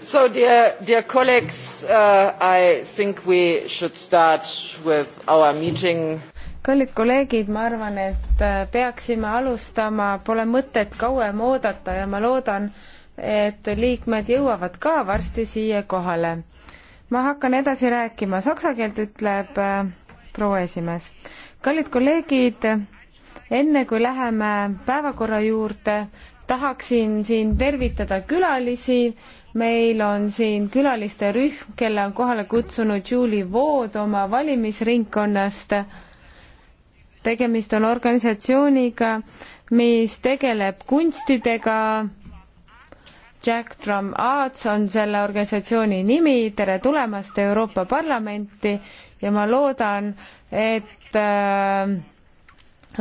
So, dear, dear colleagues, uh, I think we should start with our meeting. kallid kolleegid, ma arvan, et äh, peaksime alustama, pole mõtet kauem oodata ja ma loodan, et liikmed jõuavad ka varsti siia kohale. ma hakkan edasi rääkima saksa keelt, ütleb äh, proua esimees. kallid kolleegid, enne kui läheme päevakorra juurde, tahaksin siin tervitada külalisi, meil on siin külaliste rühm, kelle on kohale kutsunud Julie Wood oma valimisringkonnast. tegemist on organisatsiooniga, mis tegeleb kunstidega. Jack Drum Arts on selle organisatsiooni nimi, tere tulemast Euroopa Parlamenti ja ma loodan, et äh,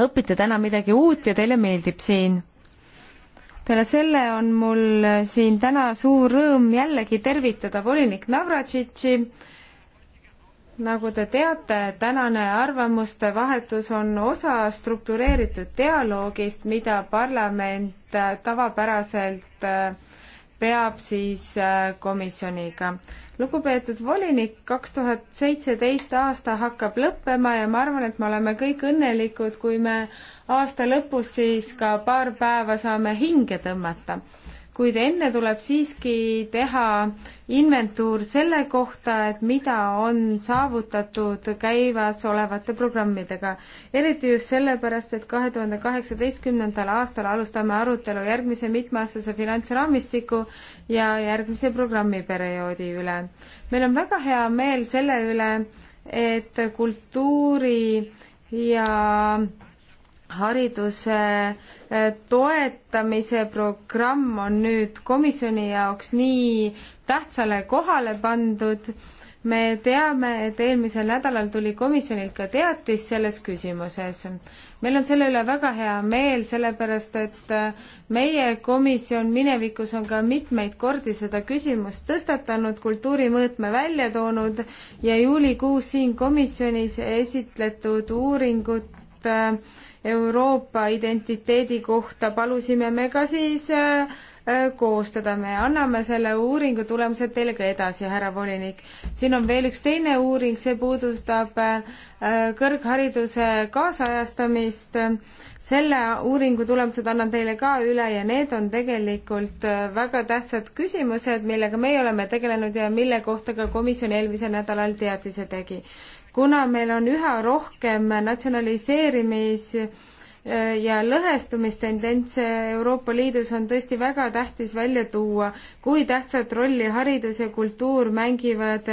õpite täna midagi uut ja teile meeldib siin peale selle on mul siin täna suur rõõm jällegi tervitada volinik Navratšitši. nagu te teate, tänane arvamuste vahetus on osa struktureeritud dialoogist, mida parlament tavapäraselt äh, peab siis äh, komisjoniga. lugupeetud volinik, kaks tuhat seitseteist aasta hakkab lõppema ja ma arvan, et me oleme kõik õnnelikud, kui me aasta lõpus siis ka paar päeva saame hinge tõmmata kuid enne tuleb siiski teha inventuur selle kohta, et mida on saavutatud käivasolevate programmidega. eriti just sellepärast, et kahe tuhande kaheksateistkümnendal aastal alustame arutelu järgmise mitmeaastase finantsraamistiku ja järgmise programmiperioodi üle. meil on väga hea meel selle üle, et kultuuri ja hariduse äh, toetamise programm on nüüd komisjoni jaoks nii tähtsale kohale pandud. me teame, et eelmisel nädalal tuli komisjonilt ka teatis selles küsimuses. meil on selle üle väga hea meel, sellepärast et äh, meie komisjon minevikus on ka mitmeid kordi seda küsimust tõstatanud, kultuurimõõtme välja toonud ja juulikuus siin komisjonis esitletud uuringut infot äh, Euroopa identiteedi kohta palusime me ka siis äh, äh, koostada, me anname selle uuringu tulemused teile ka edasi, härra volinik. siin on veel üks teine uuring, see puudutab kõrghariduse kaasajastamist. selle uuringu tulemused annan teile ka üle ja need on tegelikult väga tähtsad küsimused, millega meie oleme tegelenud ja mille kohta ka komisjon eelmisel nädalal teatise tegi kuna meil on üha rohkem natsionaliseerimis ja lõhestumistendentse Euroopa Liidus on tõesti väga tähtis välja tuua, kui tähtsat rolli haridus ja kultuur mängivad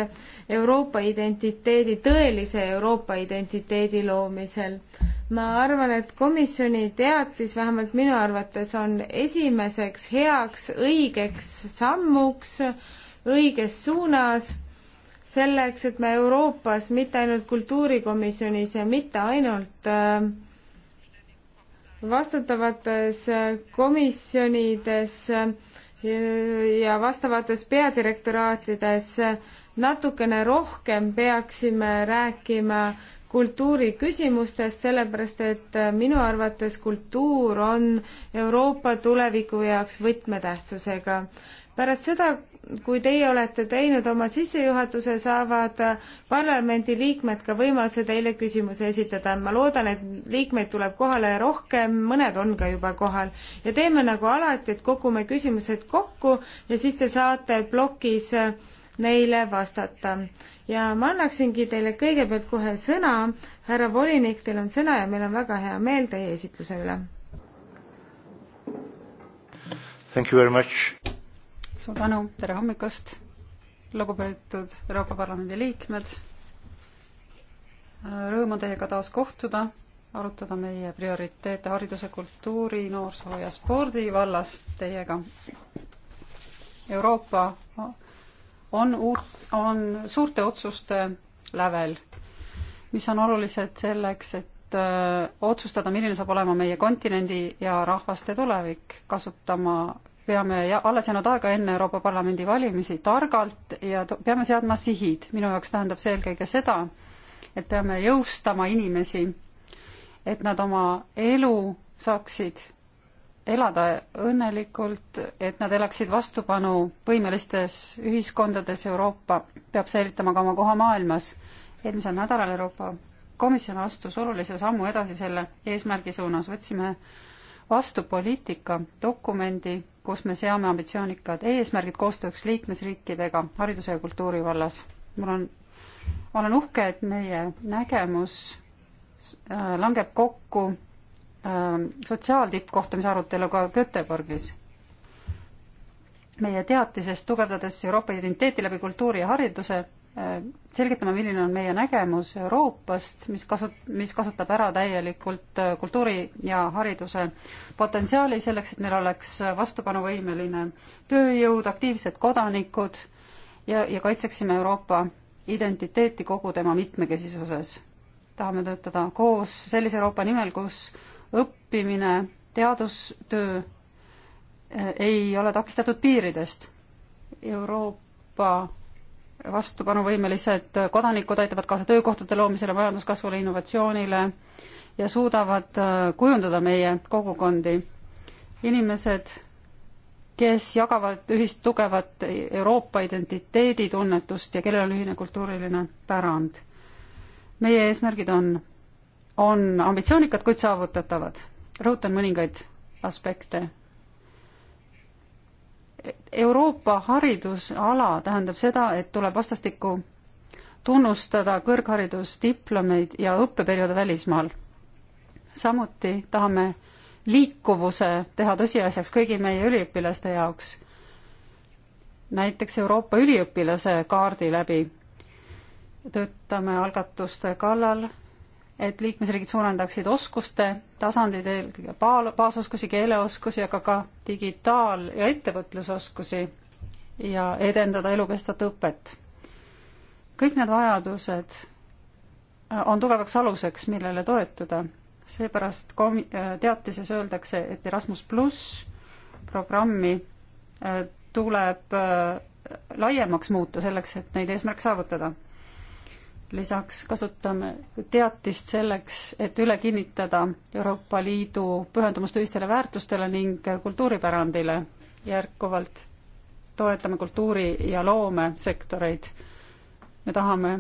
Euroopa identiteedi, tõelise Euroopa identiteedi loomisel. ma arvan, et komisjoni teatis vähemalt minu arvates on esimeseks heaks õigeks sammuks õiges suunas selleks, et me Euroopas, mitte ainult kultuurikomisjonis ja mitte ainult äh, vastutavates komisjonides äh, ja vastavates peadirektoraatides natukene rohkem peaksime rääkima kultuuriküsimustest, sellepärast et äh, minu arvates kultuur on Euroopa tuleviku jaoks võtmetähtsusega. pärast seda, kui teie olete teinud oma sissejuhatuse, saavad parlamendi liikmed ka võimaluse teile küsimusi esitada. ma loodan, et liikmeid tuleb kohale rohkem, mõned on ka juba kohal. ja teeme nagu alati, et kogume küsimused kokku ja siis te saate plokis neile vastata. ja ma annaksingi teile kõigepealt kohe sõna. härra volinik, teil on sõna ja meil on väga hea meel teie esitluse üle. Thank you very much suur tänu, tere hommikust, lugupeetud Euroopa Parlamendi liikmed. Rõõm on teiega taas kohtuda, arutada meie prioriteete hariduse, kultuuri, noorsoo ja spordi vallas teiega. Euroopa on uut, on suurte otsuste lävel, mis on olulised selleks, et öö, äh, otsustada, milline saab olema meie kontinendi ja rahvaste tulevik, kasutama peame alles jäänud aega enne Euroopa Parlamendi valimisi targalt ja peame seadma sihid. minu jaoks tähendab see eelkõige seda, et peame jõustama inimesi, et nad oma elu saaksid elada õnnelikult, et nad elaksid vastupanuvõimelistes ühiskondades, Euroopa peab säilitama ka oma koha maailmas. eelmisel nädalal Euroopa Komisjon astus olulise sammu edasi selle eesmärgi suunas, võtsime vastu poliitika dokumendi kus me seame ambitsioonikad eesmärgid koostööks liikmesriikidega hariduse ja kultuuri vallas. mul on, ma olen uhke, et meie nägemus äh, langeb kokku ähm, sotsiaaltippkohtumise aruteluga Göteborgis. meie teatisest tugevdades Euroopa identiteeti läbi kultuuri ja hariduse selgitama, milline on meie nägemus Euroopast, mis kasu-, mis kasutab ära täielikult äh, kultuuri ja hariduse potentsiaali selleks, et meil oleks vastupanuvõimeline tööjõud, aktiivsed kodanikud ja, ja kaitseksime Euroopa identiteeti kogu tema mitmekesisuses. tahame töötada koos sellise Euroopa nimel, kus õppimine, teadustöö äh, ei ole takistatud piiridest. Euroopa vastupanuvõimelised kodanikud aitavad kaasa töökohtade loomisele, majanduskasvule, innovatsioonile ja suudavad äh, kujundada meie kogukondi. inimesed, kes jagavad ühist tugevat Euroopa identiteeditunnetust ja kellel on ühine kultuuriline pärand. meie eesmärgid on, on ambitsioonikad, kuid saavutatavad. rõhutan mõningaid aspekte Euroopa haridusala tähendab seda, et tuleb vastastikku tunnustada kõrgharidusdiplomeid ja õppeperioode välismaal. samuti tahame liikuvuse teha tõsiasjaks kõigi meie üliõpilaste jaoks, näiteks Euroopa üliõpilase kaardi läbi. töötame algatuste kallal, et liikmesriigid suurendaksid oskuste tasandid, eelkõige baasoskusi, keeleoskusi, aga ka digitaal- ja ettevõtlusoskusi ja edendada elukestvat õpet. kõik need vajadused äh, on tugevaks aluseks, millele toetuda. seepärast komi-, äh, teatises öeldakse, et Erasmus pluss programmi äh, tuleb laiemaks muuta selleks, et neid eesmärke saavutada lisaks kasutame teatist selleks, et üle kinnitada Euroopa Liidu pühendumust ühistele väärtustele ning kultuuripärandile. järkuvalt toetame kultuuri- ja loomesektoreid. me tahame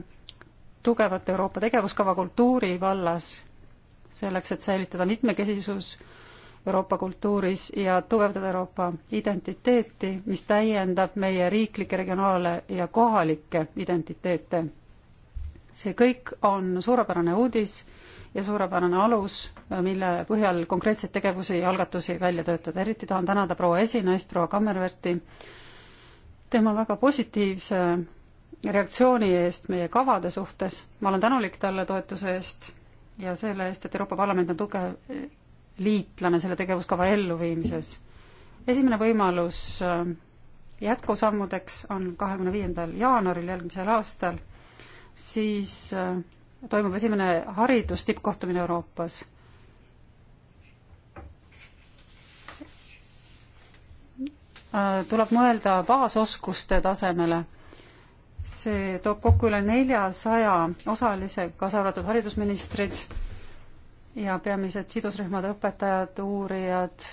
tugevat Euroopa tegevuskava kultuuri vallas, selleks et säilitada mitmekesisus Euroopa kultuuris ja tugevdada Euroopa identiteeti, mis täiendab meie riiklikke, regionaale ja kohalikke identiteete see kõik on suurepärane uudis ja suurepärane alus, mille põhjal konkreetseid tegevusi ja algatusi välja töötada. eriti tahan tänada proua esinaist, proua Kammerverti, tema väga positiivse reaktsiooni eest meie kavade suhtes. ma olen tänulik talle toetuse eest ja selle eest, et Euroopa Parlament on tugev liitlane selle tegevuskava elluviimises. esimene võimalus äh, jätkusammudeks on kahekümne viiendal jaanuaril järgmisel aastal siis äh, toimub esimene haridustippkohtumine Euroopas. Äh, tuleb mõelda baasoskuste tasemele. see toob kokku üle neljasaja osalise, kaasa arvatud haridusministrid ja peamised sidusrühmad, õpetajad, uurijad,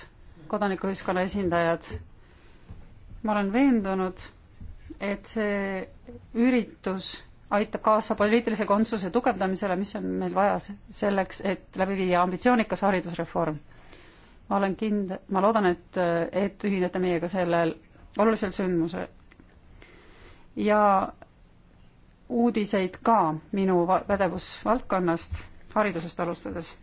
kodanikuühiskonna esindajad. ma olen veendunud, et see üritus aitab kaasa poliitilise konsuse tugevdamisele, mis on meil vaja selleks, et läbi viia ambitsioonikas haridusreform. ma olen kind-, ma loodan, et, et ühinete meiega sellel olulisel sündmusel. ja uudiseid ka minu pädevusvaldkonnast, haridusest alustades.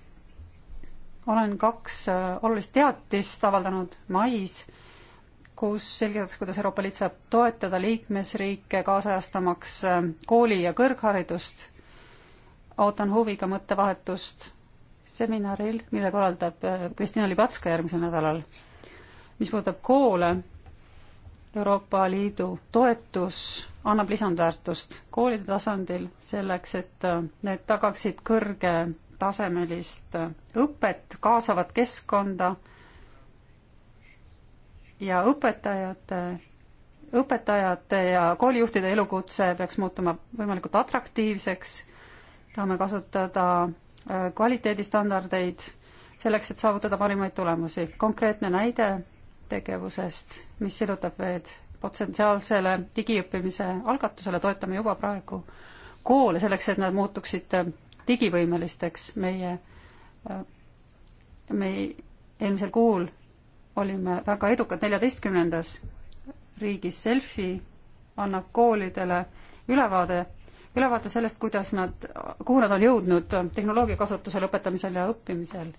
olen kaks äh, olulist teatist avaldanud mais kus selgitatakse, kuidas Euroopa Liit saab toetada liikmesriike kaasajastamaks äh, kooli- ja kõrgharidust. ootan huviga mõttevahetust seminaril, mille korraldab äh, Kristina Libatska järgmisel nädalal. mis puudutab koole, Euroopa Liidu toetus annab lisandväärtust koolide tasandil selleks, et äh, need tagaksid kõrgetasemelist õpet, kaasavat keskkonda ja õpetajate, õpetajate ja koolijuhtide elukutse peaks muutuma võimalikult atraktiivseks, tahame kasutada äh, kvaliteedistandardeid selleks, et saavutada parimaid tulemusi. konkreetne näide tegevusest, mis silutab veed potentsiaalsele digiõppimise algatusele, toetame juba praegu koole selleks, et nad muutuksid äh, digivõimelisteks. meie, äh, me eelmisel kuul olime väga edukad neljateistkümnendas riigis selfie annab koolidele ülevaade, ülevaate sellest, kuidas nad, kuhu nad on jõudnud tehnoloogia kasutusele õpetamisel ja õppimisel.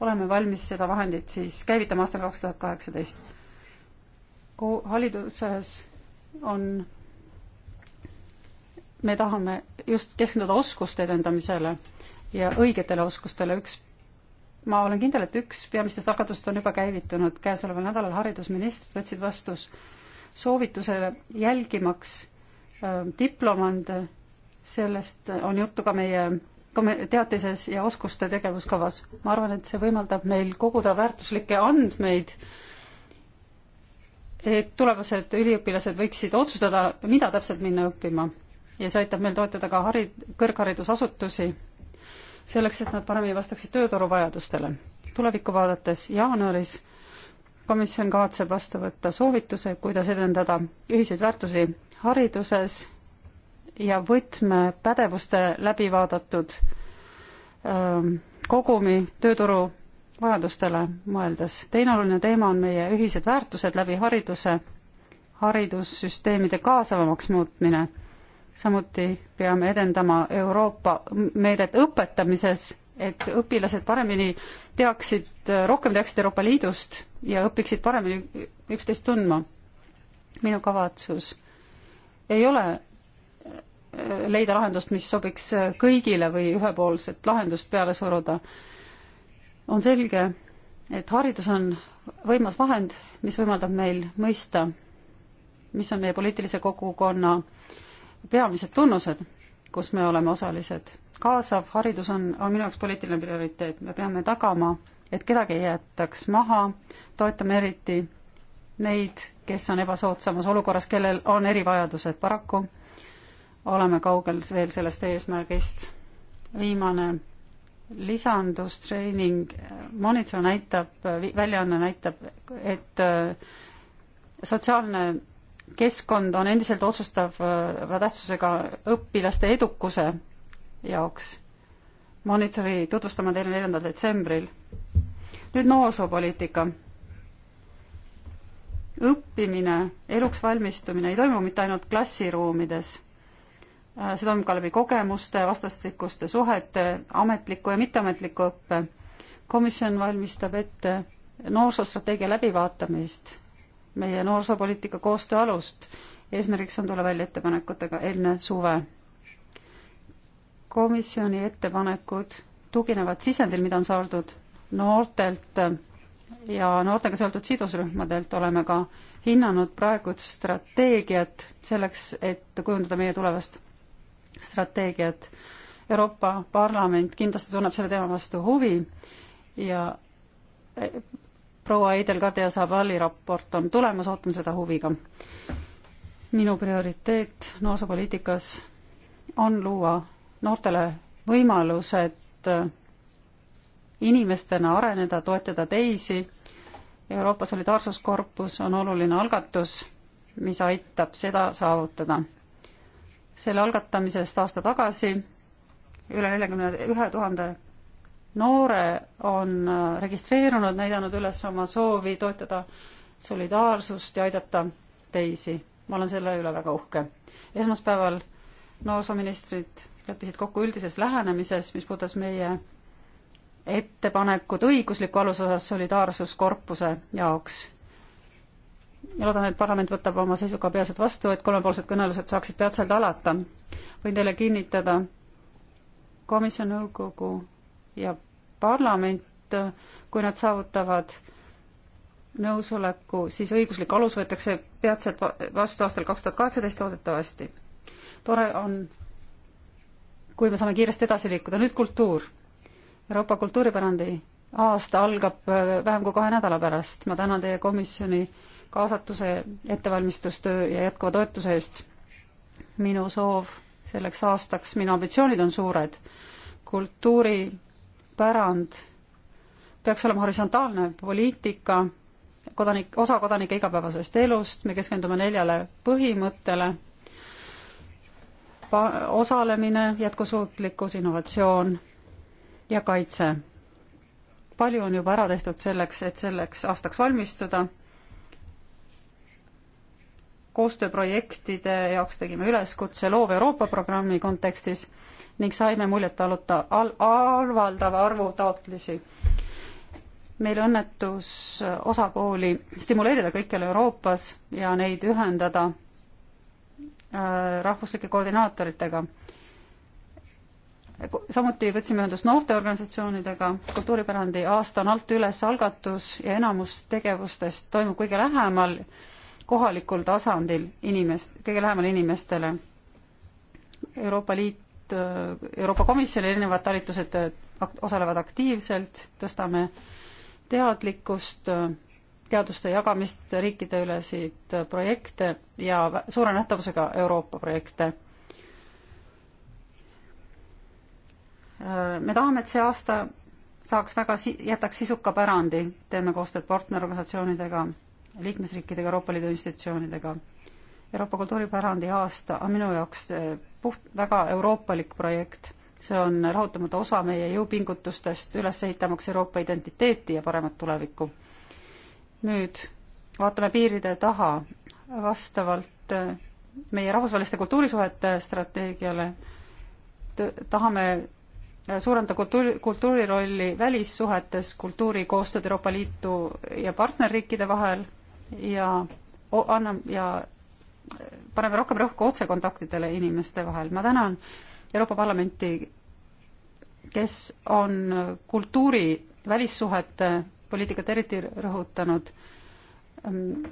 oleme valmis seda vahendit siis käivitama aastal kaks tuhat kaheksateist. hariduses on, me tahame just keskenduda oskuste edendamisele ja õigetele oskustele, üks ma olen kindel, et üks peamistest hakatust on juba käivitunud. käesoleval nädalal haridusministrid võtsid vastus soovituse jälgimaks äh, diplomande, sellest on juttu ka meie teatises ja oskuste tegevuskavas. ma arvan, et see võimaldab meil koguda väärtuslikke andmeid, et tulevased üliõpilased võiksid otsustada, mida täpselt minna õppima. ja see aitab meil toetada ka hari-, kõrgharidusasutusi selleks, et nad paremini vastaksid tööturu vajadustele. tulevikku vaadates jaanuaris komisjon kavatseb vastu võtta soovituse, kuidas edendada ühiseid väärtusi hariduses ja võtmepädevuste läbi vaadatud öö, ähm, kogumi tööturu vajadustele mõeldes. teine oluline teema on meie ühised väärtused läbi hariduse, haridussüsteemide kaasavamaks muutmine samuti peame edendama Euroopa meedet õpetamises, et õpilased paremini teaksid, rohkem teaksid Euroopa Liidust ja õpiksid paremini üksteist tundma. minu kavatsus ei ole äh, leida lahendust, mis sobiks äh, kõigile või ühepoolset lahendust peale suruda. on selge, et haridus on võimas vahend, mis võimaldab meil mõista, mis on meie poliitilise kogukonna äh, peamised tunnused, kus me oleme osalised. kaasav haridus on, on minu jaoks poliitiline prioriteet, me peame tagama, et kedagi ei jäetaks maha, toetame eriti neid, kes on ebasoodsamas olukorras, kellel on erivajadused, paraku oleme kaugel veel sellest eesmärgist. viimane lisandustreening, monitor näitab, väljaanne näitab, et äh, sotsiaalne keskkond on endiselt otsustava tähtsusega õpilaste edukuse jaoks. Monitori tutvustame teile neljandal detsembril. nüüd noorsoopoliitika. õppimine, eluks valmistumine ei toimu mitte ainult klassiruumides, see toimub ka läbi kogemuste, vastastikuste suhete, ametliku ja mitteametliku õppe. komisjon valmistab ette noorsoostrateegia läbivaatamist meie noorsoopoliitika koostöö alust. eesmärgiks on tulla välja ettepanekutega enne suve. komisjoni ettepanekud tuginevad sisendil, mida on saadud noortelt ja noortega seotud sidusrühmadelt oleme ka hinnanud praegust strateegiat selleks, et kujundada meie tulevast strateegiat. Euroopa Parlament kindlasti tunneb selle teema vastu huvi ja proua Eidelgardi ja Sabali raport on tulemas, ootan seda huviga. minu prioriteet noorsoopoliitikas on luua noortele võimalused äh, inimestena areneda, toetada teisi. Euroopa Solidaarsuskorpus on oluline algatus, mis aitab seda saavutada. selle algatamisest aasta tagasi üle neljakümne ühe tuhande noore on äh, registreerunud, näidanud üles oma soovi toetada solidaarsust ja aidata teisi. ma olen selle üle väga uhke. esmaspäeval noorsooministrid leppisid kokku üldises lähenemises, mis puudutas meie ettepanekud õigusliku aluse osas solidaarsuskorpuse jaoks. ja loodan, et parlament võtab oma seisuga peatselt vastu, et kolmepoolsed kõnelused saaksid peatselt alata. võin teile kinnitada, komisjon, nõukogu ja parlament, kui nad saavutavad nõusoleku, siis õiguslik alus võetakse peatselt vastu aastal kaks tuhat kaheksateist loodetavasti. tore on, kui me saame kiiresti edasi liikuda, nüüd kultuur. Euroopa kultuuripärandi aasta algab äh, vähem kui kahe nädala pärast, ma tänan teie komisjoni kaasatuse, ettevalmistustöö ja jätkuva toetuse eest. minu soov selleks aastaks, minu ambitsioonid on suured, kultuuri pärand peaks olema horisontaalne poliitika kodanik, osa kodanike igapäevasest elust, me keskendume neljale põhimõttele, osalemine, jätkusuutlikkus, innovatsioon ja kaitse. palju on juba ära tehtud selleks, et selleks aastaks valmistuda. koostööprojektide jaoks tegime üleskutse Loov Euroopa programmi kontekstis ning saime muljet aluta, al-, avaldava arvu taotlusi. meil õnnetus osapooli stimuleerida kõikjal Euroopas ja neid ühendada äh, rahvuslike koordinaatoritega. samuti võtsime ühendust noorteorganisatsioonidega, kultuuripärandi aasta on alt üles algatus ja enamus tegevustest toimub kõige lähemal kohalikul tasandil inimest, kõige lähemal inimestele. Euroopa Liit et äh, Euroopa Komisjoni erinevad talitused äh, osalevad aktiivselt, tõstame teadlikkust, äh, teaduste jagamist riikideülesid projekte ja suure nähtavusega Euroopa projekte. me tahame, et see aasta saaks väga si-, jätaks sisuka pärandi, teeme koostööd partnerorganisatsioonidega, liikmesriikidega, Euroopa Liidu institutsioonidega Euroopa kultuuripärandi aasta on minu jaoks eh, puht, väga euroopalik projekt. see on lahutamatu osa meie jõupingutustest üles ehitamaks Euroopa identiteeti ja paremat tulevikku. nüüd vaatame piiride taha. vastavalt eh, meie rahvusvaheliste kultuurisuhete strateegiale tahame eh, suurendada kultuuri, kultuuri rolli välissuhetes, kultuurikoostööd Euroopa Liitu ja partnerriikide vahel ja annab ja paneme rohkem rõhku otsekontaktidele inimeste vahel. ma tänan Euroopa Parlamenti, kes on kultuuri välissuhete poliitikat eriti rõhutanud ähm,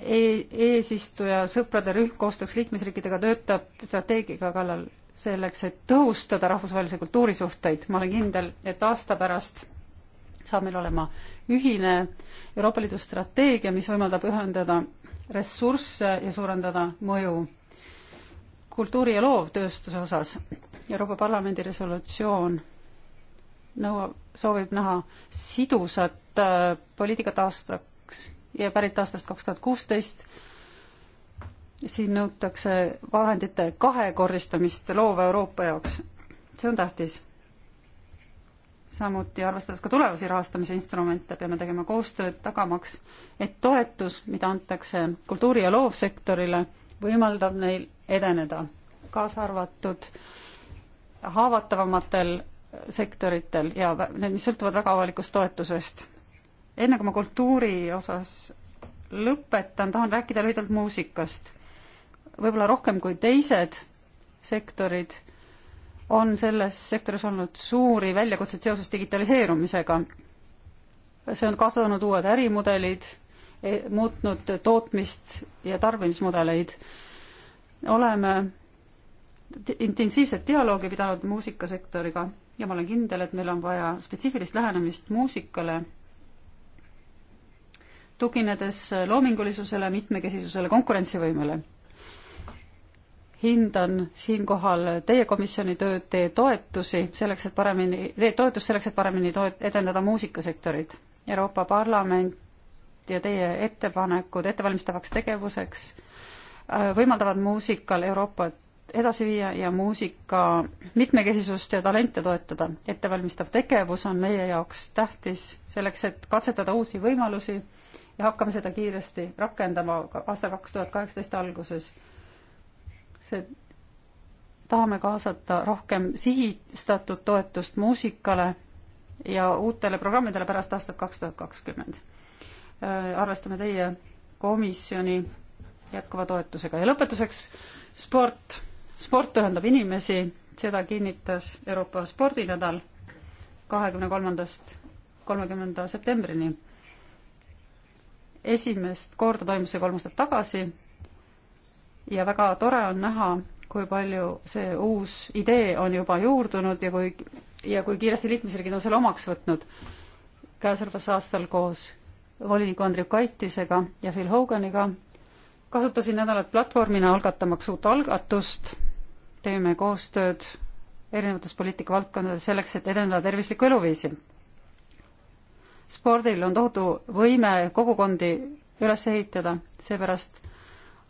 e. eesistuja sõprade rühm koostööks liikmesriikidega töötab strateegiga kallal selleks, et tõhustada rahvusvahelisi kultuurisuhteid. ma olen kindel, et aasta pärast saab meil olema ühine Euroopa Liidu strateegia, mis võimaldab ühendada ressursse ja suurendada mõju. kultuuri- ja loovtööstuse osas Euroopa Parlamendi resolutsioon nõuab, soovib näha sidusat äh, poliitikat aastaks ja pärit aastast kaks tuhat kuusteist. siin nõutakse vahendite kahekordistamist loova Euroopa jaoks. see on tähtis samuti arvestades ka tulevasi rahastamise instrumente, peame tegema koostööd tagamaks, et toetus, mida antakse kultuuri- ja loovsektorile, võimaldab neil edeneda, kaasa arvatud haavatavamatel sektoritel ja need, mis sõltuvad väga avalikust toetusest. enne kui ma kultuuri osas lõpetan, tahan rääkida lühidalt muusikast. võib-olla rohkem kui teised sektorid on selles sektoris olnud suuri väljakutseid seoses digitaliseerumisega. see on kasvanud uued ärimudelid, e, muutnud tootmist ja tarbimismudeleid. oleme intensiivset dialoogi pidanud muusikasektoriga ja ma olen kindel, et meil on vaja spetsiifilist lähenemist muusikale, tuginedes loomingulisusele, mitmekesisusele, konkurentsivõimele hindan siinkohal teie komisjoni tööd, teie toetusi selleks, et paremini, teie toetust selleks, et paremini toet-, edendada muusikasektorit. Euroopa Parlament ja teie ettepanekud ettevalmistavaks tegevuseks äh, võimaldavad muusikal Euroopat edasi viia ja muusika mitmekesisust ja talente toetada. ettevalmistav tegevus on meie jaoks tähtis selleks, et katsetada uusi võimalusi ja hakkame seda kiiresti rakendama aasta kaks tuhat kaheksateist alguses see, tahame kaasata rohkem sihistatud toetust muusikale ja uutele programmidele pärast aastat kaks tuhat kakskümmend. Äh, arvestame teie komisjoni jätkuva toetusega ja lõpetuseks sport. sport ühendab inimesi, seda kinnitas Euroopa spordinädal kahekümne kolmandast kolmekümnenda septembrini. esimest korda toimus see kolm aastat tagasi ja väga tore on näha, kui palju see uus idee on juba juurdunud ja kui, ja kui kiiresti liikmesriigid on selle omaks võtnud. käesoleval aastal koos voliniku Andriu Kaitisega ja Phil Hoganiga kasutasin nädalat platvormina algatamaks uut algatust, teeme koostööd erinevates poliitikavaldkondades selleks, et edendada tervislikku eluviisi. spordil on tohutu võime kogukondi üles ehitada, seepärast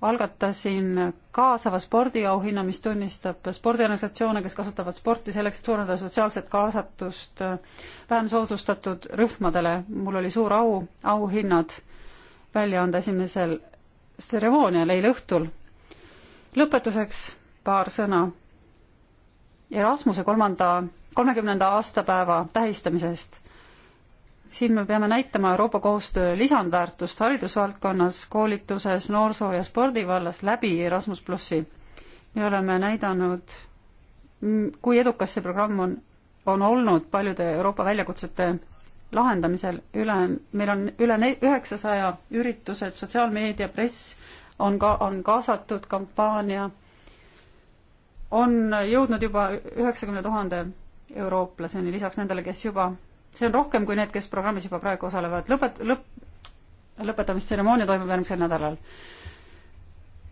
algatasin kaasava spordiauhinna, mis tunnistab spordiorganisatsioone, kes kasutavad sporti selleks, et suurendada sotsiaalset kaasatust äh, vähem soodustatud rühmadele. mul oli suur au auhinnad välja anda esimesel tseremoonial eile õhtul. lõpetuseks paar sõna Erasmuse kolmanda, kolmekümnenda aastapäeva tähistamisest siin me peame näitama Euroopa koostöö lisandväärtust haridusvaldkonnas, koolituses, noorsoo- ja spordivallas läbi Erasmus plussi. me oleme näidanud, kui edukas see programm on, on olnud paljude Euroopa väljakutsete lahendamisel üle, meil on üle üheksasaja üritused, sotsiaalmeedia, press on ka, on kaasatud, kampaania on jõudnud juba üheksakümne tuhande eurooplaseni, lisaks nendele, kes juba see on rohkem kui need, kes programmis juba praegu osalevad. lõpet-, lõpp, lõpetamistseremoonia toimub järgmisel nädalal.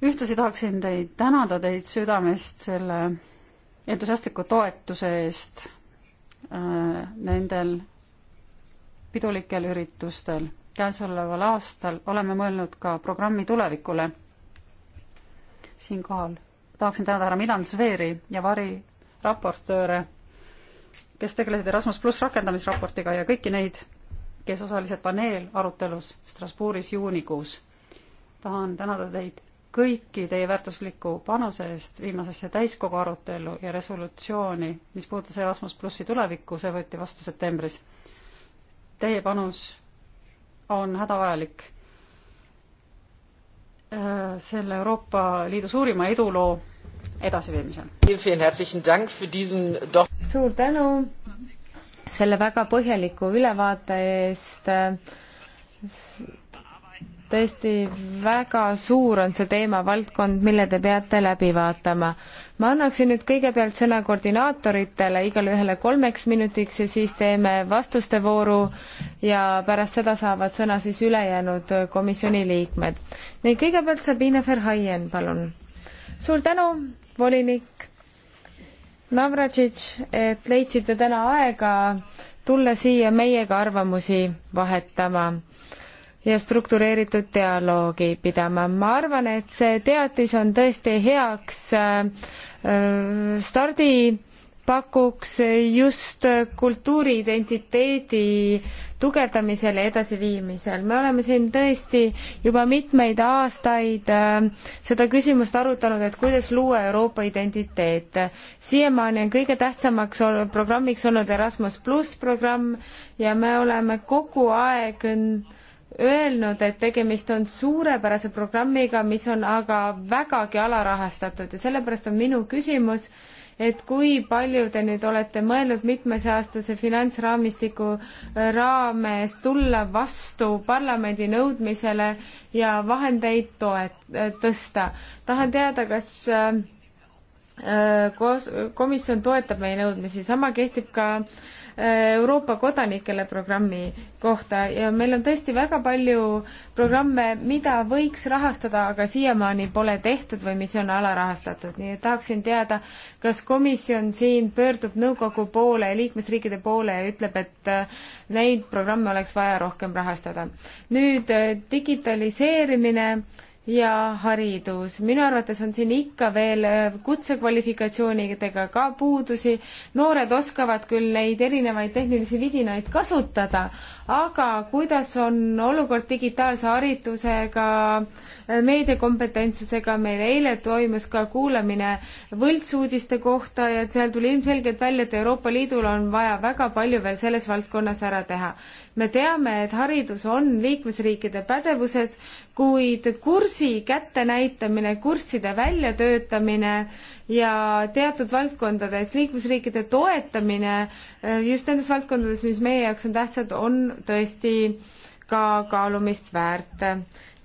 ühtlasi tahaksin teid tänada teid südamest selle entusiastliku toetuse eest äh, nendel pidulikel üritustel. käesoleval aastal oleme mõelnud ka programmi tulevikule. siinkohal tahaksin tänada härra Milan Sveeri ja variraportööre kes tegelesid Erasmus pluss rakendamisraportiga ja kõiki neid, kes osalesid paneelarutelus Strasbourgis juunikuus. tahan tänada teid kõiki teie väärtusliku panuse eest viimasesse täiskogu arutellu ja resolutsiooni, mis puudutas Erasmus plussi tulevikku, see võeti vastu septembris. Teie panus on hädavajalik äh, selle Euroopa Liidu suurima eduloo edasiviimisel. suur tänu selle väga põhjaliku ülevaate eest. tõesti väga suur on see teemavaldkond, mille te peate läbi vaatama. ma annaksin nüüd kõigepealt sõna koordinaatoritele igale ühele kolmeks minutiks ja siis teeme vastuste vooru ja pärast seda saavad sõna siis ülejäänud komisjoni liikmed. nii, kõigepealt Sabine Verhaien, palun. suur tänu volinik Navratšitš, et leidsite täna aega tulla siia meiega arvamusi vahetama ja struktureeritud dialoogi pidama. ma arvan, et see teatis on tõesti heaks äh, äh stardi pakuks just kultuuriidentiteedi tugevdamisel ja edasiviimisel. me oleme siin tõesti juba mitmeid aastaid äh, seda küsimust arutanud, et kuidas luua Euroopa identiteet. siiamaani on kõige tähtsamaks programmiks olnud Erasmus pluss programm ja me oleme kogu aeg öelnud, et tegemist on suurepärase programmiga, mis on aga vägagi alarahastatud ja sellepärast on minu küsimus, et kui palju te nüüd olete mõelnud mitmesaastase finantsraamistiku äh, raames tulla vastu parlamendi nõudmisele ja vahendeid toet-, äh, tõsta. tahan teada, kas äh, koos, komisjon toetab meie nõudmisi, sama kehtib ka äh, Euroopa kodanikele programmi kohta ja meil on tõesti väga palju programme, mida võiks rahastada, aga siiamaani pole tehtud või mis on alarahastatud, nii et tahaksin teada, kas komisjon siin pöördub nõukogu poole ja liikmesriikide poole ja ütleb, et äh, neid programme oleks vaja rohkem rahastada. nüüd äh, digitaliseerimine ja haridus. minu arvates on siin ikka veel äh, kutsekvalifikatsioonidega ka puudusi. noored oskavad küll neid erinevaid tehnilisi vidinaid kasutada, aga kuidas on olukord digitaalse haridusega, meediakompetentsusega, meil eile toimus ka kuulamine võltsuudiste kohta ja seal tuli ilmselgelt välja, et Euroopa Liidul on vaja väga palju veel selles valdkonnas ära teha. me teame, et haridus on liikmesriikide pädevuses, kuid kursi kättenäitamine, kursside väljatöötamine ja teatud valdkondades liikmesriikide toetamine eh, just nendes valdkondades, mis meie jaoks on tähtsad, on tõesti äh, ka kaalumist väärt.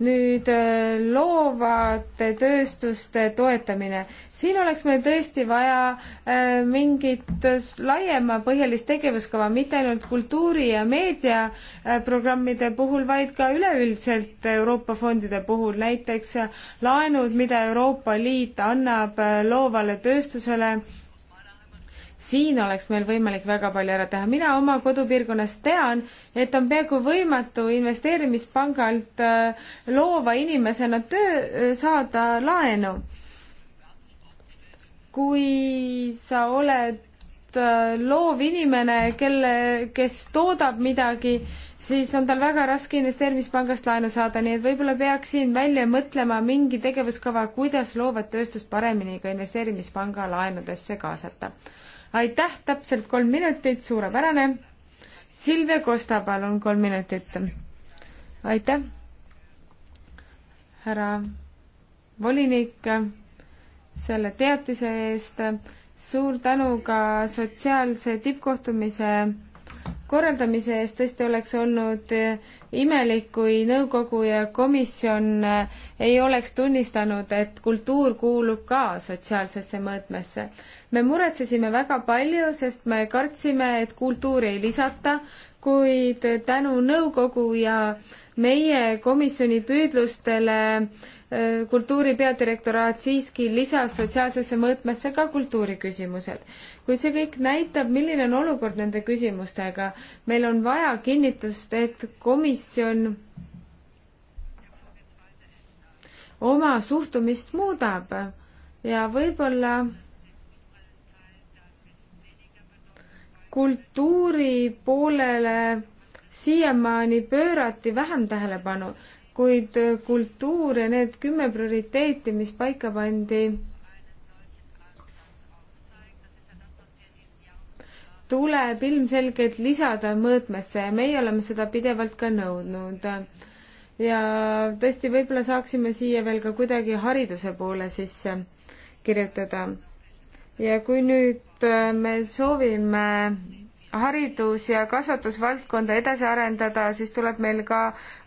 nüüd äh, loovate tööstuste toetamine. siin oleks meil tõesti vaja äh, mingit laiemapõhjalist tegevuskava, mitte ainult kultuuri- ja meediaprogrammide äh, puhul, vaid ka üleüldiselt Euroopa fondide puhul, näiteks laenud, mida Euroopa Liit annab loovale tööstusele siin oleks meil võimalik väga palju ära teha. mina oma kodupiirkonnas tean, et on peaaegu võimatu investeerimispangalt äh, loova inimesena töö, äh, saada laenu. kui sa oled äh, loov inimene, kelle, kes toodab midagi, siis on tal väga raske investeerimispangast laenu saada, nii et võib-olla peaks siin välja mõtlema mingi tegevuskava, kuidas loovat tööstust paremini ka investeerimispanga laenudesse kaasata aitäh, täpselt kolm minutit, suurepärane. Silvia Kosta, palun, kolm minutit. aitäh, härra volinik, selle teatise eest. suur tänu ka sotsiaalse tippkohtumise korraldamise eest, tõesti oleks olnud imelik, kui nõukogu ja komisjon ei oleks tunnistanud, et kultuur kuulub ka sotsiaalsesse mõõtmesse. me muretsesime väga palju, sest me kartsime, et kultuuri ei lisata, kuid tänu nõukogu ja meie komisjoni püüdlustele äh, kultuuri peadirektoraat siiski lisas sotsiaalsesse mõõtmesse ka kultuuriküsimused. kuid see kõik näitab, milline on olukord nende küsimustega. meil on vaja kinnitust, et komisjon oma suhtumist muudab ja võib-olla kultuuri poolele siiamaani pöörati vähem tähelepanu kuid äh, kultuur ja need kümme prioriteeti, mis paika pandi, tuleb ilmselgelt lisada mõõtmesse ja meie oleme seda pidevalt ka nõudnud. ja tõesti, võib-olla saaksime siia veel ka kuidagi hariduse poole sisse kirjutada. ja kui nüüd äh, me soovime haridus- ja kasvatusvaldkonda edasi arendada, siis tuleb meil ka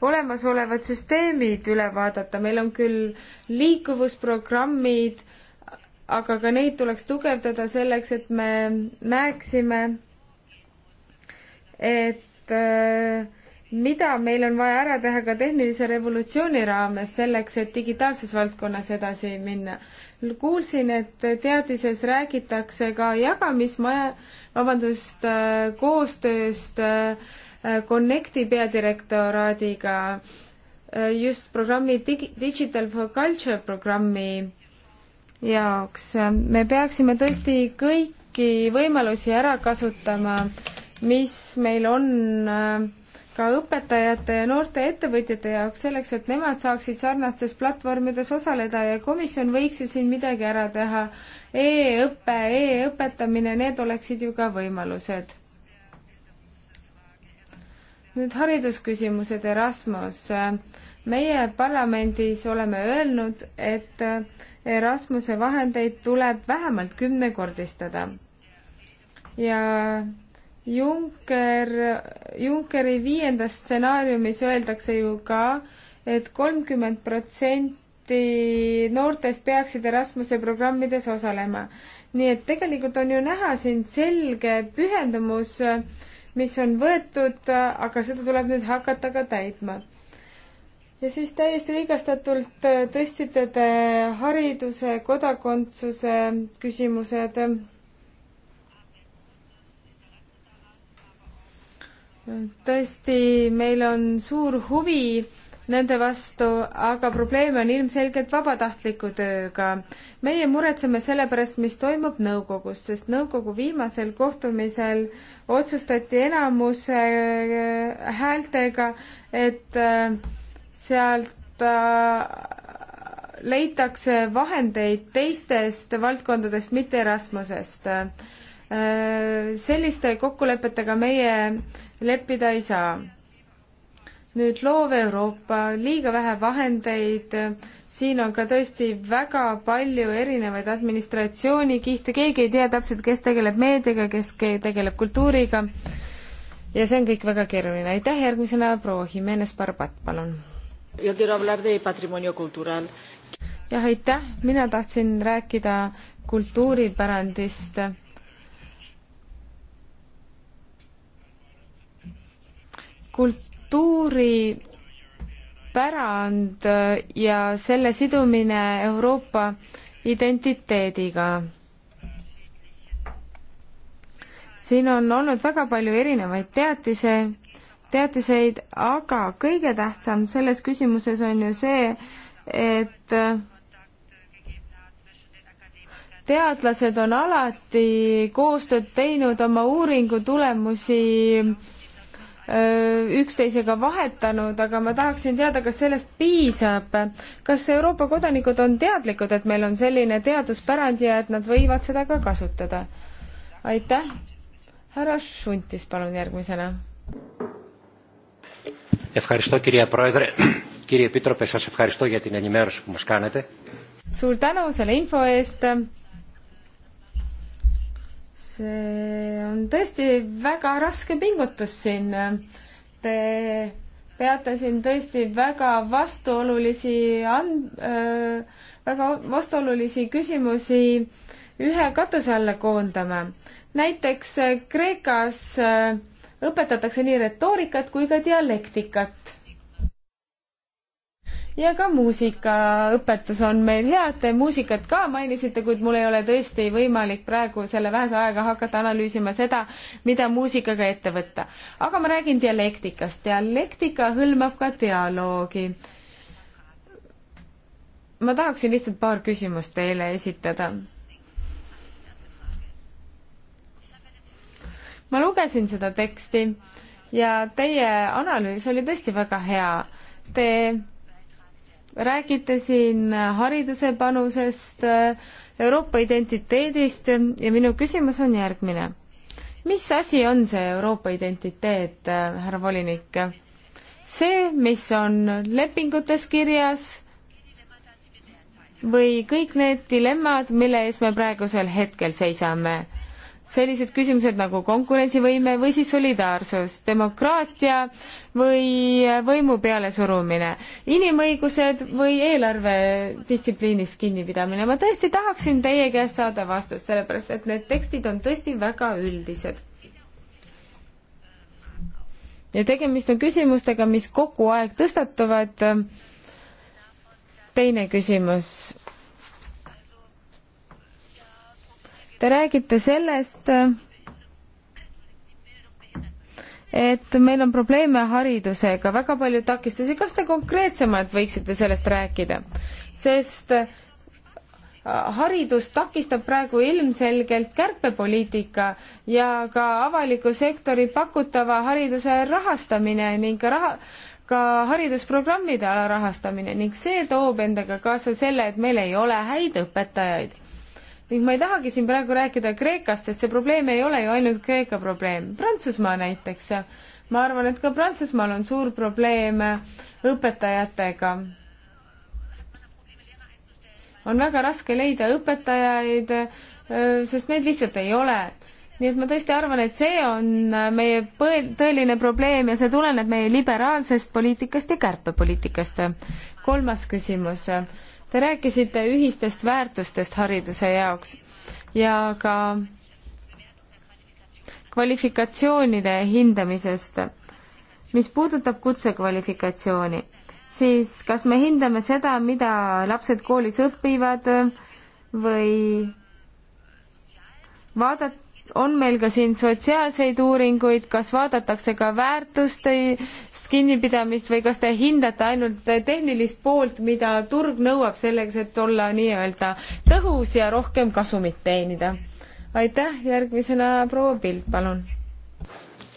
olemasolevad süsteemid üle vaadata, meil on küll liikuvusprogrammid, aga ka neid tuleks tugevdada selleks, et me näeksime, et äh, mida meil on vaja ära teha ka tehnilise revolutsiooni raames selleks, et digitaalses valdkonnas edasi minna. kuulsin, et teadises räägitakse ka jagamismaja, vabandust, äh, koostööst äh, Connecti peadirektoraadiga äh, just programmi Digi-, Digital for Culture programmi jaoks. me peaksime tõesti kõiki võimalusi ära kasutama, mis meil on ka õpetajate ja noorte ettevõtjate jaoks, selleks et nemad saaksid sarnastes platvormides osaleda ja komisjon võiks ju siin midagi ära teha e. e-õpe e, e-õpetamine, need oleksid ju ka võimalused. nüüd haridusküsimused Erasmus. meie parlamendis oleme öelnud, et Erasmuse vahendeid tuleb vähemalt kümnekordistada ja Juncker, Junckeri viiendas stsenaariumis öeldakse ju ka et, et kolmkümmend protsenti noortest peaksid Erasmuse programmides osalema. nii et tegelikult on ju näha siin selge pühendumus, mis on võetud, aga seda tuleb nüüd hakata ka täitma. ja siis täiesti õigestatult tõstsite te hariduse, kodakondsuse küsimused tõesti, meil on suur huvi nende vastu, aga probleeme on ilmselgelt vabatahtliku tööga. meie muretseme selle pärast, mis toimub nõukogus, sest nõukogu viimasel kohtumisel otsustati enamuse äh, häältega, et äh, sealt äh, leitakse vahendeid teistest valdkondadest, mitte Erasmusest Äh, selliste kokkulepetega meie leppida ei saa. nüüd loov Euroopa, liiga vähe vahendeid, siin on ka tõesti väga palju erinevaid administratsioonikihte, keegi ei tea täpselt, kes tegeleb meediaga, kes tegeleb kultuuriga ja see on kõik väga keeruline. aitäh, järgmisena proua Jimenez Barbat, palun. jah, aitäh, mina tahtsin rääkida kultuuripärandist kultuuripärand ja selle sidumine Euroopa identiteediga. siin on olnud väga palju erinevaid teatise, teatiseid, aga kõige tähtsam selles küsimuses on ju see, et teadlased on alati koostööd teinud, oma uuringutulemusi üksteisega vahetanud, aga ma tahaksin teada, kas sellest piisab. kas Euroopa kodanikud on teadlikud, et meil on selline teaduspärand ja et nad võivad seda ka kasutada? aitäh. härra Šuntis, palun järgmisena. suur tänu selle info eest see on tõesti väga raske pingutus siin. Te peate siin tõesti väga vastuolulisi and-, väga vastuolulisi küsimusi ühe katuse alla koondama. näiteks Kreekas õpetatakse nii retoorikat kui ka dialektikat ja ka muusikaõpetus on meil hea, et te muusikat ka mainisite, kuid mul ei ole tõesti võimalik praegu selle vähese ajaga hakata analüüsima seda, mida muusikaga ette võtta. aga ma räägin dialektikast. dialektika hõlmab ka dialoogi. ma tahaksin lihtsalt paar küsimust teile esitada. ma lugesin seda teksti ja teie analüüs oli tõesti väga hea. Te räägite siin hariduse panusest, Euroopa identiteedist ja minu küsimus on järgmine. mis asi on see Euroopa identiteet, härra volinik? see, mis on lepingutes kirjas või kõik need dilemmad, mille ees me praegusel hetkel seisame? sellised küsimused nagu konkurentsivõime või siis solidaarsus, demokraatia või võimu pealesurumine, inimõigused või eelarvedistsipliinist kinnipidamine. ma tõesti tahaksin teie käest saada vastust, sellepärast et need tekstid on tõesti väga üldised. ja tegemist on küsimustega, mis kogu aeg tõstatuvad. teine küsimus Te räägite sellest, et meil on probleeme haridusega, väga palju takistusi, kas te konkreetsemalt võiksite sellest rääkida? sest äh, haridust takistab praegu ilmselgelt kärpepoliitika ja ka avaliku sektori pakutava hariduse rahastamine ning ka raha, ka haridusprogrammide alarahastamine ning see toob endaga kaasa selle, et meil ei ole häid õpetajaid ning ma ei tahagi siin praegu rääkida Kreekast, sest see probleem ei ole ju ainult Kreeka probleem. Prantsusmaa näiteks, ma arvan, et ka Prantsusmaal on suur probleem õpetajatega. on väga raske leida õpetajaid, sest neid lihtsalt ei ole nii et ma tõesti arvan, et see on äh, meie põel-, tõeline probleem ja see tuleneb meie liberaalsest poliitikast ja kärpepoliitikast. kolmas küsimus Te rääkisite ühistest väärtustest hariduse jaoks ja ka kvalifikatsioonide hindamisest. mis puudutab kutsekvalifikatsiooni, siis kas me hindame seda, mida lapsed koolis õpivad või vaadat-, on meil ka siin sotsiaalseid uuringuid, kas vaadatakse ka väärtustest kinnipidamist või kas te hindate ainult tehnilist poolt, mida turg nõuab selleks, et olla nii-öelda tõhus ja rohkem kasumit teenida? aitäh, järgmisena proua Pilt, palun.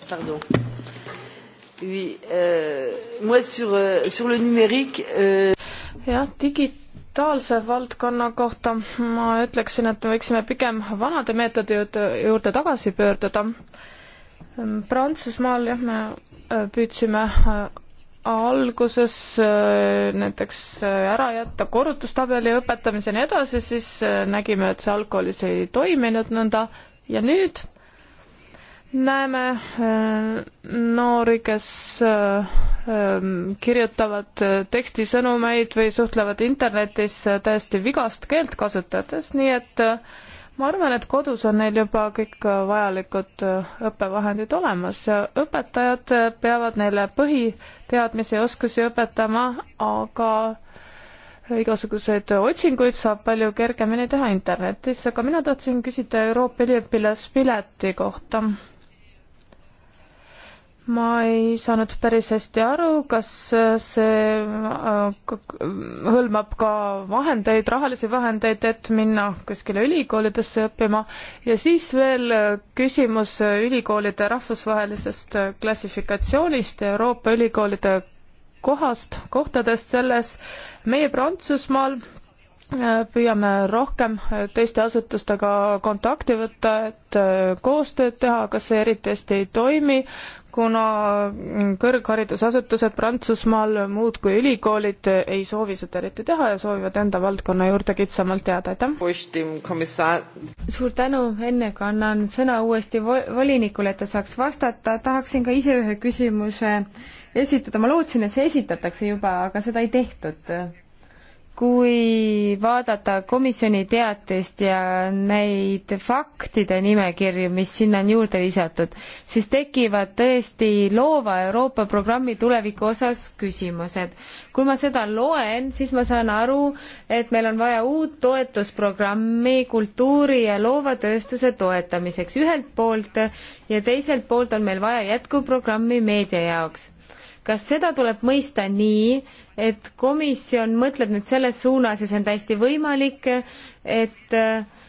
Pardon. Oui, euh, moi sur, euh, sur le numérique. Euh... jah, digi-, digitaalse valdkonna kohta ma ütleksin, et me võiksime pigem vanade meetodite juurde tagasi pöörduda. Prantsusmaal jah, me äh, püüdsime äh, alguses äh, näiteks ära jätta korrutustabeli õpetamise ja nii edasi, siis nägime, et see algkoolis ei toiminud nõnda ja nüüd näeme äh, noori, kes äh, ähm, kirjutavad äh, tekstisõnumeid või suhtlevad internetis täiesti vigast keelt kasutades, nii et ma arvan, et kodus on neil juba kõik vajalikud õppevahendid olemas ja õpetajad peavad neile põhiteadmisi ja oskusi õpetama, aga igasuguseid otsinguid saab palju kergemini teha internetis, aga mina tahtsin küsida Euroopa üliõpilaspileti kohta ma ei saanud päris hästi aru, kas see äh, hõlmab ka vahendeid, rahalisi vahendeid, et minna kuskile ülikoolidesse õppima ja siis veel küsimus ülikoolide rahvusvahelisest klassifikatsioonist ja Euroopa ülikoolide kohast, kohtadest selles. meie Prantsusmaal äh, püüame rohkem teiste asutustega kontakti võtta, et äh, koostööd teha, aga see eriti hästi ei toimi, kuna kõrgharidusasutused Prantsusmaal, muud kui ülikoolid, ei soovi seda eriti teha ja soovivad enda valdkonna juurde kitsamalt jääda, aitäh! suur tänu, enne kui annan sõna uuesti volinikule, et ta saaks vastata, tahaksin ka ise ühe küsimuse esitada, ma lootsin, et see esitatakse juba, aga seda ei tehtud kui vaadata komisjoni teatist ja neid faktide nimekirju, mis sinna on juurde lisatud, siis tekivad tõesti loova Euroopa programmi tuleviku osas küsimused. kui ma seda loen, siis ma saan aru, et meil on vaja uut toetusprogrammi kultuuri ja loovatööstuse toetamiseks ühelt poolt ja teiselt poolt on meil vaja jätkuprogrammi meedia jaoks kas seda tuleb mõista nii, et komisjon mõtleb nüüd selles suunas ja see on täiesti võimalik, et äh,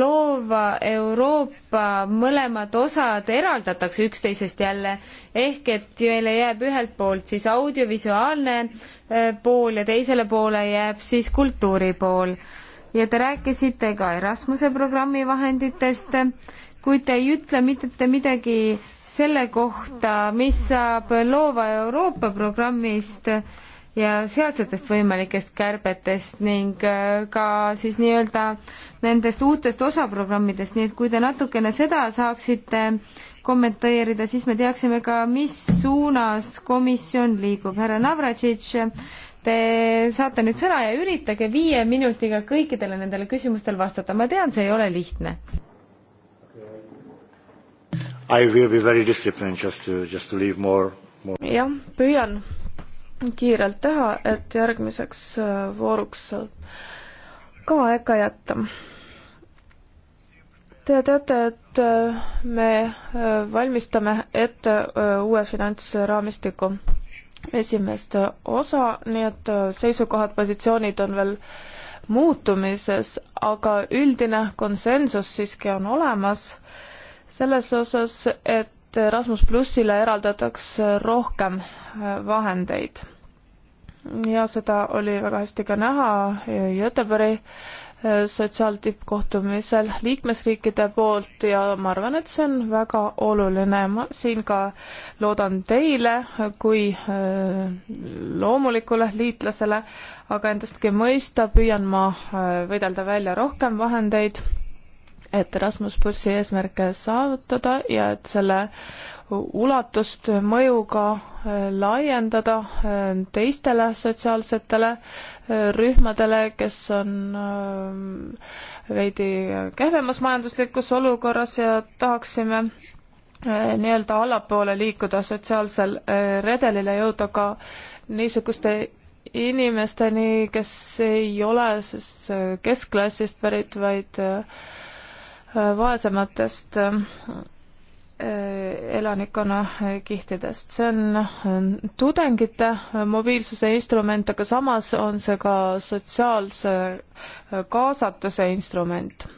loova Euroopa mõlemad osad eraldatakse üksteisest jälle, ehk et meile jääb ühelt poolt siis audiovisuaalne äh, pool ja teisele poole jääb siis kultuuri pool. ja te rääkisite ka Erasmuse programmi vahenditest, kuid te ei ütle mitte midagi selle kohta, mis saab loova Euroopa programmist ja sealsetest võimalikest kärbetest ning äh, ka siis nii-öelda nendest uutest osaprogrammidest, nii et kui te natukene seda saaksite kommenteerida, siis me teaksime ka, mis suunas komisjon liigub. härra Navratšitš, te saate nüüd sõna ja üritage viie minutiga kõikidele nendele küsimustele vastata. ma tean, see ei ole lihtne I will be very disciplined just to, just to leave more, more. jah, püüan kiirelt teha, et järgmiseks äh, vooruks ka aega jätta. Te teate, et äh, me äh, valmistame ette uue finantsraamistiku esimest osa, nii et seisukohad, positsioonid on veel muutumises, aga üldine konsensus siiski on olemas äh, selles osas, et Rasmus plussile eraldatakse rohkem äh, vahendeid. ja seda oli väga hästi ka näha äh, Göteborgi äh, sotsiaaltippkohtumisel liikmesriikide poolt ja ma arvan, et see on väga oluline. ma siin ka loodan teile kui loomulikule liitlasele, aga endastki mõista püüan ma võidelda välja rohkem vahendeid et Erasmus plussi eesmärke saavutada ja et selle ulatust mõjuga äh, laiendada äh, teistele sotsiaalsetele äh, rühmadele, kes on veidi kehvemas majanduslikus olukorras ja tahaksime nii-öelda allapoole liikuda sotsiaalsel redelil ja jõuda ka niisuguste inimesteni, kes ei ole siis keskklassist pärit, vaid vaesematest äh, elanikkonna kihtidest. see on äh, tudengite mobiilsuse instrument, aga samas on see ka sotsiaalse äh, kaasatuse instrument.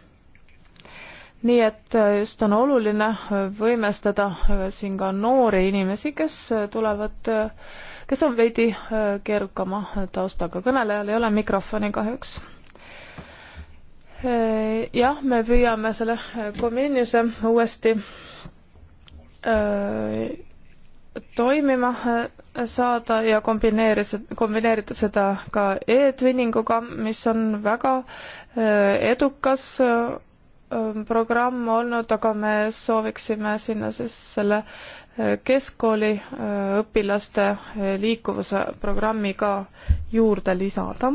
nii et just on oluline võimestada siin ka noori inimesi, kes tulevad, kes on veidi keerukama taustaga. kõnelejal ei ole mikrofoni kahjuks Äh, jah, me püüame selle äh, Comeniuse uuesti äh, toimima saada ja kombineeri-, kombineerida seda ka e-twinninguga, mis on väga edukas programm olnud, aga me sooviksime sinna siis selle keskkooli õpilaste liikuvuse programmi ka juurde lisada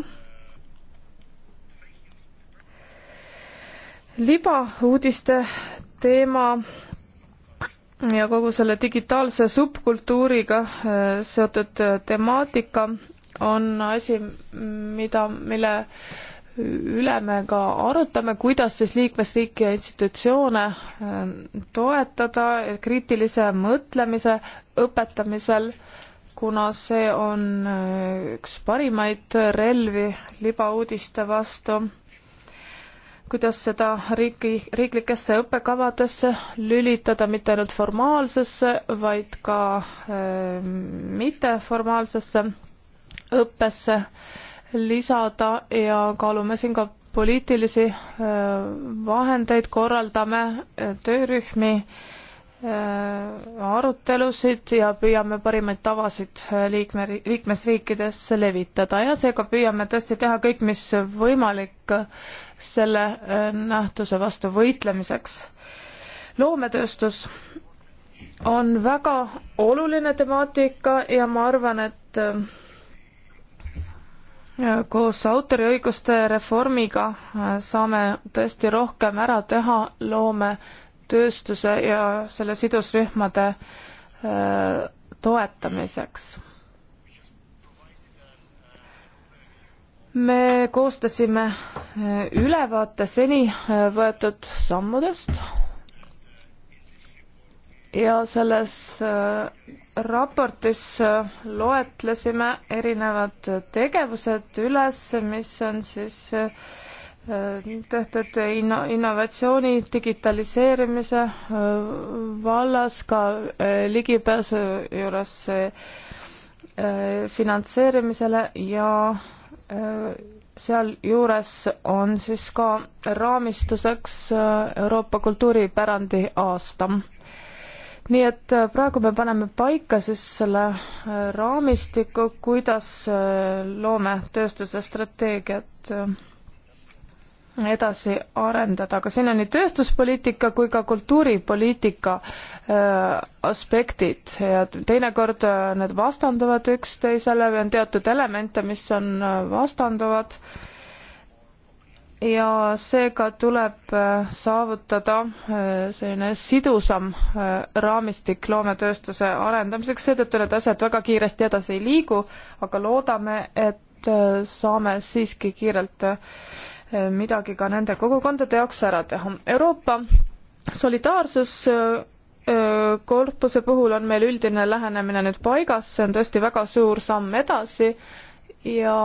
libauudiste teema ja kogu selle digitaalse subkultuuriga äh, seotud äh, temaatika on asi, mida, mille üle me ka arutame, kuidas siis liikmesriiki ja institutsioone äh, toetada kriitilise mõtlemise õpetamisel, kuna see on üks parimaid relvi libauudiste vastu kuidas seda riiki, riiklikesse õppekavadesse lülitada mitte ainult formaalsesse, vaid ka äh, mitteformaalsesse õppesse lisada ja kaalume siin ka poliitilisi äh, vahendeid, korraldame äh, töörühmi äh, Äh, arutelusid ja püüame parimaid tavasid äh, liikme, liikmesriikides levitada ja seega püüame tõesti teha kõik, mis võimalik äh, selle nähtuse vastu võitlemiseks. loometööstus on väga oluline temaatika ja ma arvan, et koos autoriõiguste reformiga saame tõesti rohkem ära teha loome tööstuse ja selle sidusrühmade äh, toetamiseks. me koostasime äh, ülevaate seni äh, võetud sammudest ja selles raportis loetlesime erinevad tegevused üles, mis on siis tehtud inno-, innovatsiooni digitaliseerimise äh, vallas ka äh, ligipääsu juures äh, finantseerimisele ja sealjuures on siis ka raamistuseks Euroopa kultuuripärandi aasta nii et praegu me paneme paika siis selle raamistiku, kuidas loometööstuse strateegiat edasi arendada, aga siin on nii tööstuspoliitika kui ka kultuuripoliitika aspektid ja teinekord need vastanduvad üksteisele või on teatud elemente, mis on vastanduvad. ja seega tuleb saavutada selline sidusam raamistik loometööstuse arendamiseks, seetõttu need asjad väga kiiresti edasi ei liigu, aga loodame, et saame siiski kiirelt midagi ka nende kogukondade jaoks ära teha. Euroopa solidaarsuskorpuse äh, äh, puhul on meil üldine lähenemine nüüd paigas, see on tõesti väga suur samm edasi ja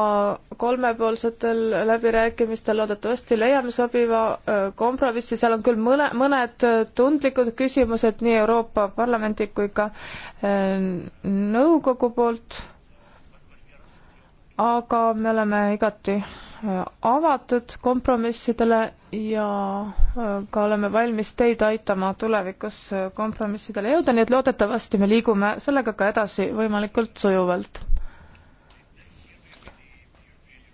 kolmepoolsetel läbirääkimistel loodetavasti leiame sobiva äh, kompromissi, seal on küll mõne, mõned tundlikud küsimused nii Euroopa Parlamendi kui ka nõukogu poolt, aga me oleme igati avatud kompromissidele ja äh, ka oleme valmis teid aitama tulevikus äh, kompromissidele jõuda, nii et loodetavasti me liigume sellega ka edasi võimalikult sujuvalt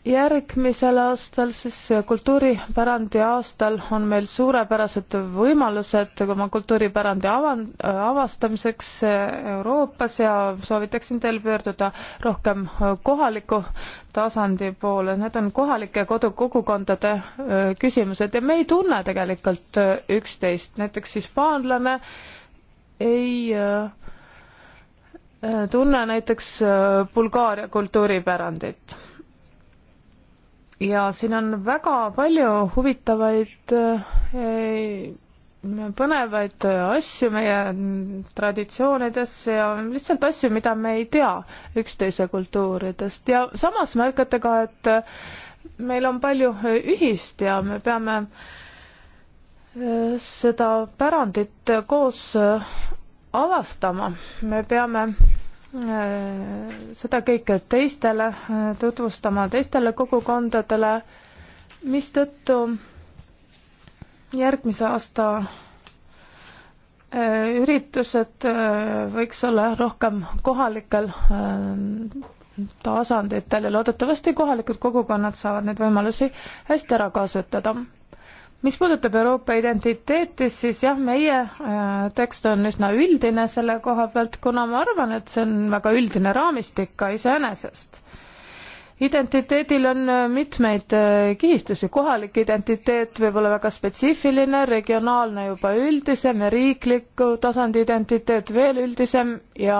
järgmisel aastal, siis kultuuripärandi aastal on meil suurepärased võimalused oma kultuuripärandi avan-, avastamiseks Euroopas ja soovitaksin teil pöörduda rohkem kohaliku tasandi poole, need on kohalike kodukogukondade küsimused ja me ei tunne tegelikult üksteist, näiteks hispaanlane ei tunne näiteks Bulgaaria kultuuripärandit ja siin on väga palju huvitavaid eh, põnevaid asju meie traditsioonides ja lihtsalt asju, mida me ei tea üksteise kultuuridest ja samas märkate ka, et meil on palju ühist ja me peame eh, seda pärandit koos eh, avastama, me peame Äh, seda kõike teistele, äh, tutvustama teistele kogukondadele, mistõttu järgmise aasta äh, üritused võiks olla rohkem kohalikel tasanditel ja loodetavasti kohalikud kogukonnad saavad neid võimalusi hästi ära kasutada mis puudutab Euroopa identiteeti, siis jah, meie äh, tekst on üsna üldine selle koha pealt, kuna ma arvan, et see on väga üldine raamistik ka iseenesest identiteedil on äh, mitmeid äh, kihistusi, kohalik identiteet võib olla väga spetsiifiline, regionaalne juba üldisem ja riikliku tasandi identiteet veel üldisem ja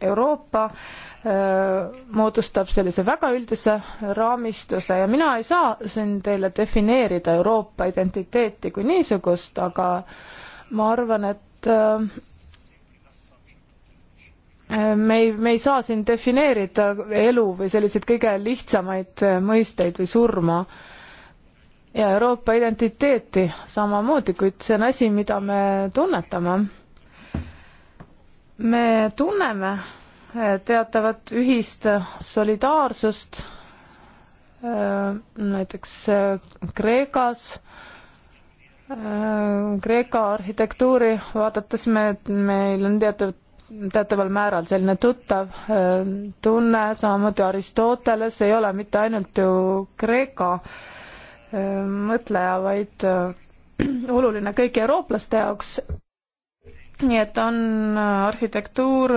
Euroopa äh, moodustab sellise väga üldise raamistuse ja mina ei saa siin teile defineerida Euroopa identiteeti kui niisugust, aga ma arvan, et me ei, me ei saa siin defineerida elu või selliseid kõige lihtsamaid äh, mõisteid või surma ja Euroopa identiteeti samamoodi, kuid see on asi, mida me tunnetame. me tunneme äh, teatavat ühist äh, solidaarsust näiteks Kreekas Kreeka arhitektuuri vaadates me, meil on teatav teataval määral selline tuttav äh, tunne, samamoodi Aristoteles ei ole mitte ainult ju Kreeka äh, mõtleja, vaid äh, oluline kõigi eurooplaste jaoks nii et on äh, arhitektuur,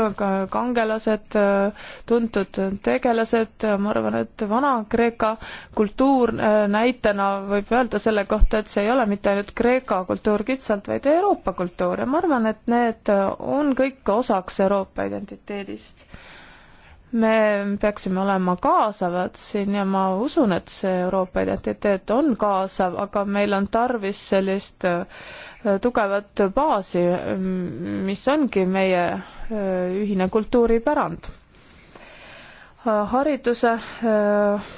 kangelased, äh, tuntud tegelased, äh, ma arvan, et Vana-Kreeka kultuur näitena võib öelda selle kohta, et see ei ole mitte ainult Kreeka kultuur kitsalt, vaid Euroopa kultuur ja ma arvan, et need on kõik osaks Euroopa identiteedist. me peaksime olema kaasavad siin ja ma usun, et see Euroopa identiteet on kaasav, aga meil on tarvis sellist äh, tugevat baasi, mis ongi meie äh, ühine kultuuripärand. Äh, hariduse äh,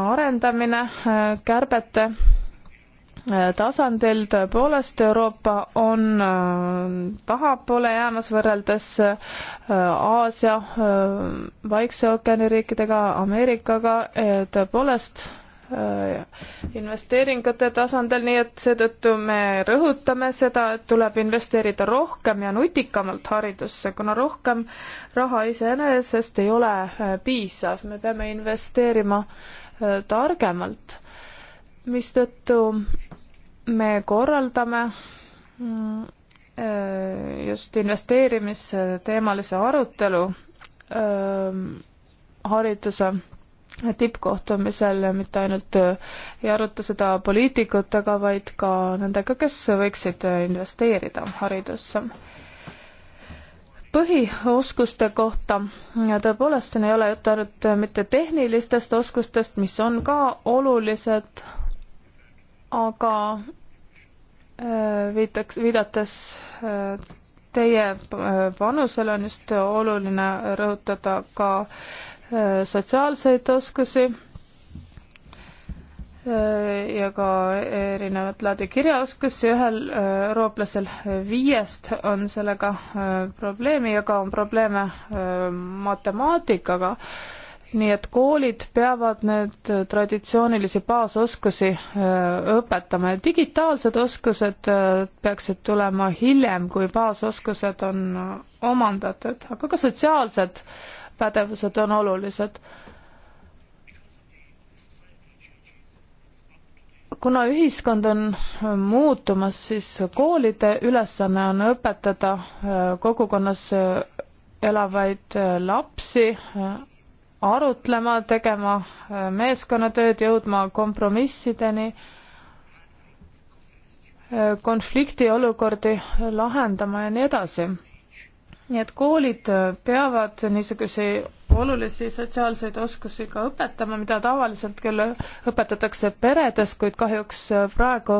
arendamine kärbete tasandil tõepoolest Euroopa on tahapoole jäämas võrreldes Aasia, Vaikse ookeani riikidega, Ameerikaga, tõepoolest Äh, investeeringute tasandil, nii et seetõttu me rõhutame seda, et tuleb investeerida rohkem ja nutikamalt haridusse, kuna rohkem raha iseenesest ei ole äh, piisav, me peame investeerima äh, targemalt, mistõttu me korraldame mm, just investeerimisteemalise arutelu ähm, hariduse tippkohtumisel mitte ainult äh, ei aruta seda poliitikutega, vaid ka nendega, kes võiksid äh, investeerida haridusse. põhioskuste kohta tõepoolest siin ei ole juttu ainult äh, mitte tehnilistest oskustest, mis on ka olulised, aga viitaks, viidates teie panusele on just oluline rõhutada ka Äh, sotsiaalseid oskusi äh, ja ka erinevat laadi kirjaoskusi, ühel äh, eurooplasel viiest on sellega probleemi ja ka on probleeme matemaatikaga. nii et koolid peavad need traditsioonilisi baasoskusi õpetama ja digitaalsed oskused peaksid tulema hiljem, kui baasoskused on omandatud, aga ka sotsiaalsed pädevused on olulised. kuna ühiskond on muutumas, siis koolide ülesanne on õpetada äh, kogukonnas äh, elavaid äh, lapsi arutlema, tegema meeskonnatööd, jõudma kompromissideni konfliktiolukordi lahendama ja nii edasi nii et koolid äh, peavad niisuguseid olulisi sotsiaalseid oskusi ka õpetama, mida tavaliselt küll õpetatakse peredes, kuid kahjuks äh, praegu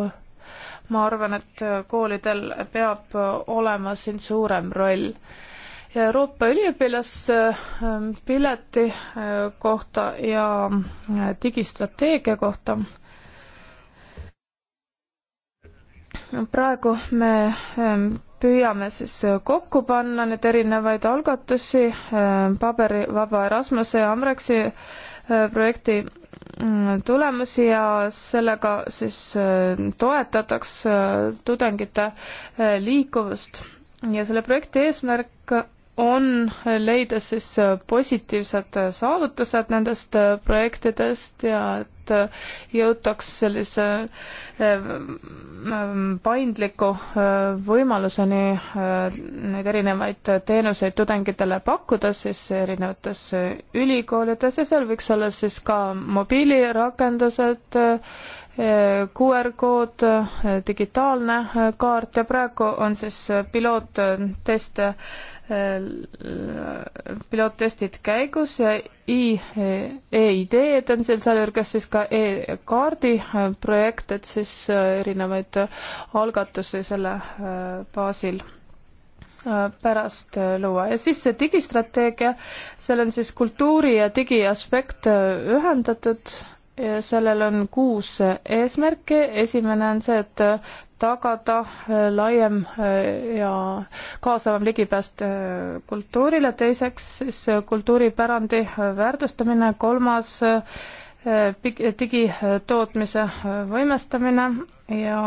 ma arvan, et äh, koolidel peab olema siin suurem roll. Euroopa üliõpilaspileti ähm, kohta ja digistrateegia kohta praegu me ähm, püüame siis äh, kokku panna need erinevaid algatusi äh, paberivaba Erasmuse ja Amrexi äh, projekti mm, tulemusi ja sellega siis toetataks tudengite liikuvust. ja selle projekti eesmärk on leida siis positiivsed saavutused nendest äh, projektidest ja et äh, jõutaks sellise äh, paindliku võimaluseni neid erinevaid teenuseid tudengitele pakkuda siis erinevates ülikoolides ja seal võiks olla siis ka mobiilirakendused, QR-kood, digitaalne kaart ja praegu on siis pilootteste piloottestid käigus ja e-ID edendamisel, sealjuures siis ka e-kaardi projekt, et siis äh, erinevaid äh, algatusi selle äh, baasil pärast luua ja siis see digistrateegia, seal on siis kultuuri ja digiaspekt ühendatud ja sellel on kuus eesmärki, esimene on see, et tagada äh, laiem äh, ja kaasavam ligipääs äh, kultuurile, teiseks siis kultuuripärandi väärtustamine, kolmas digitootmise võimestamine ja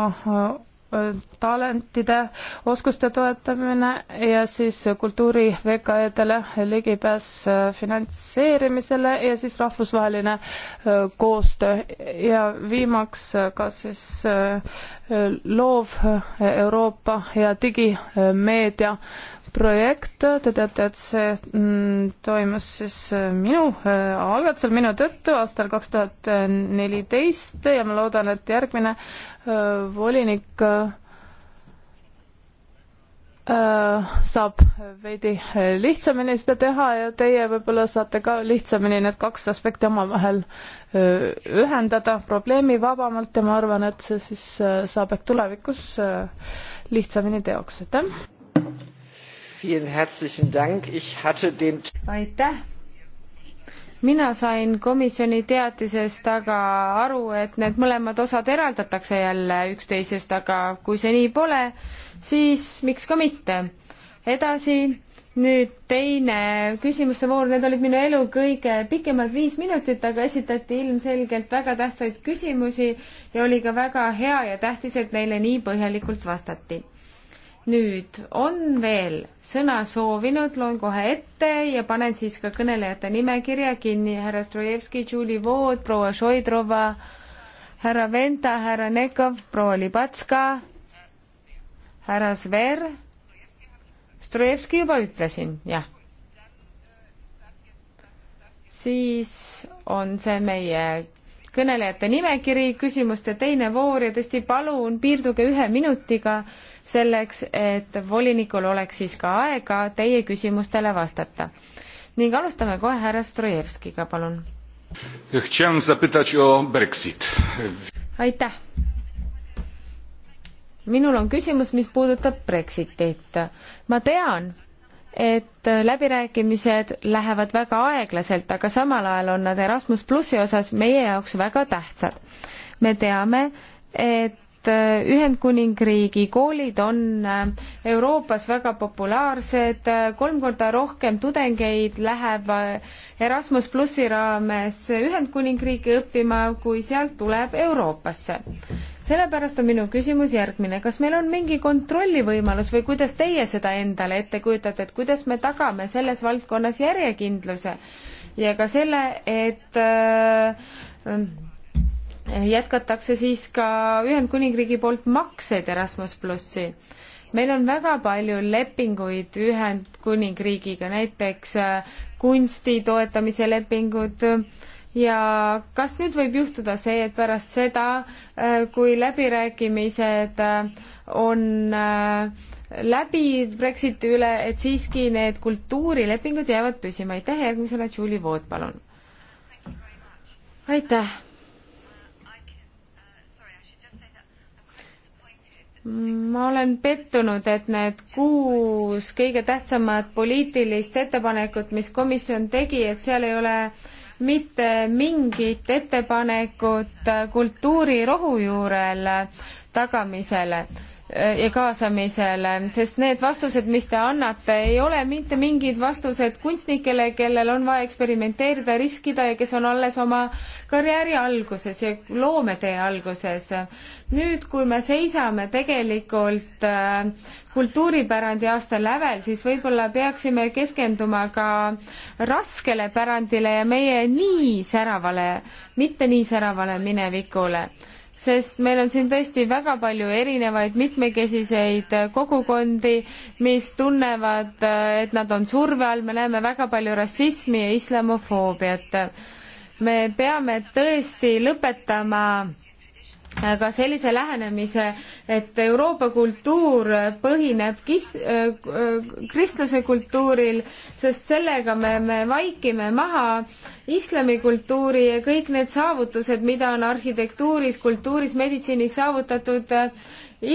talentide, oskuste toetamine ja siis kultuuri VKE-dele ligipääs äh, finantseerimisele ja siis rahvusvaheline äh, koostöö ja viimaks äh, ka siis loov Euroopa ja digimeedia projekt, te teate, et see mm, toimus siis äh, minu äh, algatusel, minu tõttu aastal kaks tuhat neliteist ja ma loodan, et järgmine äh, volinik saab veidi lihtsamini seda teha ja teie võib-olla saate ka lihtsamini need kaks aspekti omavahel ühendada probleemivabamalt ja ma arvan, et see siis saab ehk tulevikus lihtsamini teoks, aitäh! aitäh! mina sain komisjoni teatisest aga aru, et need mõlemad osad eraldatakse jälle üksteisest, aga kui see nii pole, siis miks ka mitte. edasi, nüüd teine küsimuste voor, need olid minu elu kõige pikemad viis minutit, aga esitati ilmselgelt väga tähtsaid küsimusi ja oli ka väga hea ja tähtis, et neile nii põhjalikult vastati nüüd on veel sõna soovinud, loen kohe ette ja panen siis ka kõnelejate nimekirja kinni. härra Strojevski, Julie Vood, proua Šoidrova, härra Venta, härra Nekov, proua Libatska, härra Sver. Strojevski juba ütlesin, jah. siis on see meie kõnelejate nimekiri, küsimuste teine voor ja tõesti palun piirduge ühe minutiga selleks, et volinikul oleks siis ka aega teie küsimustele vastata. ning alustame kohe härra Strojevskiga, palun. aitäh. minul on küsimus, mis puudutab Brexitit. ma tean, et läbirääkimised lähevad väga aeglaselt, aga samal ajal on nad Erasmus plussi osas meie jaoks väga tähtsad. me teame, et Äh, Ühendkuningriigi koolid on äh, Euroopas väga populaarsed, äh, kolm korda rohkem tudengeid läheb Erasmus plussi raames Ühendkuningriiki õppima, kui sealt tuleb Euroopasse. sellepärast on minu küsimus järgmine, kas meil on mingi kontrollivõimalus või kuidas teie seda endale ette kujutate, et kuidas me tagame selles valdkonnas järjekindluse ja ka selle, et äh, jätkatakse siis ka Ühendkuningriigi poolt makseid Erasmus plussi. meil on väga palju lepinguid Ühendkuningriigiga, näiteks äh, kunsti toetamise lepingud ja kas nüüd võib juhtuda see, et pärast seda, äh, kui läbirääkimised äh, on läbi Brexiti üle, et siiski need kultuurilepingud jäävad püsima. aitäh, järgmisena Julie Wood, palun. aitäh ma olen pettunud, et need kuus kõige tähtsamat poliitilist ettepanekut, mis komisjon tegi, et seal ei ole mitte mingit ettepanekut kultuuri rohujuurel tagamisele Äh, ja kaasamisele, sest need vastused, mis te annate, ei ole mitte mingid vastused kunstnikele, kellel on vaja eksperimenteerida, riskida ja kes on alles oma karjääri alguses ja loometee alguses. nüüd, kui me seisame tegelikult äh, kultuuripärandi aasta lävel, siis võib-olla peaksime keskenduma ka raskele pärandile ja meie nii säravale, mitte nii säravale minevikule sest meil on siin tõesti väga palju erinevaid mitmekesiseid kogukondi, mis tunnevad, et nad on surve all, me näeme väga palju rassismi ja islamofoobiat. me peame tõesti lõpetama ka sellise lähenemise, et Euroopa kultuur põhineb kis-, äh, äh, kristluse kultuuril, sest sellega me, me vaikime maha islamikultuuri ja kõik need saavutused, mida on arhitektuuris, kultuuris, meditsiinis saavutatud äh,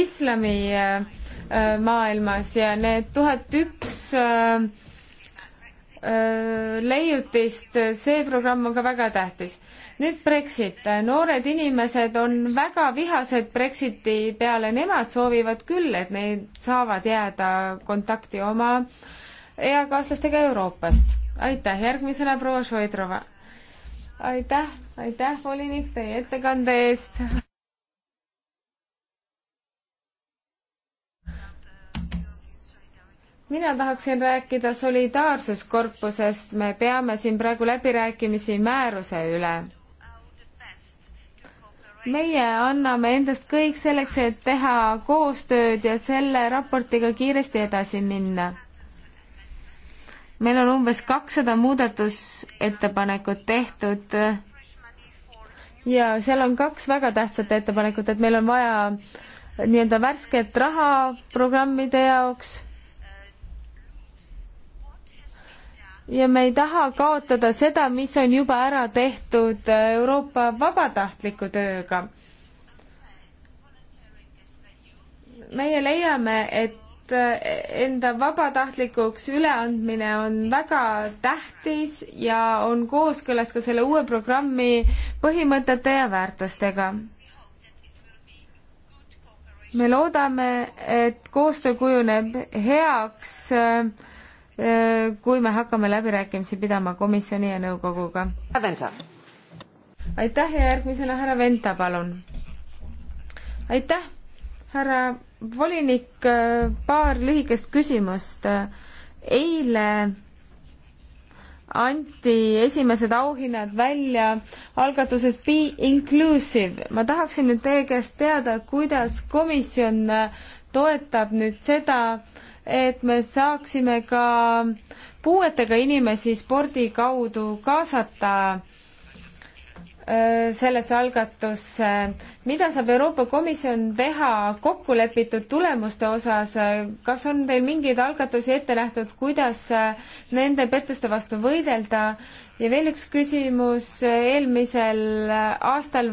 islamimaailmas ja need tuhat üks 000 üks Äh, leiutist, see programm on ka väga tähtis. nüüd Brexit, noored inimesed on väga vihased Brexiti peale, nemad soovivad küll, et need saavad jääda kontakti oma eakaaslastega Euroopast. aitäh, järgmisena proua Šoidrova. aitäh, aitäh, volinik, teie ettekande eest. mina tahaksin rääkida solidaarsuskorpusest, me peame siin praegu läbirääkimisi määruse üle. meie anname endast kõik selleks, et teha koostööd ja selle raportiga kiiresti edasi minna. meil on umbes kakssada muudatusettepanekut tehtud ja seal on kaks väga tähtsat ettepanekut, et meil on vaja nii-öelda värsket raha programmide jaoks ja me ei taha kaotada seda, mis on juba ära tehtud Euroopa vabatahtliku tööga. meie leiame, et enda vabatahtlikuks üleandmine on väga tähtis ja on kooskõlas ka selle uue programmi põhimõtete ja väärtustega me loodame, et koostöö kujuneb heaks äh, Äh, kui me hakkame läbirääkimisi pidama komisjoni ja nõukoguga. aitäh ja järgmisena härra Venta, palun. aitäh, härra volinik, äh, paar lühikest küsimust. eile anti esimesed auhinnad välja algatuses Be Inclusive. ma tahaksin nüüd teie käest teada, kuidas komisjon toetab nüüd seda, et me saaksime ka puuetega inimesi spordi kaudu kaasata Äh, sellesse algatusse. mida saab Euroopa Komisjon teha kokkulepitud tulemuste osas, kas on teil mingeid algatusi ette nähtud, kuidas äh, nende pettuste vastu võidelda? ja veel üks küsimus, eelmisel äh, aastal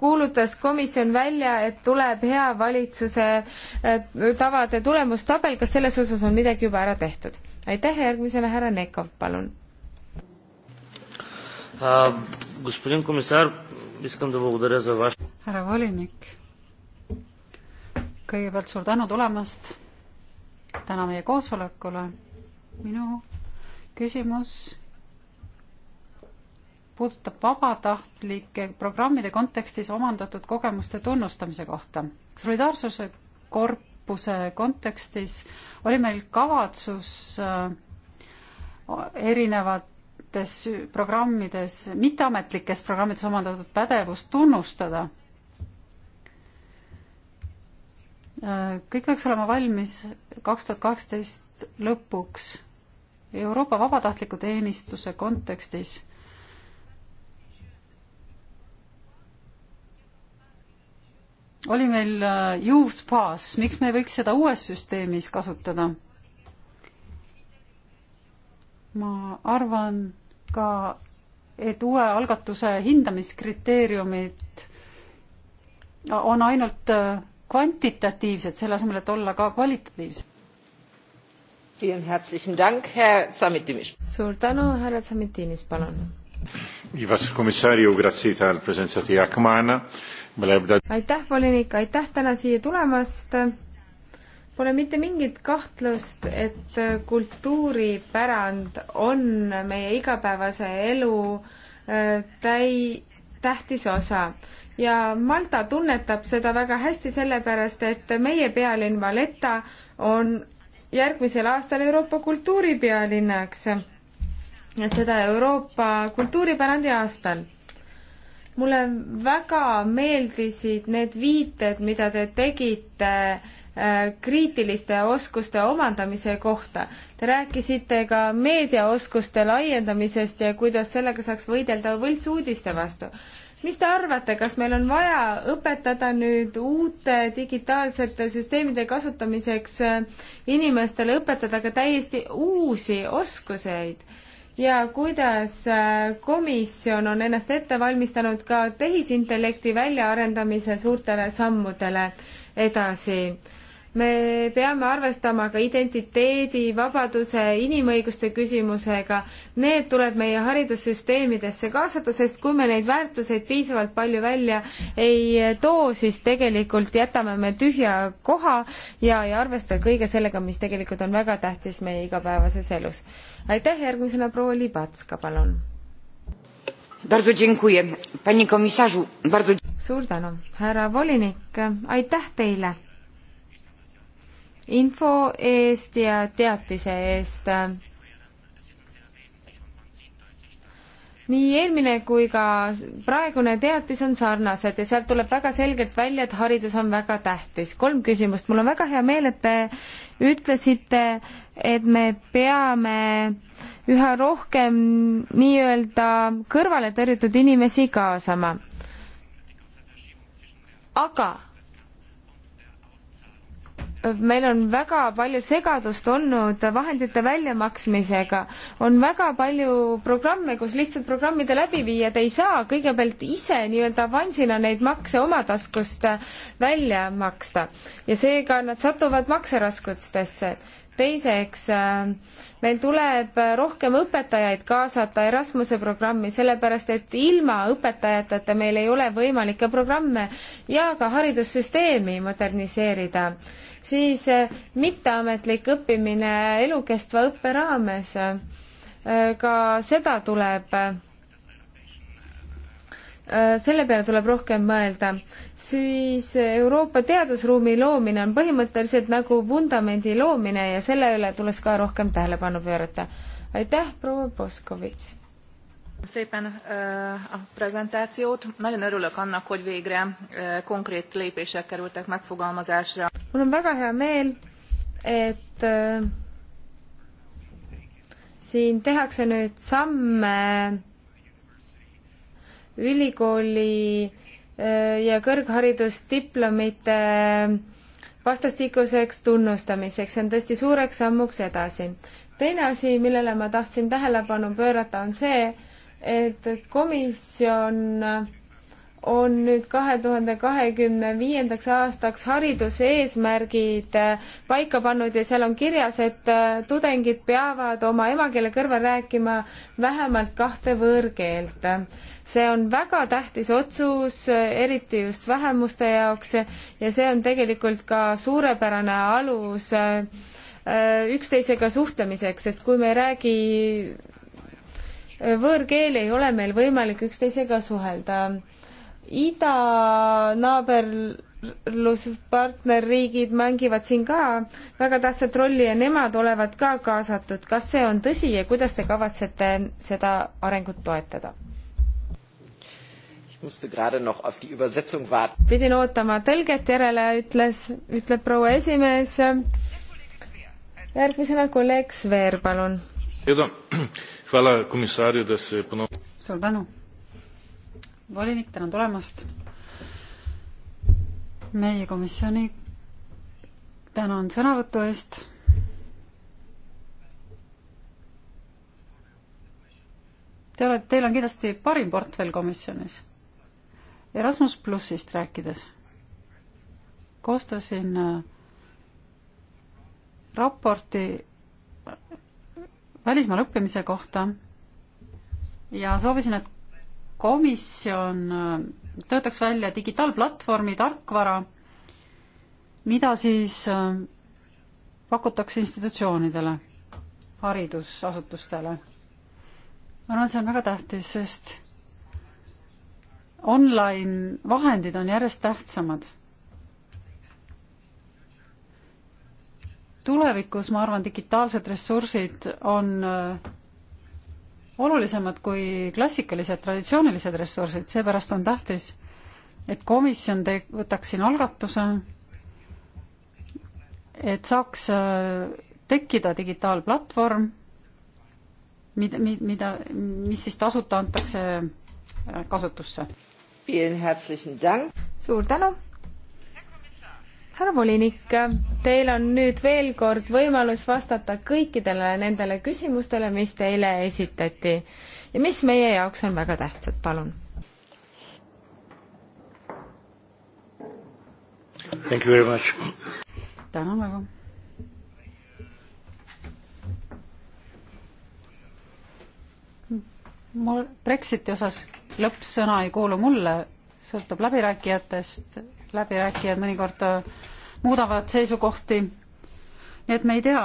kuulutas komisjon välja, et tuleb hea valitsuse tavade tulemustabel, kas selles osas on midagi juba ära tehtud? aitäh, järgmisena härra Nekov, palun Господин комисар, искам да благодаря за vaš... härra volinik, kõigepealt suur tänu tulemast täna meie koosolekule. minu küsimus puudutab vabatahtlike programmide kontekstis omandatud kogemuste tunnustamise kohta. solidaarsuse korpuse kontekstis oli meil kavatsus äh, erinevad erinevates programmides, mitteametlikes programmides omandatud pädevust tunnustada. kõik peaks olema valmis kaks tuhat kaheksateist lõpuks Euroopa vabatahtliku teenistuse kontekstis oli meil Youth äh, Pass, miks me ei võiks seda uues süsteemis kasutada? ma arvan, ka, et uue algatuse hindamiskriteeriumid on ainult äh, kvantitatiivsed, selle asemel, et olla ka kvalitatiivsed. suur tänu, härra Tsamitinis, palun. aitäh, volinik, aitäh täna siia tulemast Pole mitte mingit kahtlust, et kultuuripärand on meie igapäevase elu äh, täi-, tähtis osa ja Malta tunnetab seda väga hästi, sellepärast et meie pealinn Valetta on järgmisel aastal Euroopa kultuuripealinnaks ja seda Euroopa kultuuripärandi aastal. mulle väga meeldisid need viited, mida te tegite Äh, kriitiliste oskuste omandamise kohta. Te rääkisite ka meediaoskuste laiendamisest ja kuidas sellega saaks võidelda võltsuudiste vastu. mis te arvate, kas meil on vaja õpetada nüüd uute digitaalsete süsteemide kasutamiseks äh, inimestele, õpetada ka täiesti uusi oskuseid? ja kuidas äh, komisjon on ennast ette valmistanud ka tehisintellekti väljaarendamise suurtele sammudele edasi? me peame arvestama ka identiteedi, vabaduse, inimõiguste küsimusega. Need tuleb meie haridussüsteemidesse kaasata, sest kui me neid väärtuseid piisavalt palju välja ei too, siis tegelikult jätame me tühja koha ja ei arvesta kõige sellega, mis tegelikult on väga tähtis meie igapäevases elus. aitäh, järgmisena proua Libatska, palun. suur tänu, härra volinik, aitäh teile info eest ja teatise eest. nii eelmine kui ka praegune teatis on sarnased ja sealt tuleb väga selgelt välja, et haridus on väga tähtis. kolm küsimust, mul on väga hea meel, et te ütlesite, et me peame üha rohkem nii-öelda kõrvale tõrjutud inimesi kaasama. aga meil on väga palju segadust olnud vahendite väljamaksmisega. on väga palju programme, kus lihtsalt programmide läbiviijad ei saa kõigepealt ise nii-öelda avansina neid makse oma taskust välja maksta ja seega nad satuvad makseraskustesse teiseks, äh, meil tuleb rohkem õpetajaid kaasata Erasmuse programmi, sellepärast et ilma õpetajateta meil ei ole võimalikke programme ja ka haridussüsteemi moderniseerida siis eh, mitteametlik õppimine elukestva õppe raames, eh, ka seda tuleb eh, selle peale tuleb rohkem mõelda, siis Euroopa teadusruumi loomine on põhimõtteliselt nagu vundamendi loomine ja selle üle tuleks ka rohkem tähelepanu pöörata. aitäh, proua Poskovitš! Szépen a prezentációt. Nagyon örülök annak, hogy végre konkrét lépések kerültek megfogalmazásra. Mul on väga hea meel, et siin tehakse nüüd samme ülikooli ja kõrgharidusdiplomite vastastikuseks tunnustamiseks, see on tõesti suureks sammuks edasi. teine asi, millele ma tahtsin tähelepanu pöörata, on see, et komisjon on nüüd kahe tuhande kahekümne viiendaks aastaks hariduseesmärgid paika pannud ja seal on kirjas, et tudengid peavad oma emakeele kõrval rääkima vähemalt kahte võõrkeelt. see on väga tähtis otsus, eriti just vähemuste jaoks ja see on tegelikult ka suurepärane alus äh, üksteisega suhtlemiseks, sest kui me ei räägi võõrkeeli ei ole meil võimalik üksteisega suhelda. idanaaberluspartnerriigid mängivad siin ka väga tähtsat rolli ja nemad olevat ka kaasatud. kas see on tõsi ja kuidas te kavatsete seda arengut toetada? pidin ootama tõlget järele, ütles, ütleb proua esimees. järgmisena kolleeg Sveer, palun suur tänu. volinik, tänan tulemast meie komisjoni. tänan sõnavõtu eest. Te olete, teil on kindlasti parim portfell komisjonis. Erasmus plussist rääkides koostasin äh, raporti välismaal õppimise kohta ja soovisin, et komisjon äh, töötaks välja digitaalplatvormi tarkvara, mida siis äh, pakutakse institutsioonidele, haridusasutustele. ma arvan, see on väga tähtis, sest online vahendid on järjest tähtsamad tulevikus, ma arvan, digitaalsed ressursid on äh, olulisemad kui klassikalised traditsioonilised ressursid, seepärast on tähtis, et komisjon te-, võtaks siin algatuse, et saaks äh, tekkida digitaalplatvorm, mida, mida, mis siis tasuta antakse äh, kasutusse. suur tänu härra volinik, teil on nüüd veel kord võimalus vastata kõikidele nendele küsimustele, mis teile esitati ja mis meie jaoks on väga tähtsad, palun. tänan väga. mul Brexiti osas lõppsõna ei kuulu mulle, sõltub läbirääkijatest läbirääkijad mõnikord äh, muudavad seisukohti. nii et me ei tea,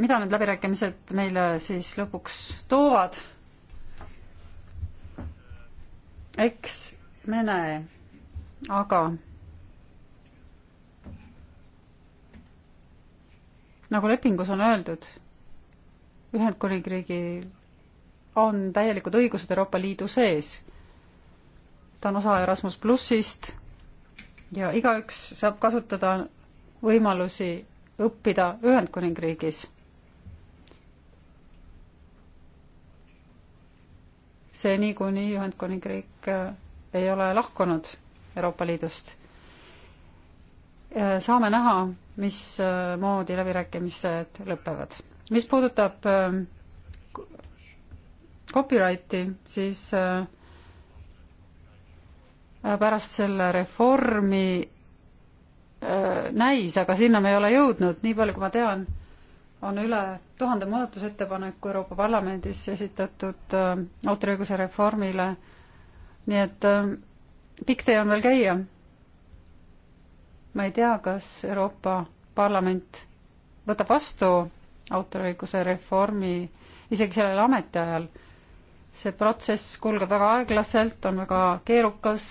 mida need läbirääkimised meile siis lõpuks toovad. eks me näe, aga nagu lepingus on öeldud, Ühendkuningriigil on täielikud õigused Euroopa Liidu sees ta on osa Erasmus plussist ja igaüks saab kasutada võimalusi õppida Ühendkuningriigis. seni, kuni Ühendkuningriik äh, ei ole lahkunud Euroopa Liidust. Äh, saame näha, mismoodi äh, läbirääkimised lõpevad. mis puudutab copyrighti, siis äh, Äh, pärast selle reformi äh, näis, aga sinna me ei ole jõudnud, nii palju kui ma tean, on üle tuhande muudatusettepaneku Euroopa Parlamendis esitatud äh, autoriõiguse reformile, nii et pikk tee on veel käia. ma ei tea, kas Euroopa Parlament võtab vastu autoriõiguse reformi isegi sellel ametiajal. see protsess kulgeb väga aeglaselt, on väga keerukas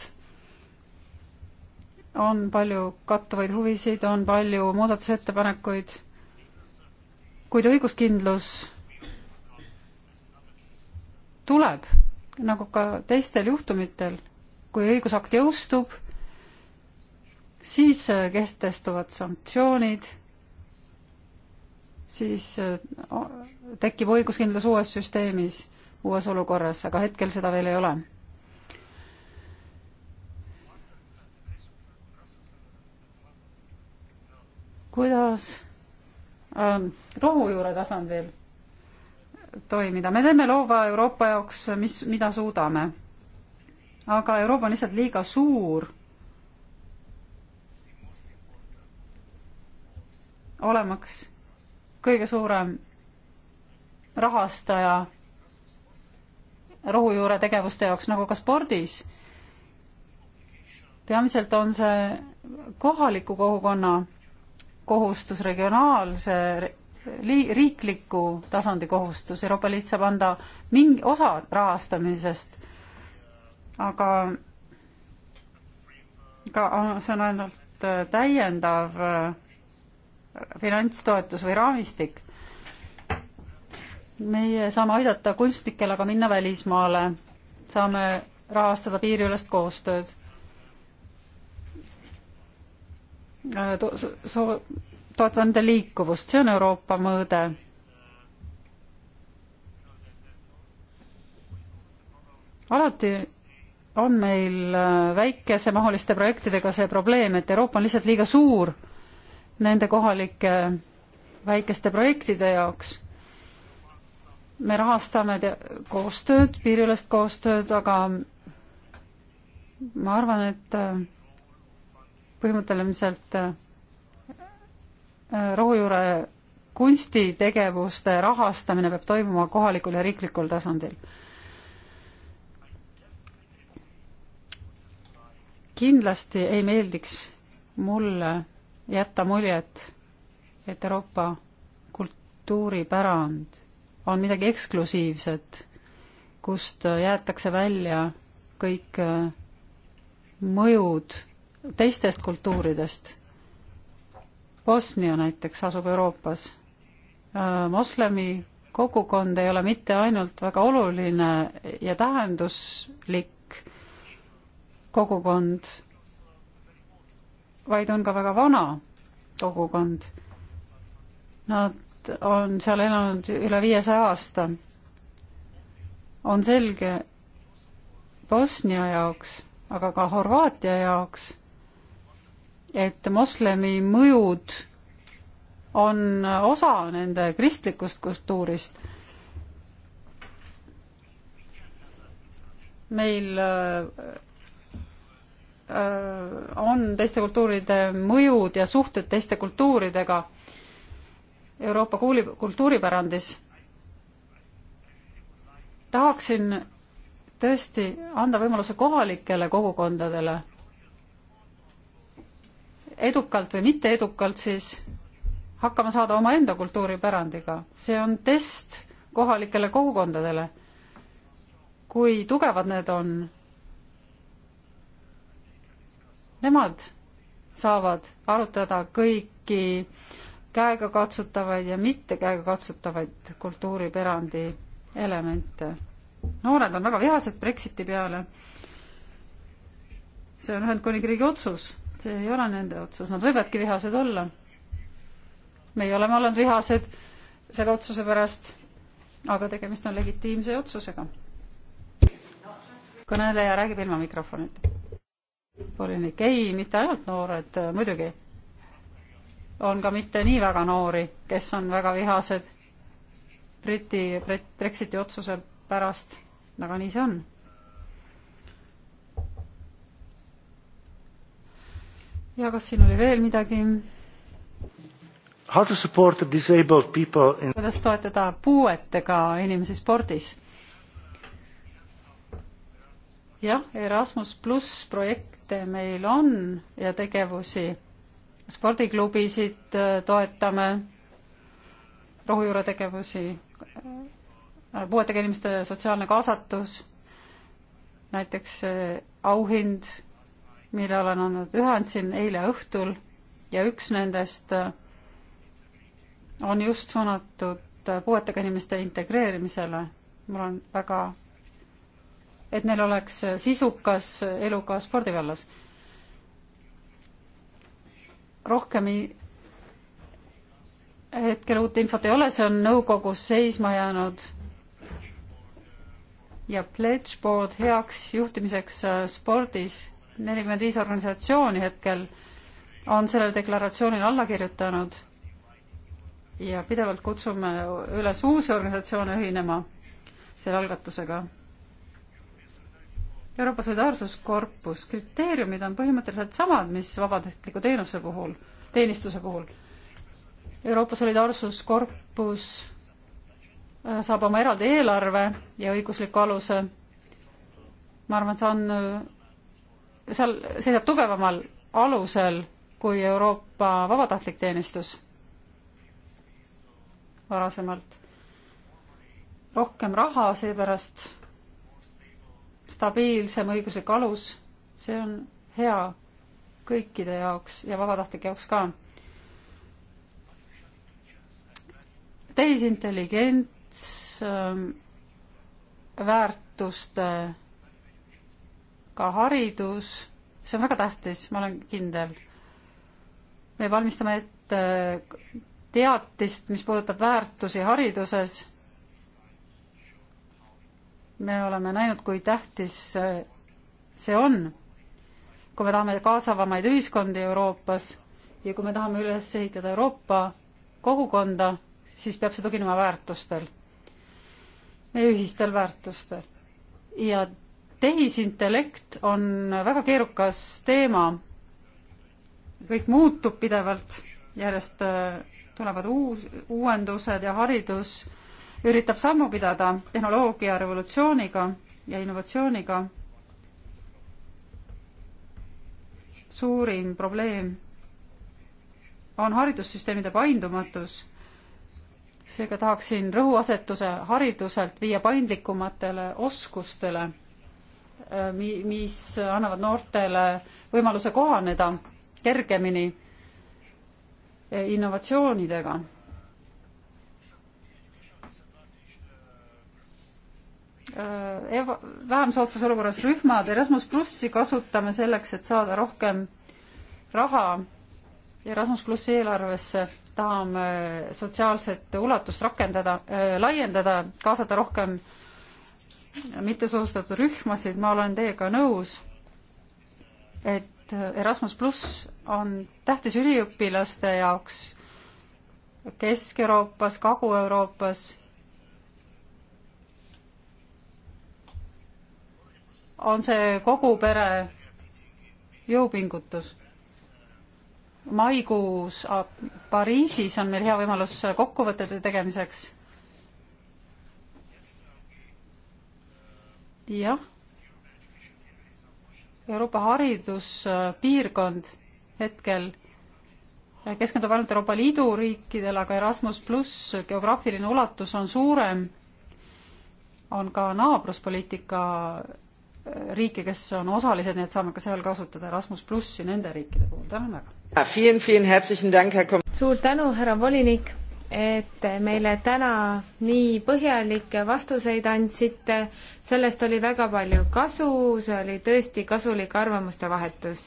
on palju kattuvaid huvisid, on palju muudatusettepanekuid, kuid õiguskindlus tuleb, nagu ka teistel juhtumitel, kui õigusakt jõustub, siis äh, kehtestuvad sanktsioonid, siis äh, tekib õiguskindlus uues süsteemis, uues olukorras, aga hetkel seda veel ei ole kuidas ähm, rohujuure tasandil toimida. me teeme loova Euroopa jaoks, mis, mida suudame. aga Euroopa on lihtsalt liiga suur olemaks kõige suurem rahastaja rohujuure tegevuste jaoks, nagu ka spordis. peamiselt on see kohaliku kogukonna kohustus, regionaalse li-, riikliku tasandi kohustus, Euroopa Liit saab anda mingi osa rahastamisest, aga ka see on ainult äh, täiendav äh, finantstoetus või raamistik. meie saame aidata kunstnikel aga minna välismaale, saame rahastada piiriülest koostööd Äh, to, so, toetada nende liikuvust, see on Euroopa mõõde. alati on meil äh, väikesemahuliste projektidega see probleem, et Euroopa on lihtsalt liiga suur nende kohalike väikeste projektide jaoks. me rahastame koostööd, piiriülest koostööd, aga ma arvan, et äh, põhimõtteliselt äh, rohujuure kunstitegevuste rahastamine peab toimuma kohalikul ja riiklikul tasandil. kindlasti ei meeldiks mulle jätta muljet, et Euroopa kultuuripärand on midagi eksklusiivset, kust jäetakse välja kõik äh, mõjud teistest kultuuridest. Bosnia näiteks asub Euroopas. Äh, moslemi kogukond ei ole mitte ainult väga oluline ja tähenduslik kogukond, vaid on ka väga vana kogukond. Nad on seal elanud üle viiesaja aasta. on selge Bosnia jaoks, aga ka Horvaatia jaoks et moslemi mõjud on osa nende kristlikust kultuurist. meil äh, äh, on teiste kultuuride mõjud ja suhted teiste kultuuridega Euroopa kuuli-, kultuuripärandis. tahaksin tõesti anda võimaluse kohalikele kogukondadele edukalt või mitte edukalt siis hakkama saada omaenda kultuuripärandiga. see on test kohalikele kogukondadele. kui tugevad need on? Nemad saavad arutada kõiki käegakatsutavaid ja mitte käegakatsutavaid kultuuripärandi elemente. noored on väga vihased Brexiti peale. see on Ühendkuningriigi otsus see ei ole nende otsus, nad võivadki vihased olla. meie oleme olnud vihased selle otsuse pärast, aga tegemist on legitiimse otsusega. kõneleja räägib ilma mikrofonita. volinik, ei, mitte ainult noored, muidugi. on ka mitte nii väga noori, kes on väga vihased Briti Brexiti otsuse pärast, aga nii see on ja kas siin oli veel midagi? In... kuidas toetada puuetega inimesi spordis? jah, Erasmus pluss projekte meil on ja tegevusi. spordiklubisid äh, toetame, rohujuure tegevusi, äh, puuetega inimeste sotsiaalne kaasatus, näiteks äh, auhind mille olen andnud ühe andsin eile õhtul ja üks nendest äh, on just suunatud äh, puuetega inimeste integreerimisele. mul on väga, et neil oleks äh, sisukas elu ka spordivallas. rohkem hetkel uut infot ei ole, see on nõukogus seisma jäänud ja pledge board heaks juhtimiseks spordis nelikümmend viis organisatsiooni hetkel on sellele deklaratsioonile alla kirjutanud ja pidevalt kutsume üles uusi organisatsioone ühinema selle algatusega. Euroopa Solidaarsuskorpus kriteeriumid on põhimõtteliselt samad, mis vabatahtliku teenuse puhul, teenistuse puhul. Euroopa Solidaarsuskorpus äh, saab oma eraldi eelarve ja õigusliku aluse. ma arvan, et see on äh, seal seisab tugevamal alusel kui Euroopa vabatahtlik teenistus varasemalt. rohkem raha, seepärast stabiilsem õiguslik alus, see on hea kõikide jaoks ja vabatahtlike jaoks ka. tehisintelligents, ähm, väärtuste ka haridus, see on väga tähtis, ma olen kindel. me valmistame ette äh, teatist, mis puudutab väärtusi hariduses. me oleme näinud, kui tähtis äh, see on, kui me tahame kaasavamaid ühiskondi Euroopas ja kui me tahame üles ehitada Euroopa kogukonda, siis peab see tuginema väärtustel, meie ühistel väärtustel. ja tehisintellekt on väga keerukas teema. kõik muutub pidevalt, järjest äh, tulevad uus, uuendused ja haridus üritab sammu pidada tehnoloogia revolutsiooniga ja innovatsiooniga. suurim probleem on haridussüsteemide paindumatus. seega tahaksin rõhuasetuse hariduselt viia paindlikumatele oskustele mi-, mis annavad noortele võimaluse kohaneda kergemini innovatsioonidega. Eva-, vähem soodsas olukorras rühmad, Erasmus plussi kasutame selleks, et saada rohkem raha Erasmus plussi eelarvesse, tahame sotsiaalset ulatust rakendada äh,, laiendada, kaasata rohkem äh, mittesoostatud rühmasid, ma olen teiega nõus, et Erasmus pluss on tähtis üliõpilaste jaoks Kesk-Euroopas, Kagu-Euroopas on see kogu pere jõupingutus. maikuus Pariisis on meil hea võimalus kokkuvõtete tegemiseks jah, Euroopa hariduspiirkond hetkel keskendub ainult Euroopa Liidu riikidele, aga Erasmus pluss geograafiline ulatus on suurem, on ka naabruspoliitika äh, riike, kes on osalised, nii et saame ka seal kasutada Erasmus plussi nende riikide puhul, tänan väga. suur tänu, härra volinik et meile täna nii põhjalikke vastuseid andsite, sellest oli väga palju kasu, see oli tõesti kasulik arvamuste vahetus.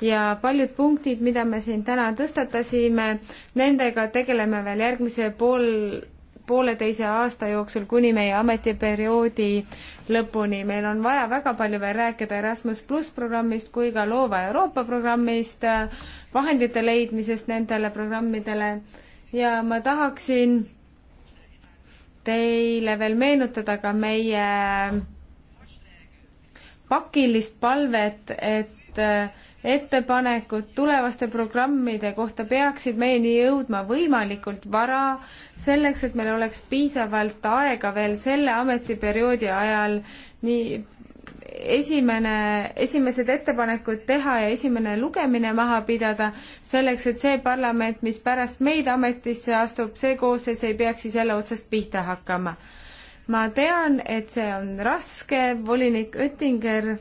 ja paljud punktid, mida me siin täna tõstatasime, nendega tegeleme veel järgmise pool, pooleteise aasta jooksul kuni meie ametiperioodi lõpuni. meil on vaja väga palju veel rääkida Erasmus pluss programmist kui ka Loova Euroopa programmist, vahendite leidmisest nendele programmidele ja ma tahaksin teile veel meenutada ka meie pakilist palvet, et äh, ettepanekud tulevaste programmide kohta peaksid meieni jõudma võimalikult vara, selleks et meil oleks piisavalt aega veel selle ametiperioodi ajal nii esimene, esimesed ettepanekud teha ja esimene lugemine maha pidada, selleks et see parlament, mis pärast meid ametisse astub, see koosseis ei peaks siis jälle otsast pihta hakkama. ma tean, et see on raske, volinik Oettinger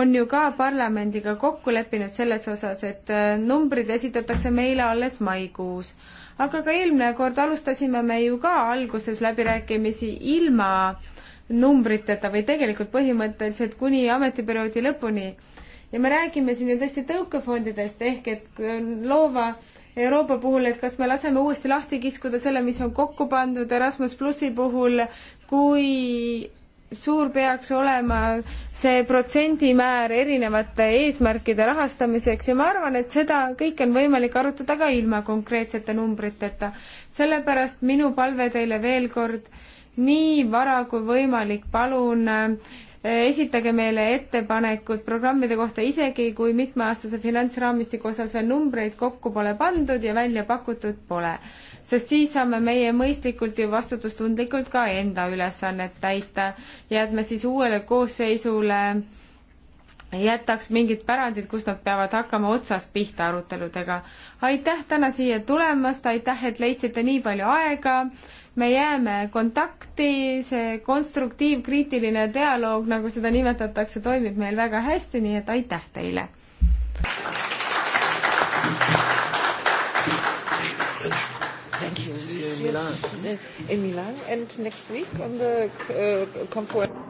on ju ka parlamendiga kokku leppinud selles osas, et äh, numbrid esitatakse meile alles maikuus. aga ka eelmine kord alustasime me ju ka alguses läbirääkimisi ilma äh, numbriteta või tegelikult põhimõtteliselt kuni ametiperioodi lõpuni. ja me räägime siin ju tõesti tõukefondidest ehk et äh, loova Euroopa puhul, et kas me laseme uuesti lahti kiskuda selle, mis on kokku pandud Erasmus plussi puhul, kui suur peaks olema see protsendimäär erinevate eesmärkide rahastamiseks ja ma arvan, et seda kõike on võimalik arutada ka ilma konkreetsete numbriteta. sellepärast minu palve teile veel kord nii vara kui võimalik, palun äh, esitage meile ettepanekud programmide kohta, isegi kui mitmeaastase finantsraamistiku osas veel numbreid kokku pole pandud ja välja pakutud pole. sest siis saame meie mõistlikult ja vastutustundlikult ka enda ülesannet täita ja et me siis uuele koosseisule jätaks mingid pärandid, kus nad peavad hakkama otsast pihta aruteludega. aitäh täna siia tulemast, aitäh, et leidsite nii palju aega. me jääme kontakti, see konstruktiivkriitiline dialoog, nagu seda nimetatakse, toimib meil väga hästi, nii et aitäh teile. Thank you. In Milan and next week on the uh, conference.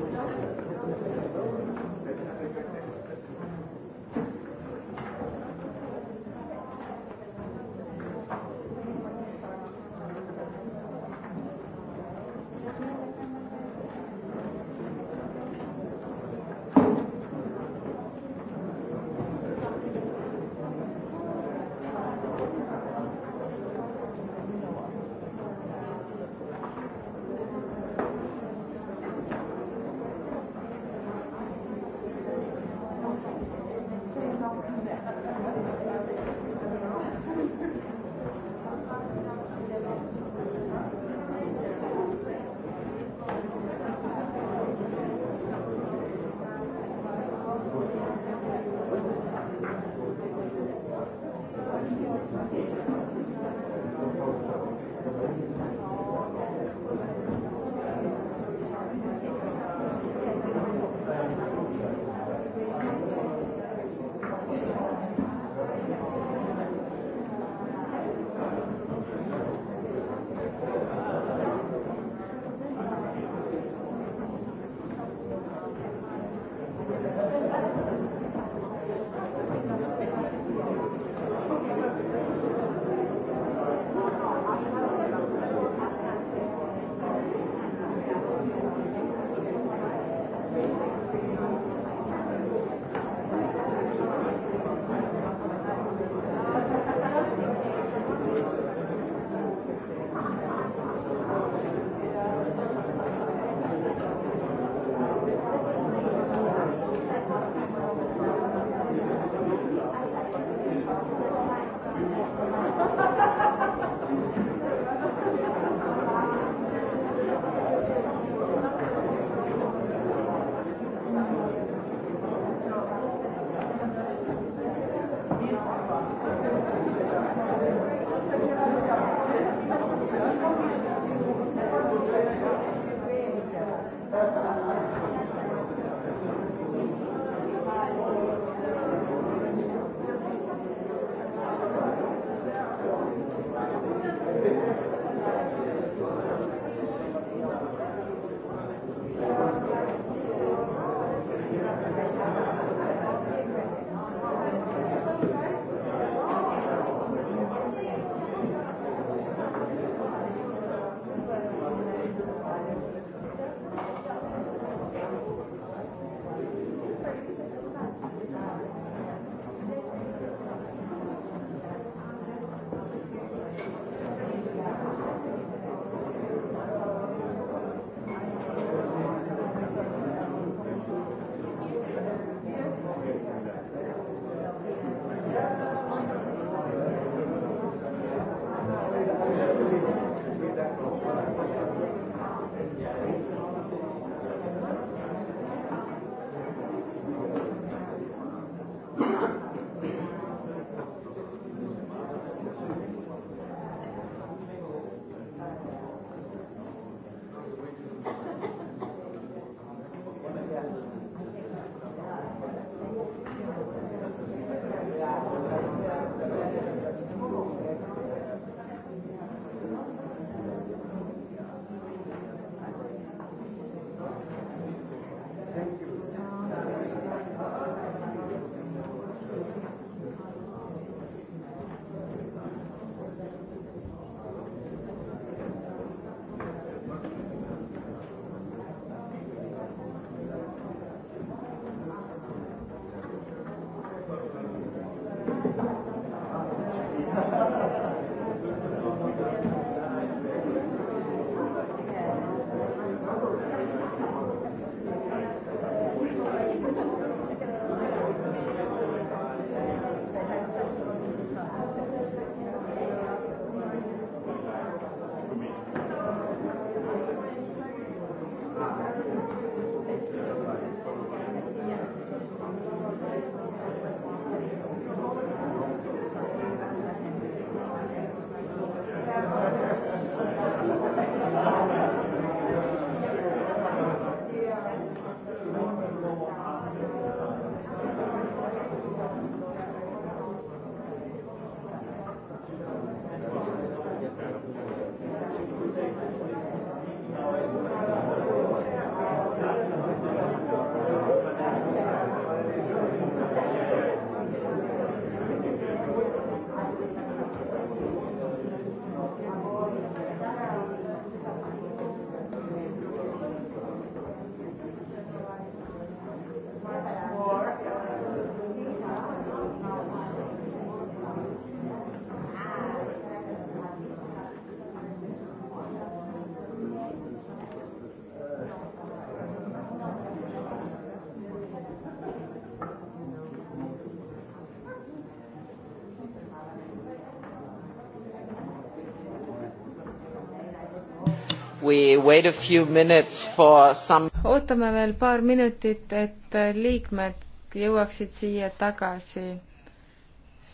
we wait a few minutes for some ootame veel paar minutit, et liikmed jõuaksid siia tagasi,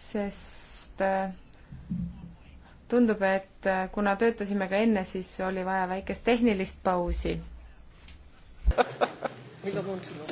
sest äh, tundub, et äh, kuna töötasime ka enne, siis oli vaja väikest tehnilist pausi mida tundsin?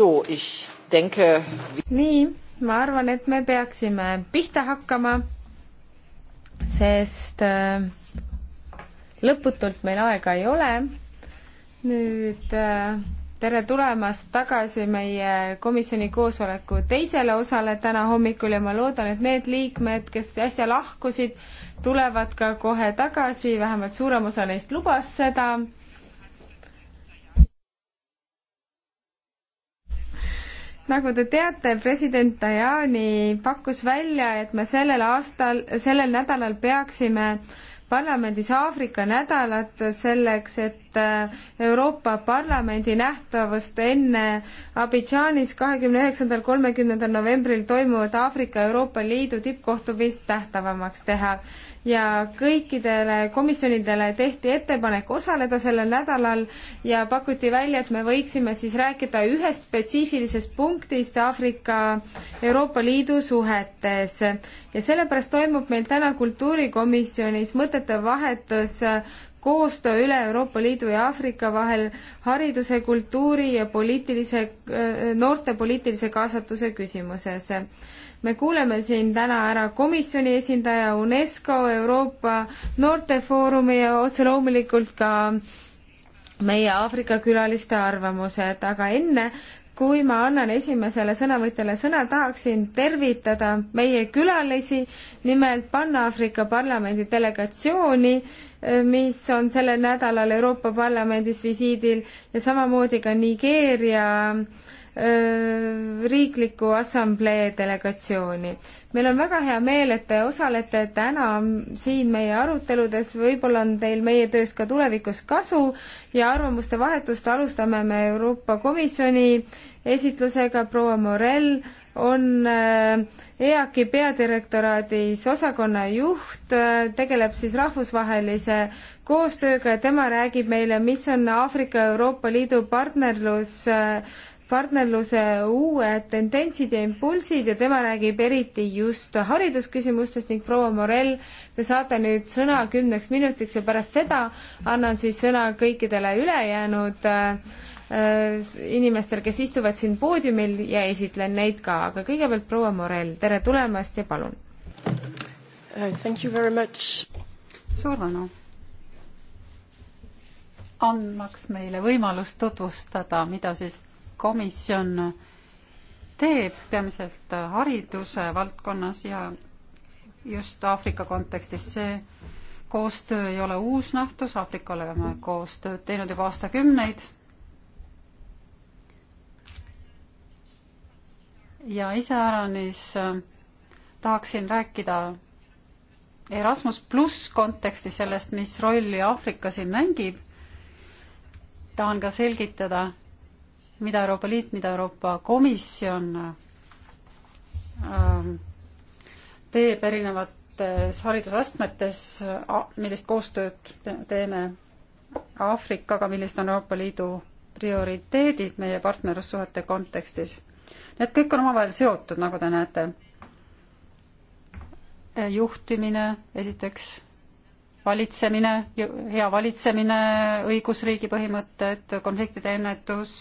So, ich denke... nii, ma arvan, et me peaksime pihta hakkama, sest äh, lõputult meil aega ei ole. nüüd äh, tere tulemast tagasi meie komisjoni koosoleku teisele osale täna hommikul ja ma loodan, et need liikmed, kes äsja lahkusid, tulevad ka kohe tagasi, vähemalt suurem osa neist lubas seda nagu te teate, president Tajani pakkus välja, et me sellel aastal, sellel nädalal peaksime parlamendis Aafrika nädalat selleks, et Äh, Euroopa Parlamendi nähtavust enne Abidžaanis kahekümne üheksandal, kolmekümnendal novembril toimuvat Aafrika Euroopa Liidu tippkohtumist tähtavamaks teha. ja kõikidele komisjonidele tehti ettepanek osaleda sellel nädalal ja pakuti välja, et me võiksime siis rääkida ühest spetsiifilisest punktist Aafrika Euroopa Liidu suhetes. ja sellepärast toimub meil täna kultuurikomisjonis mõtete vahetus koostöö üle Euroopa Liidu ja Aafrika vahel hariduse, kultuuri ja poliitilise, äh, noorte poliitilise kaasatuse küsimuses. me kuuleme siin täna ära komisjoni esindaja UNESCO, Euroopa Noortefoorumi ja otse loomulikult ka meie Aafrika külaliste arvamused, aga enne kui ma annan esimesele sõnavõtjale sõna, tahaksin tervitada meie külalisi, nimelt Pan-Aafrika Parlamendi delegatsiooni, eh, mis on sellel nädalal Euroopa Parlamendis visiidil ja samamoodi ka Nigeeria äh, riikliku assamblee delegatsiooni. meil on väga hea meel, et te osalete täna siin meie aruteludes, võib-olla on teil meie tööst ka tulevikus kasu ja arvamuste vahetust alustame me Euroopa Komisjoni esitlusega, proua Morell on EAK-i peadirektoraadis osakonna juht, tegeleb siis rahvusvahelise koostööga ja tema räägib meile, mis on Aafrika Euroopa Liidu partnerlus partnerluse uued tendentsid ja impulsid ja tema räägib eriti just haridusküsimustest ning proua Morell, te saate nüüd sõna kümneks minutiks ja pärast seda annan siis sõna kõikidele ülejäänud äh, inimestel, kes istuvad siin poodiumil ja esitlen neid ka, aga kõigepealt proua Morell, tere tulemast ja palun uh,! Thank you very much! suur tänu! andmaks meile võimalust tutvustada, mida siis komisjon teeb peamiselt hariduse valdkonnas ja just Aafrika kontekstis see koostöö ei ole uus nähtus, Aafrika oleme koostööd teinud juba aastakümneid. ja iseäranis äh, tahaksin rääkida Erasmus pluss konteksti sellest, mis rolli Aafrika siin mängib. tahan ka selgitada, mida Euroopa Liit, mida Euroopa Komisjon ähm, teeb erinevates haridusastmetes, millist koostööd teeme Aafrikaga, millised on Euroopa Liidu prioriteedid meie partnerlussuhete kontekstis. Need kõik on omavahel seotud, nagu te näete. Äh, juhtimine esiteks, valitsemine, hea valitsemine, õigusriigi põhimõtted, konfliktide ennetus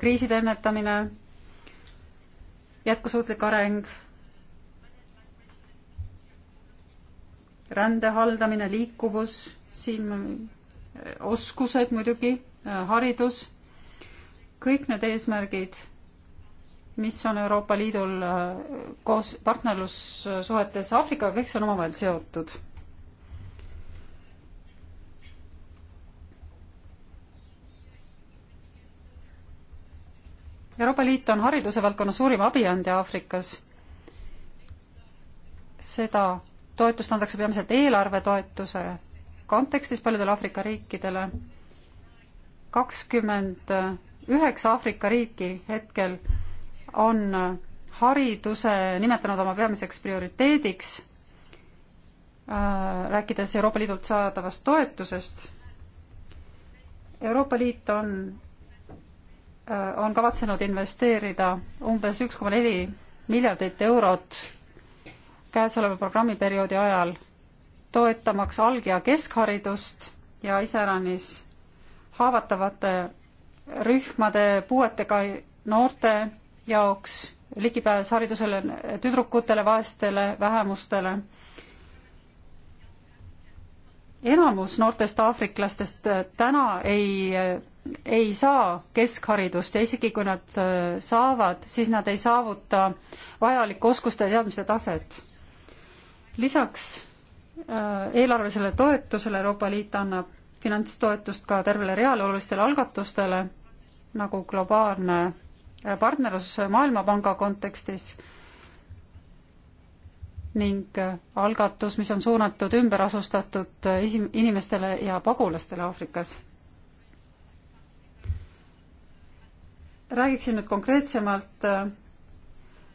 kriiside ennetamine, jätkusuutlik areng, rände haldamine, liikuvus, siin äh, oskused muidugi, äh, haridus, kõik need eesmärgid, mis on Euroopa Liidul äh, koos partnerlussuhetes Aafrikaga, kõik see on omavahel seotud Euroopa Liit on hariduse valdkonna suurim abiandja Aafrikas. seda toetust antakse peamiselt eelarvetoetuse kontekstis paljudele Aafrika riikidele. kakskümmend üheksa Aafrika riiki hetkel on hariduse nimetanud oma peamiseks prioriteediks, äh, rääkides Euroopa Liidult saadavast toetusest. Euroopa Liit on Äh, on kavatsenud investeerida umbes üks koma neli miljardit eurot käesoleva programmiperioodi ajal, toetamaks alg- ja keskharidust ja iseäranis haavatavate rühmade, puuetega noorte jaoks ligipääs haridusele, tüdrukutele, vaestele, vähemustele enamus noortest aafriklastest äh, täna ei, äh, ei saa keskharidust ja isegi kui nad äh, saavad, siis nad ei saavuta vajalikku oskuste ja teadmiste taset. lisaks eelarvelisele toetusele Euroopa Liit annab finantstoetust ka tervele reale olulistele algatustele, nagu globaalne partnerlus Maailmapanga kontekstis ning äh, algatus, mis on suunatud ümberasustatud isi-, äh, inimestele ja pagulastele Aafrikas. räägiksin nüüd konkreetsemalt, äh,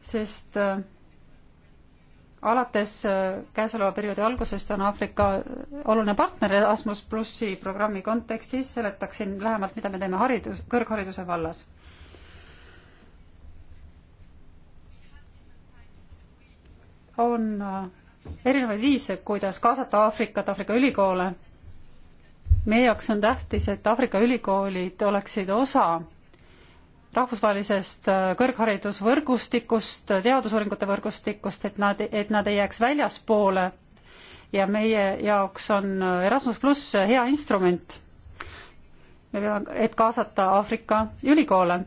sest alates käesoleva perioodi algusest on Aafrika oluline partner Erasmus plussi programmi kontekstis, seletaksin lähemalt, mida me teeme haridus, kõrghariduse vallas on äh, erinevaid viise, kuidas kaasata Aafrikat, Aafrika ülikoole. meie jaoks on tähtis, et Aafrika ülikoolid oleksid osa rahvusvahelisest äh, kõrgharidusvõrgustikust, teadusuuringute võrgustikust, et nad, et nad ei jääks väljaspoole ja meie jaoks on äh, Erasmus pluss hea instrument, me peame, et kaasata Aafrika ülikoole.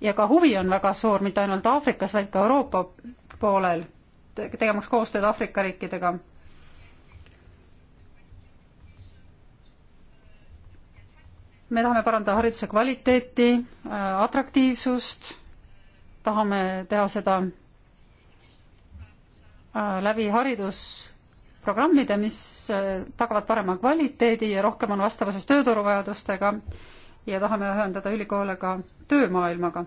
ja ka huvi on väga suur, mitte ainult Aafrikas, vaid ka Euroopa poolel tegemaks koostööd Aafrika riikidega. me tahame parandada hariduse kvaliteeti, atraktiivsust, tahame teha seda äh, läbi haridusprogrammide, mis äh, tagavad parema kvaliteedi ja rohkem on vastavuses tööturuvajadustega ja tahame ühendada ülikoole ka töömaailmaga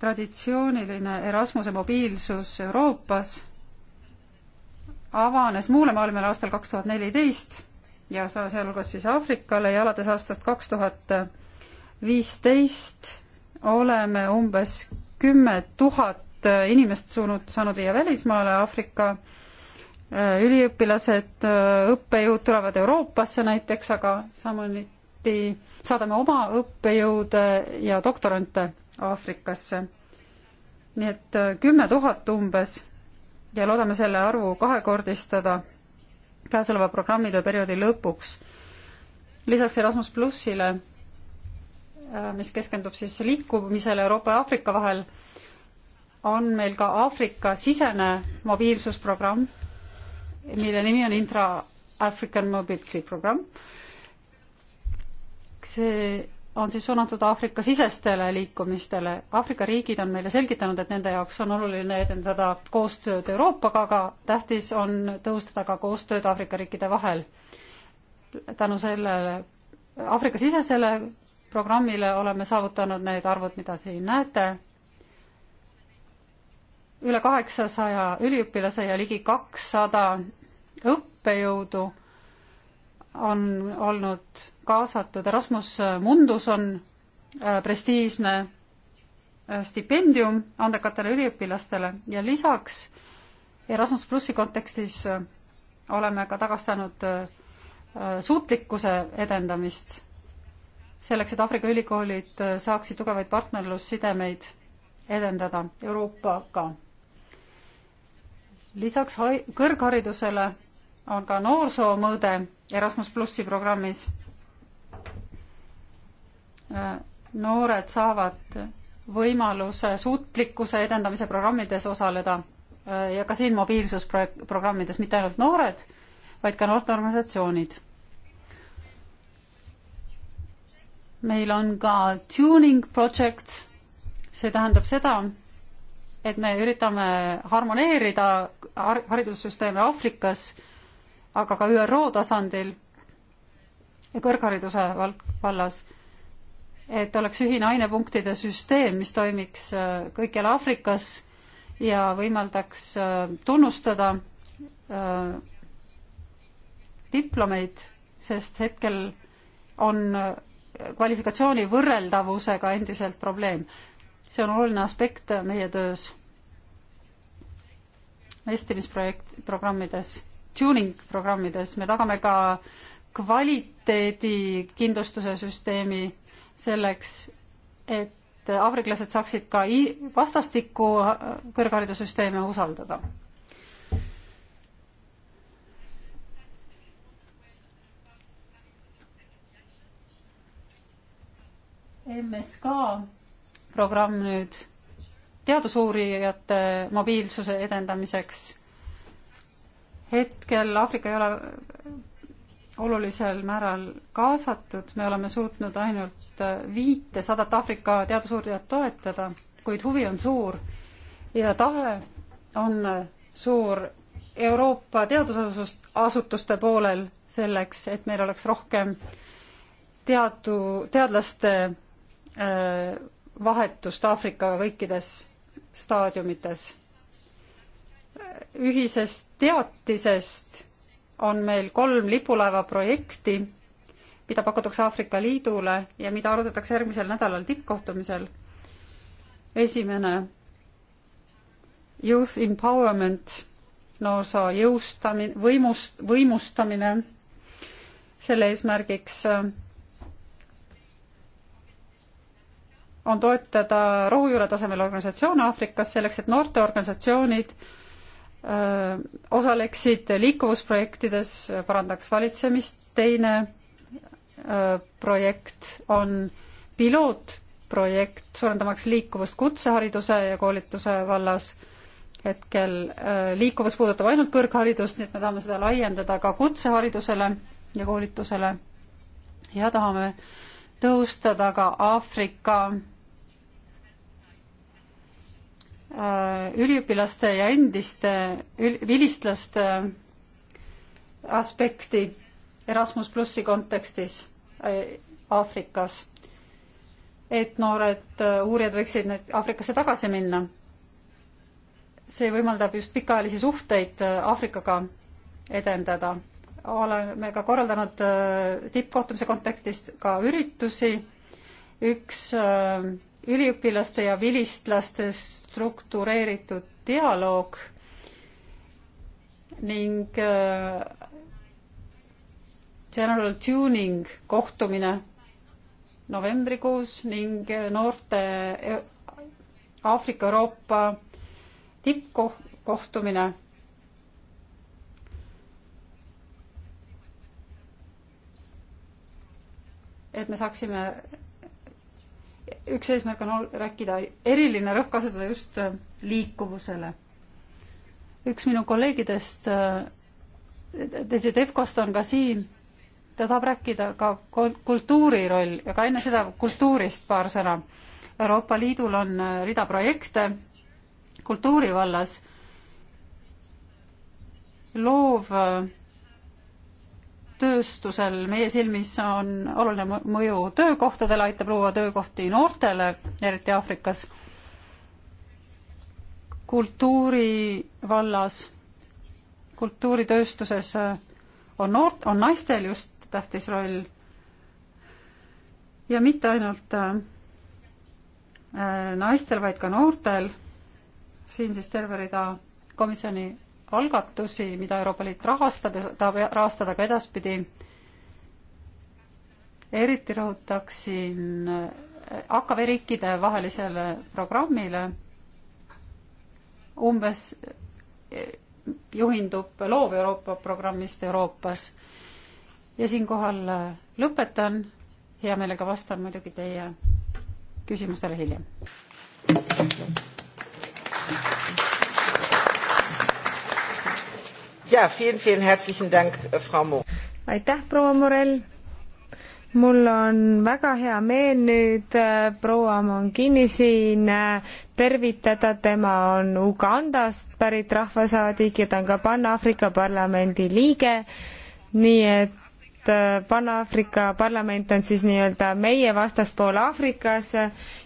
traditsiooniline Erasmuse mobiilsus Euroopas avanes muule maailmale aastal kaks tuhat neliteist ja sealhulgas siis Aafrikale ja alates aastast kaks tuhat viisteist oleme umbes kümme tuhat inimest suunud, saanud viia välismaale, Aafrika üliõpilased, õppejõud tulevad Euroopasse näiteks, aga samuti saadame oma õppejõude ja doktorante Aafrikasse. nii et äh, kümme tuhat umbes ja loodame selle arvu kahekordistada käesoleva programmitöö perioodi lõpuks. lisaks Erasmus plussile, äh, mis keskendub siis liikumisele Euroopa ja Aafrika vahel, on meil ka Aafrika-sisene mobiilsusprogramm, mille nimi on Intra-African Mobility Programm. see on siis suunatud Aafrika sisestele liikumistele. Aafrika riigid on meile selgitanud, et nende jaoks on oluline edendada koostööd Euroopaga, aga tähtis on tõhustada ka koostööd Aafrika riikide vahel. tänu sellele Aafrika sisesele programmile oleme saavutanud need arvud, mida siin näete. üle kaheksasaja üliõpilase ja ligi kakssada õppejõudu on olnud kaasatud, Erasmus Mundus on äh, prestiižne äh, stipendium andekatele üliõpilastele ja lisaks Erasmus plussi kontekstis äh, oleme ka tagastanud suutlikkuse edendamist selleks, et Aafrika ülikoolid saaksid tugevaid partnerlussidemeid edendada Euroopaga. lisaks kõrgharidusele on ka noorsoomõõde Erasmus plussi programmis. noored saavad võimaluse suutlikkuse edendamise programmides osaleda ja ka siin mobiilsusprogrammides mitte ainult noored, vaid ka noorteorganisatsioonid. meil on ka tuning project, see tähendab seda, et me üritame harmoneerida haridussüsteeme Aafrikas aga ka ÜRO tasandil ja kõrghariduse vallas, et oleks ühine ainepunktide süsteem, mis toimiks äh, kõikjal Aafrikas ja võimaldaks äh, tunnustada äh, diplomeid, sest hetkel on kvalifikatsiooni võrreldavusega endiselt probleem. see on oluline aspekt meie töös testimisprojekt, programmides tuning programmides, me tagame ka kvaliteedikindlustuse süsteemi selleks, et aafriklased saaksid ka vastastikku kõrgharidussüsteeme usaldada. MSK programm nüüd teadusuurijate mobiilsuse edendamiseks hetkel Aafrika ei ole olulisel määral kaasatud, me oleme suutnud ainult viitesadat Aafrika teadusuurijat toetada, kuid huvi on suur ja tahe on suur Euroopa teadusasutuste poolel selleks, et meil oleks rohkem teadu, teadlaste äh, vahetust Aafrika kõikides staadiumites ühisest teatisest on meil kolm lipulaeva projekti, mida pakutakse Aafrika Liidule ja mida arutatakse järgmisel nädalal tippkohtumisel. esimene Youth Empowerment, noorsoo jõustamine, võimust, võimustamine, selle eesmärgiks äh, on toetada rohujuure tasemel organisatsioone Aafrikas selleks, et noorteorganisatsioonid osaleksid liikuvusprojektides, parandaks valitsemist, teine projekt on pilootprojekt, suurendamaks liikuvust kutsehariduse ja koolituse vallas. hetkel liikuvus puudutab ainult kõrgharidust, nii et me tahame seda laiendada ka kutseharidusele ja koolitusele ja tahame tõhustada ka Aafrika Äh, üliõpilaste ja endiste vilistlaste aspekti Erasmus plussi kontekstis äh, Aafrikas, et noored äh, uurijad võiksid need Aafrikasse tagasi minna. see võimaldab just pikaajalisi suhteid Aafrikaga edendada. oleme ka korraldanud tippkohtumise kontekstis ka üritusi, üks üliõpilaste ja vilistlaste struktureeritud dialoog ning äh, General Tuning kohtumine novembrikuus ning äh, noorte äh, Aafrika-Euroopa tippkohtumine et me saaksime üks eesmärk on rääkida, eriline rõhk asetada just äh, liikuvusele. üks minu kolleegidest, äh, DJ Defkost on ka siin, ta tahab rääkida ka kultuuri roll ja ka enne seda kultuurist paar sõna. Euroopa Liidul on äh, rida projekte kultuuri vallas. loov tööstusel meie silmis on oluline mõju töökohtadele, aitab luua töökohti noortele, eriti Aafrikas. kultuuri vallas, kultuuritööstuses on noort, on naistel just tähtis roll. ja mitte ainult äh, naistel, vaid ka noortel. siin siis terve rida komisjoni algatusi, mida Euroopa Liit rahastab ja tahab rahastada ka edaspidi. eriti rõhutaksin eh, AKV riikide vahelisele programmile umbes eh, juhindub loov Euroopa programmist Euroopas. ja siinkohal eh, lõpetan, hea meelega vastan muidugi teie küsimustele hiljem. ja, vielen, vielen herzlichen Dank, äh, Frau Mo. aitäh, proua Morell. mul on väga hea meel nüüd äh, proua Mongini siin äh, tervitada, tema on Ugandast pärit rahvasaadik ja ta on ka Pan-Aafrika Parlamendi liige, nii et Äh, Pan-Aafrika parlament on siis nii-öelda meie vastaspool Aafrikas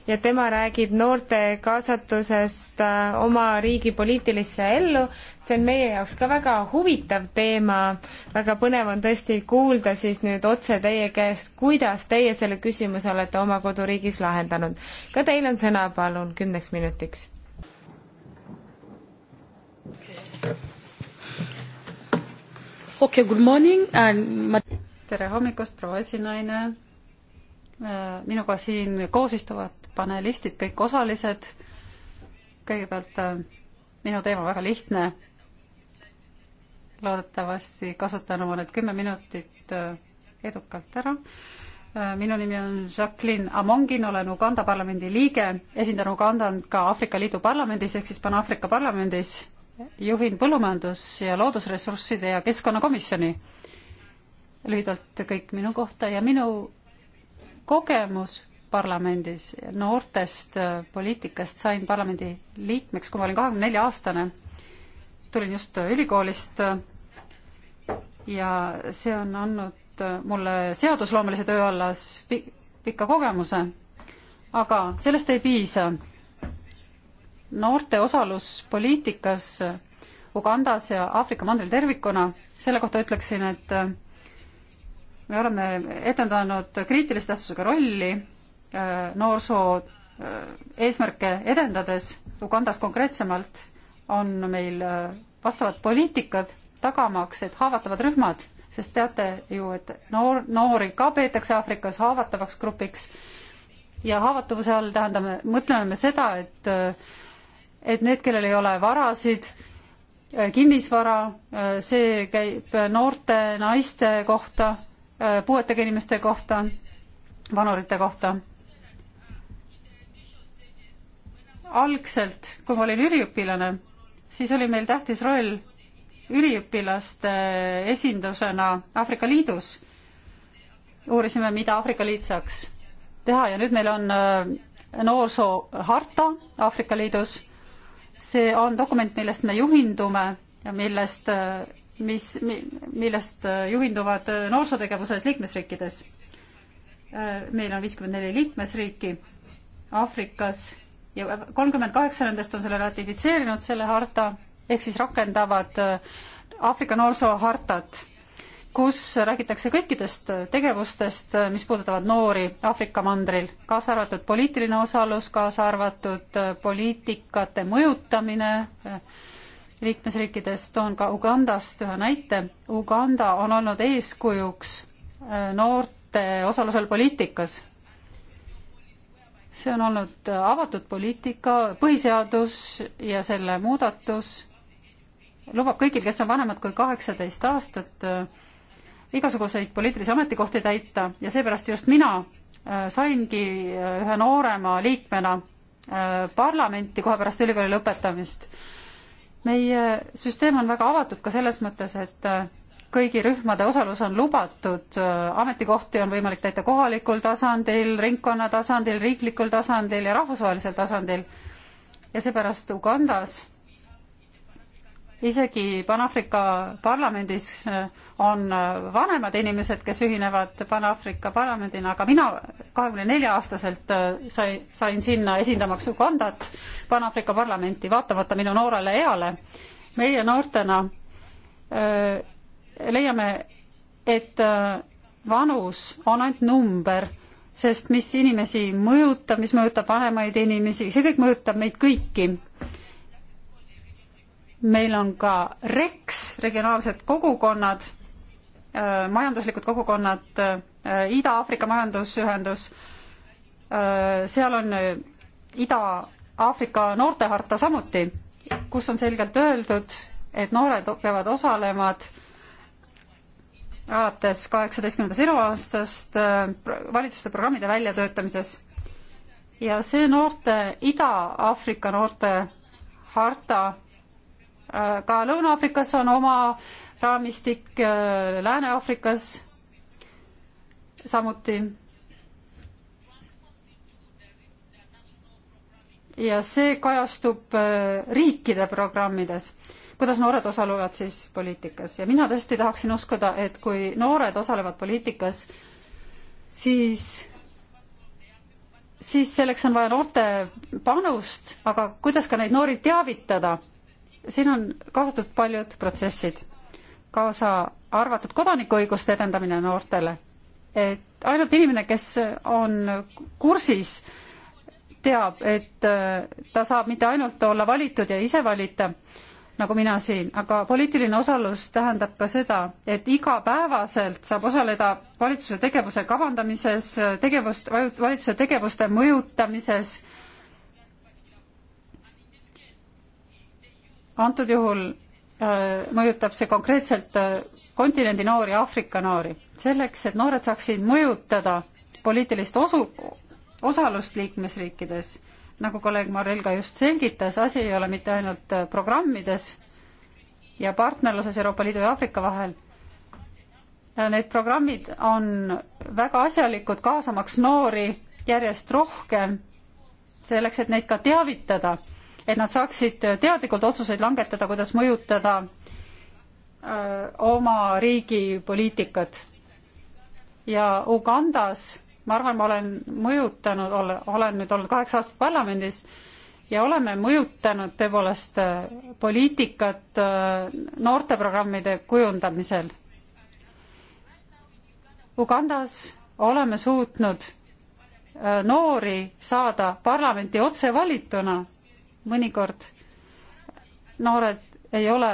ja tema räägib noorte kaasatusest äh, oma riigi poliitilisse ellu. see on meie jaoks ka väga huvitav teema. väga põnev on tõesti kuulda siis nüüd otse teie käest, kuidas teie selle küsimuse olete oma koduriigis lahendanud. ka teil on sõna, palun, kümneks minutiks Okay, good morning and tere hommikust, proua esinaine. Äh, minuga siin koos istuvad panelistid, kõik osalised. kõigepealt äh, minu teema väga lihtne. loodetavasti kasutan oma need kümme minutit äh, edukalt ära. minu nimi on Jacqueline Amongin, olen Uganda parlamendi liige, esindan Ugandat ka Aafrika Liidu parlamendis ehk siis Pan-Aafrika parlamendis juhin põllumajandus- ja loodusressursside ja keskkonnakomisjoni lühidalt kõik minu kohta ja minu kogemus parlamendis noortest äh, poliitikast sain parlamendi liikmeks, kui ma olin kahekümne nelja aastane. tulin just äh, ülikoolist äh, ja see on andnud mulle seadusloomelise töö allas pika kogemuse. aga sellest ei piisa. noorte osalus poliitikas Ugandas ja Aafrika mandril tervikuna, selle kohta ütleksin, et me oleme etendanud kriitilise tähtsusega rolli äh, noorsoo äh, eesmärke edendades, Ugandas konkreetsemalt, on meil äh, vastavad poliitikad tagamaks, et haavatavad rühmad, sest teate ju, et noor, noori ka peetakse Aafrikas haavatavaks grupiks ja haavatavuse all tähendame, mõtleme me seda, et et need, kellel ei ole varasid, kinnisvara, see käib noorte naiste kohta, Äh, puuetega inimeste kohta, vanurite kohta. algselt, kui ma olin üliõpilane, siis oli meil tähtis roll üliõpilaste esindusena Aafrika Liidus. uurisime, mida Aafrika Liit saaks teha ja nüüd meil on äh, noorsooharta Aafrika Liidus. see on dokument, millest me juhindume ja millest äh, mis, millest äh, juhinduvad äh, noorsootegevused liikmesriikides. Äh, meil on viiskümmend neli liikmesriiki Aafrikas ja kolmkümmend kaheksa nendest on selle ratifitseerinud, selle harta, ehk siis rakendavad Aafrika noorsoohartat, kus räägitakse kõikidest tegevustest, mis puudutavad noori Aafrika mandril, kaasa arvatud poliitiline osalus, kaasa arvatud poliitikate mõjutamine, liikmesriikidest, toon ka Ugandast ühe näite. Uganda on olnud eeskujuks äh, noorte osalusel poliitikas. see on olnud äh, avatud poliitika, põhiseadus ja selle muudatus lubab kõigil, kes on vanemad kui kaheksateist aastat, äh, igasuguseid poliitilisi ametikohti täita ja seepärast just mina saingi ühe noorema liikmena parlamenti kohe pärast ülikooli lõpetamist meie süsteem on väga avatud ka selles mõttes, et äh, kõigi rühmade osalus on lubatud, äh, ametikohti on võimalik täita kohalikul tasandil, ringkonna tasandil, riiklikul tasandil ja rahvusvahelisel tasandil. ja seepärast Ugandas isegi Pan-Aafrika parlamendis äh, on äh, vanemad inimesed, kes ühinevad Pan-Aafrika parlamendina, aga mina kahekümne nelja aastaselt äh, sai, sain sinna esindamaks Ugandat Pan-Aafrika parlamenti, vaatamata minu noorele eale. meie noortena öö, leiame, et öö, vanus on ainult number, sest mis inimesi mõjutab, mis mõjutab vanemaid inimesi, see kõik mõjutab meid kõiki meil on ka REKS, regionaalsed kogukonnad, äh, majanduslikud kogukonnad, äh, Ida-Aafrika majandusühendus, äh, seal on Ida-Aafrika noorteharta samuti, kus on selgelt öeldud, et noored peavad osalema alates kaheksateistkümnendast eluaastast valitsuste programmide väljatöötamises. ja see noorte, Ida-Aafrika noorte harta ka Lõuna-Aafrikas on oma raamistik, äh, Lääne-Aafrikas samuti. ja see kajastub äh, riikide programmides, kuidas noored osalevad siis poliitikas ja mina tõesti tahaksin uskuda, et kui noored osalevad poliitikas, siis siis selleks on vaja noorte panust, aga kuidas ka neid noori teavitada siin on kaasatud paljud protsessid, kaasa arvatud kodanikuõiguste edendamine noortele. et ainult inimene, kes on kursis, teab, et äh, ta saab mitte ainult olla valitud ja ise valita, nagu mina siin, aga poliitiline osalus tähendab ka seda, et igapäevaselt saab osaleda valitsuse tegevuse kavandamises, tegevust, valitsuse tegevuste mõjutamises äh,, antud juhul äh, mõjutab see konkreetselt äh, kontinendi noori, Aafrika noori. selleks, et noored saaksid mõjutada poliitilist osu, osalust liikmesriikides, nagu kolleeg Marel ka just selgitas, asi ei ole mitte ainult äh, programmides ja partnerluses Euroopa Liidu ja Aafrika vahel. Need programmid on väga asjalikud, kaasamaks noori järjest rohkem, selleks, et neid ka teavitada et nad saaksid teadlikult otsuseid langetada, kuidas mõjutada oma riigi poliitikat. ja Ugandas, ma arvan, ma olen mõjutanud, olen nüüd olnud kaheksa aastat parlamendis ja oleme mõjutanud tõepoolest poliitikat noorteprogrammide kujundamisel. Ugandas oleme suutnud noori saada parlamenti otse valituna mõnikord noored ei ole,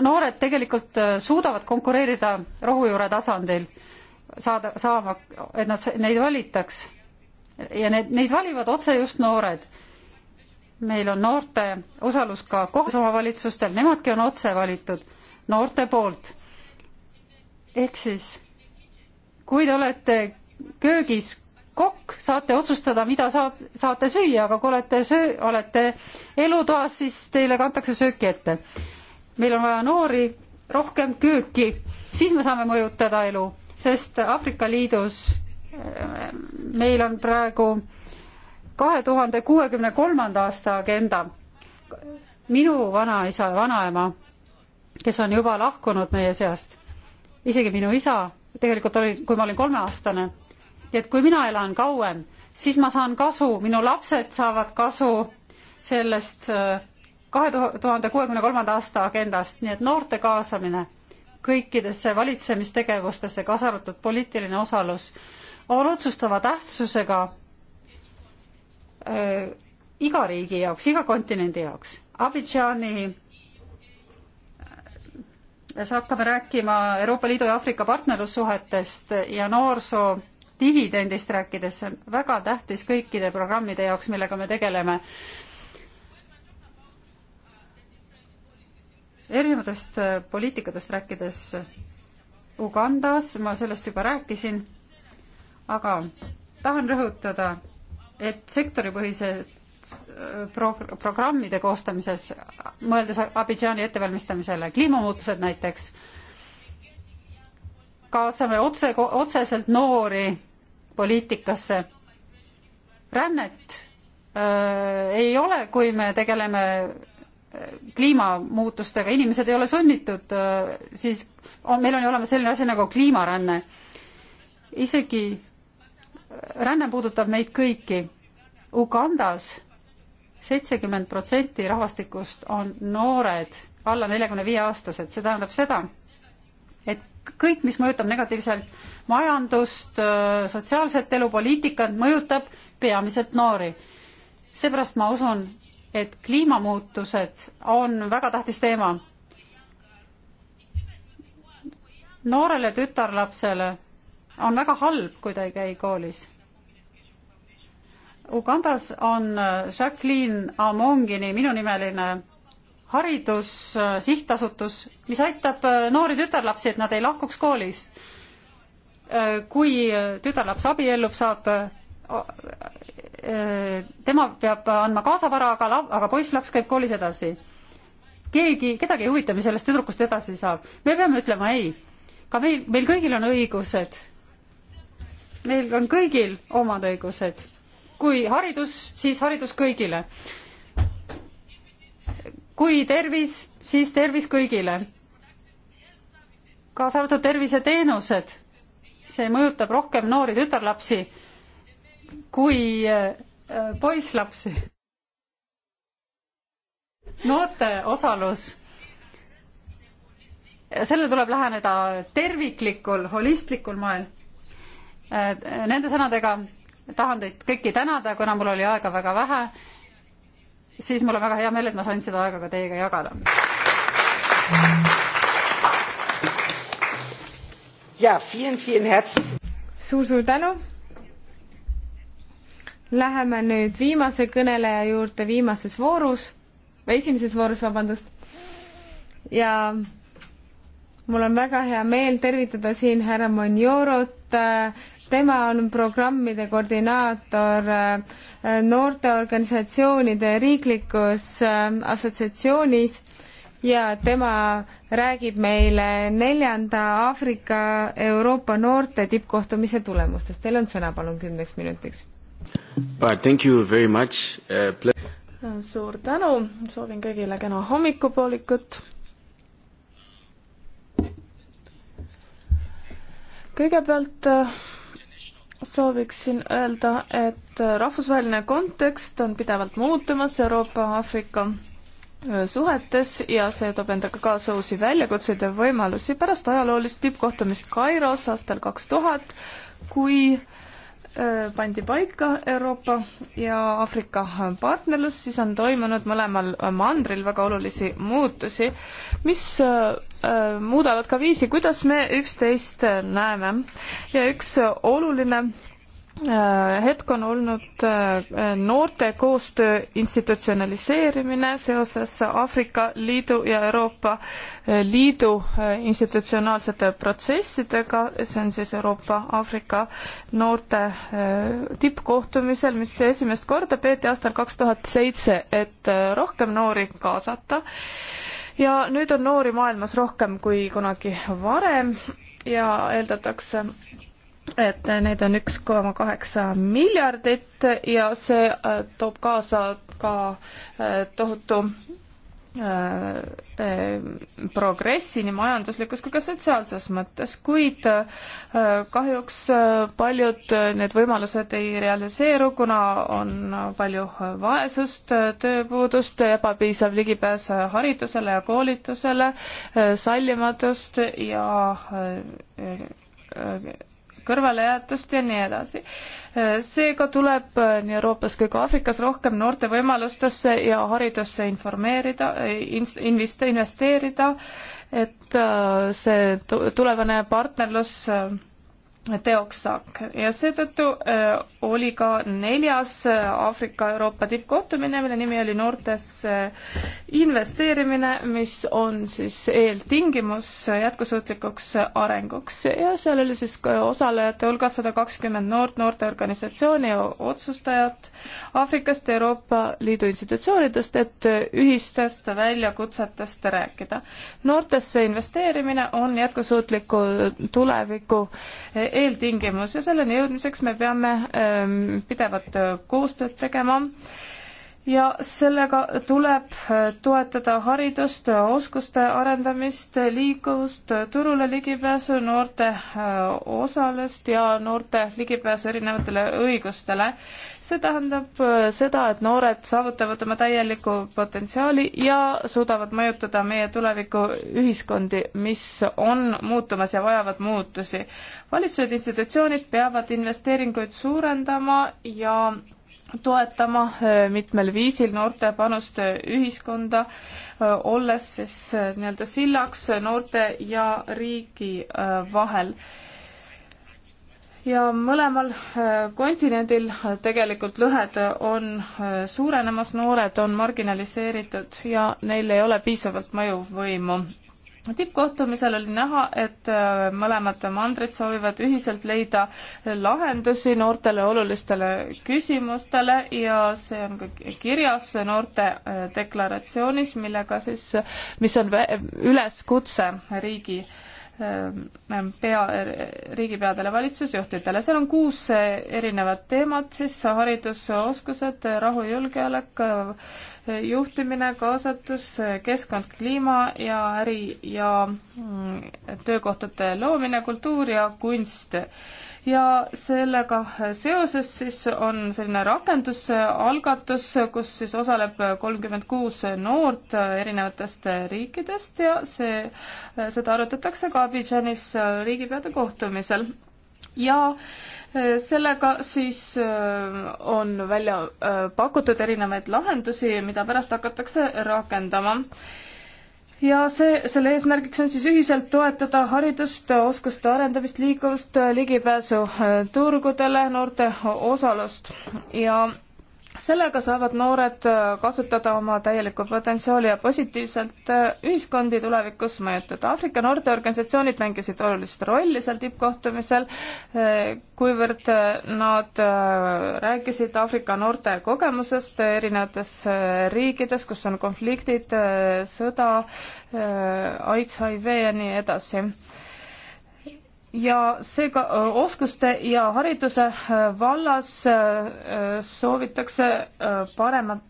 noored tegelikult äh, suudavad konkureerida rohujuure tasandil, saada, saama, et nad, neid valitaks. ja need, neid valivad otse just noored. meil on noorte osalus ka kohalikes omavalitsustel, nemadki on otse valitud noorte poolt. ehk siis, kui te olete köögis kokk, saate otsustada, mida saab, saate süüa, aga kui olete söö, olete elutoas, siis teile kantakse sööki ette. meil on vaja noori, rohkem kööki, siis me saame mõjutada elu, sest Aafrika Liidus äh, meil on praegu kahe tuhande kuuekümne kolmanda aasta agenda. minu vanaisa ja vanaema, kes on juba lahkunud meie seast, isegi minu isa, tegelikult oli, kui ma olin kolmeaastane nii et kui mina elan kauem, siis ma saan kasu, minu lapsed saavad kasu sellest äh, kahe tuhande kuuekümne kolmanda aasta agendast, nii et noorte kaasamine kõikidesse valitsemistegevustesse, kaasa arvatud poliitiline osalus, on otsustava tähtsusega äh, iga riigi jaoks, iga kontinendi jaoks. Abidžaani äh, hakkame rääkima Euroopa Liidu ja Aafrika partnerlussuhetest ja noorsoo dividendist rääkides, see on väga tähtis kõikide programmide jaoks, millega me tegeleme. erinevatest äh, poliitikatest rääkides Ugandas, ma sellest juba rääkisin, aga tahan rõhutada, et sektoripõhise äh, pro-, programmide koostamises, mõeldes Abidžaani ettevalmistamisele, kliimamuutused näiteks, kaasame otse, otseselt noori poliitikasse. rännet öö, äh, ei ole, kui me tegeleme äh, kliimamuutustega, inimesed ei ole sunnitud, äh, siis on, meil on ju olemas selline asi nagu kliimaränne. isegi ränne puudutab meid kõiki. Ugandas seitsekümmend protsenti rahvastikust on noored, alla neljakümne viie aastased, see tähendab seda, kõik, mis mõjutab negatiivselt majandust, äh, sotsiaalset elu, poliitikat, mõjutab peamiselt noori. seepärast ma usun, et kliimamuutused on väga tähtis teema. noorele tütarlapsele on väga halb, kui ta ei käi koolis. Ugandas on äh, Jacqueline Amongini minunimeline haridussihtasutus, äh, mis aitab äh, noori tütarlapsi, et nad ei lahkuks koolist. Äh, kui tütarlaps abiellub, saab, tema peab andma kaasavara, aga, aga poisslaps käib koolis edasi. keegi, kedagi ei huvita, mis sellest tüdrukust edasi saab. me peame ütlema ei. ka meil, meil kõigil on õigused. meil on kõigil omad õigused. kui haridus, siis haridus kõigile kui tervis, siis tervis kõigile, kaasa arvatud terviseteenused. see mõjutab rohkem noori tütarlapsi kui äh, poisslapsi. noorte osalus, sellele tuleb läheneda terviklikul, holistlikul moel. Äh, nende sõnadega tahan teid kõiki tänada, kuna mul oli aega väga vähe siis mul on väga hea meel, et ma sain seda aega ka teiega jagada. suur-suur tänu. Läheme nüüd viimase kõneleja juurde viimases voorus või esimeses voorus, vabandust. ja mul on väga hea meel tervitada siin härra Monjorot äh,, tema on programmide koordinaator äh, noorteorganisatsioonide riiklikus äh, assotsiatsioonis ja tema räägib meile neljanda Aafrika Euroopa noorte tippkohtumise tulemustest. Teil on sõna, palun, kümneks minutiks. Thank you very much uh,. suur tänu, soovin kõigile kena hommikupoolikut kõigepealt äh, sooviksin öelda, et rahvusvaheline kontekst on pidevalt muutumas Euroopa-Aafrika suhetes ja see toob endaga kaasa uusi väljakutseid ja võimalusi. pärast ajaloolist tippkohtumist Kairos aastal kaks tuhat, kui äh, Äh, pandi paika Euroopa ja Aafrika partnerlus, siis on toimunud mõlemal mandril väga olulisi muutusi, mis äh, muudavad ka viisi, kuidas me üksteist näeme. ja üks oluline Äh, hetk on olnud äh, noorte koostöö institutsionaliseerimine seoses Aafrika Liidu ja Euroopa äh, Liidu institutsionaalsete protsessidega, see on siis Euroopa-Aafrika noorte tippkohtumisel, mis esimest korda peeti aastal kaks tuhat seitse, et rohkem noori kaasata. ja nüüd on noori maailmas rohkem kui kunagi varem ja eeldatakse, et neid on üks koma kaheksa miljardit ja see äh, toob kaasa ka äh, tohutu äh, progressi nii majanduslikus kui ka sotsiaalses mõttes, kuid kahjuks paljud need võimalused ei realiseeru, kuna on palju vaesust, tööpuudust, ebapiisav ligipääs haridusele ja koolitusele, sallimatust ja kõrvalejäetust ja nii edasi. seega tuleb eh, nii Euroopas kui ka Aafrikas rohkem noorte võimalustesse ja haridusse informeerida, investeerida, et eh, see tulevane partnerlus eh, teoks saak ja seetõttu äh, oli ka neljas äh, Aafrika-Euroopa tippkohtumine, mille nimi oli noortesse äh, investeerimine, mis on siis eeltingimus äh, jätkusuutlikuks arenguks ja seal oli siis osalejate hulgas sada kakskümmend noort, noorteorganisatsiooni ja otsustajat Aafrikast ja Euroopa Liidu institutsioonidest, et ühistest väljakutsetest rääkida. noortesse investeerimine on jätkusuutliku tuleviku eeltingimus ja selleni jõudmiseks me peame ähm, pidevat äh, koostööd tegema ja sellega tuleb äh, toetada haridust, äh, oskuste arendamist, äh, liikuvust, turule ligipääsu, noorte osalust ja noorte ligipääsu erinevatele õigustele. see tähendab seda, et noored saavutavad oma täieliku potentsiaali ja suudavad mõjutada meie tuleviku ühiskondi, mis on muutumas ja vajavad muutusi. valitsused, institutsioonid peavad investeeringuid suurendama ja toetama äh, mitmel viisil noorte panust äh, ühiskonda, äh, olles siis nii-öelda sillaks noorte ja riigi vahel. ja mõlemal kontinendil tegelikult lõhed on suurenemas, noored on marginaliseeritud ja neil ei ole piisavalt mõjuvõimu tippkohtumisel oli näha, et äh, mõlemad mandrid soovivad ühiselt leida lahendusi noortele olulistele küsimustele ja see on ka kirjas noorte äh, deklaratsioonis, millega siis, mis on üleskutse riigi äh, Ehm, pea, riigipeadele, valitsusjuhtidele. seal on kuus eh, erinevat teemat siis, haridusoskused, rahu, julgeolek, eh, juhtimine, kaasatus, eh, keskkond, kliima ja äri ja mm, töökohtade loomine, kultuur ja kunst ja sellega seoses siis on selline rakendusalgatus, kus siis osaleb kolmkümmend kuus noort erinevatest riikidest ja see, seda arutatakse ka Abidžanis riigipeade kohtumisel. ja e, sellega siis e, on välja e, pakutud erinevaid lahendusi, mida pärast hakatakse rakendama ja see, selle eesmärgiks on siis ühiselt toetada haridust, oskuste arendamist, liikuvust, ligipääsu äh, turgudele, noorte osalust ja sellega saavad noored äh, kasutada oma täielikku potentsiaali ja positiivselt äh, ühiskondi tulevikus mõjutada. Aafrika noorteorganisatsioonid mängisid olulist rolli seal tippkohtumisel, äh, kuivõrd nad rääkisid Aafrika noorte kogemusest erinevates riikides, kus on konfliktid, sõda, AIDS, HIV ja nii edasi ja seega oskuste ja hariduse vallas soovitakse paremat,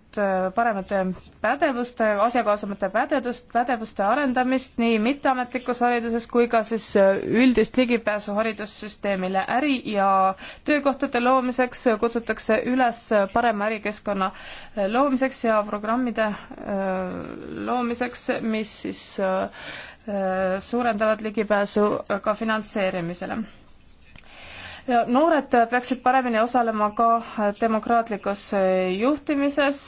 paremate pädevuste, asjakaasamate pädevust, pädevuste arendamist nii mitteametlikus hariduses kui ka siis üldist ligipääsu haridussüsteemile. äri ja töökohtade loomiseks kutsutakse üles parema ärikeskkonna loomiseks ja programmide loomiseks, mis siis suurendavad ligipääsu ka finantseerimisele noored peaksid paremini osalema ka demokraatlikus juhtimises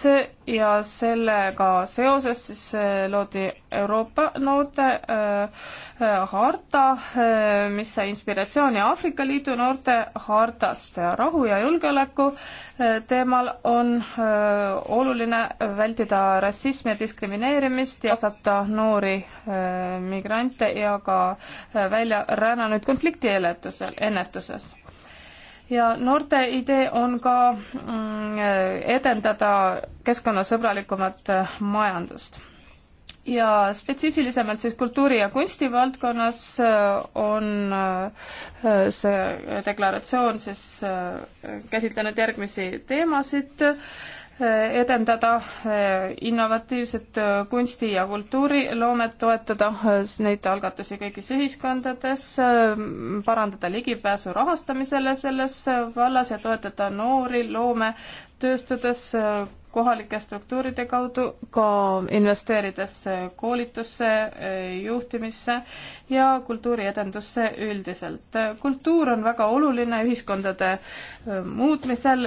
ja sellega seoses siis eh, loodi Euroopa noorte eh, harta, eh, mis sai inspiratsiooni Aafrika Liidu noorte hartast. rahu ja julgeoleku teemal on oluline vältida rassismi ja diskrimineerimist ja kaasata noori migrante ja ka väljarännanud konflikti ennetuses ja noorte idee on ka mm, edendada keskkonnasõbralikumat äh, majandust. ja spetsiifilisemalt siis kultuuri- ja kunstivaldkonnas äh, on äh, see deklaratsioon siis käsitlenud järgmisi teemasid edendada äh, innovatiivset äh, kunsti- ja kultuuriloomet, toetada äh, neid algatusi kõigis ühiskondades, parandada ligipääsu rahastamisele selles vallas ja toetada noori loometööstudes, kohalike struktuuride kaudu, ka investeerides koolitusse, juhtimisse ja kultuuriedendusse üldiselt. kultuur on väga oluline ühiskondade muutmisel,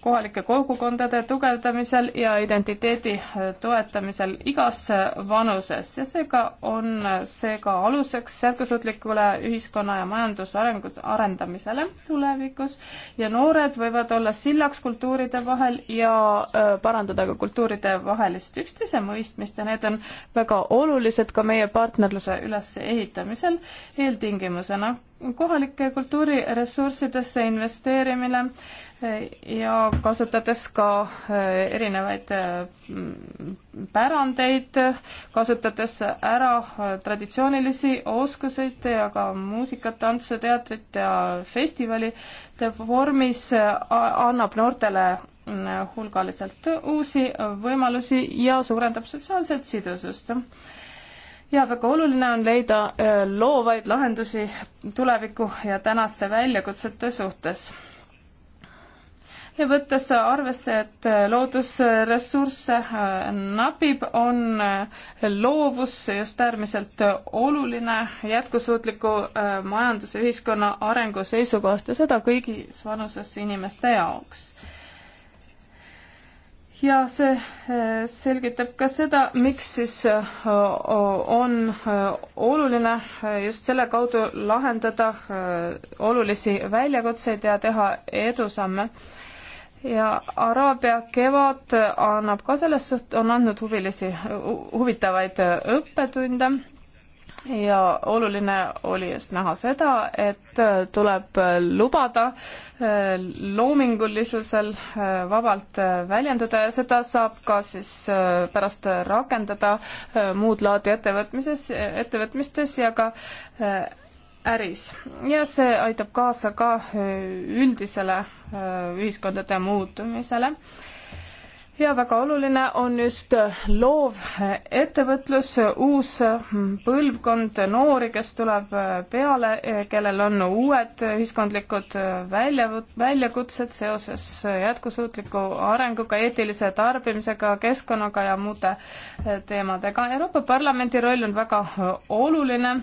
kohalike kogukondade tugevdamisel ja identiteedi toetamisel igas vanuses ja seega on see ka aluseks jätkusuutlikule ühiskonna ja majandusarengu arendamisele tulevikus ja noored võivad olla sillaks kultuuride vahel ja öö, parandada ka kultuuride vahelist üksteise mõistmist ja need on väga olulised ka meie partnerluse ülesehitamisel eeltingimusena kohalike kultuuriressurssidesse investeerimine eh, ja kasutades ka eh, erinevaid eh, pärandeid, kasutades ära traditsioonilisi oskuseid ja ka muusikat, tantsu, teatrit ja festivalide vormis annab noortele hulgaliselt uusi võimalusi ja suurendab sotsiaalset sidusust. ja väga oluline on leida äh, loovaid lahendusi tuleviku ja tänaste väljakutsete suhtes ja võttes arvesse, et äh, loodusressursse äh, napib, on loovus just äärmiselt oluline jätkusuutliku majanduse, ühiskonna arengu seisukohast ja seda kõigis vanuses inimeste jaoks ja see eh, selgitab ka seda, miks siis eh, on eh, oluline just selle kaudu lahendada olulisi väljakutseid ja teha edusamme ja Araabia kevad annab ka selles suht-, on andnud huvilisi, huvitavaid õppetunde ja oluline oli just näha seda, et äh, tuleb äh, lubada äh, loomingulisusel vabalt väljenduda ja seda saab ka siis pärast rakendada muud laadi ettevõtmises, ettevõtmistes ja ka äris. ja see aitab kaasa ka üldisele ühiskondade muutumisele ja väga oluline on just loov ettevõtlus, uus põlvkond noori, kes tuleb peale, kellel on uued ühiskondlikud välja, väljakutsed seoses jätkusuutliku arenguga, eetilise tarbimisega, keskkonnaga ja muude teemadega. Euroopa Parlamendi roll on väga oluline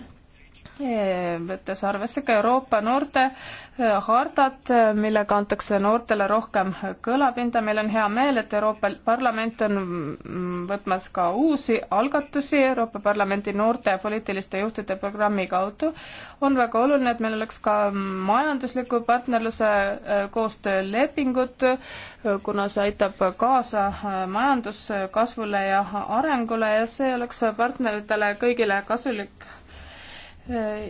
võttes arvesse ka Euroopa noorte äh, hardat, äh, millega antakse noortele rohkem kõlapinda. meil on hea meel, et Euroopa Parlament on mm, võtmas ka uusi algatusi Euroopa Parlamendi noorte poliitiliste juhtide programmi kaudu. on väga oluline, et meil oleks ka majandusliku partnerluse äh, koostöölepingud, kuna see aitab kaasa majanduskasvule ja arengule ja see oleks partneritele kõigile kasulik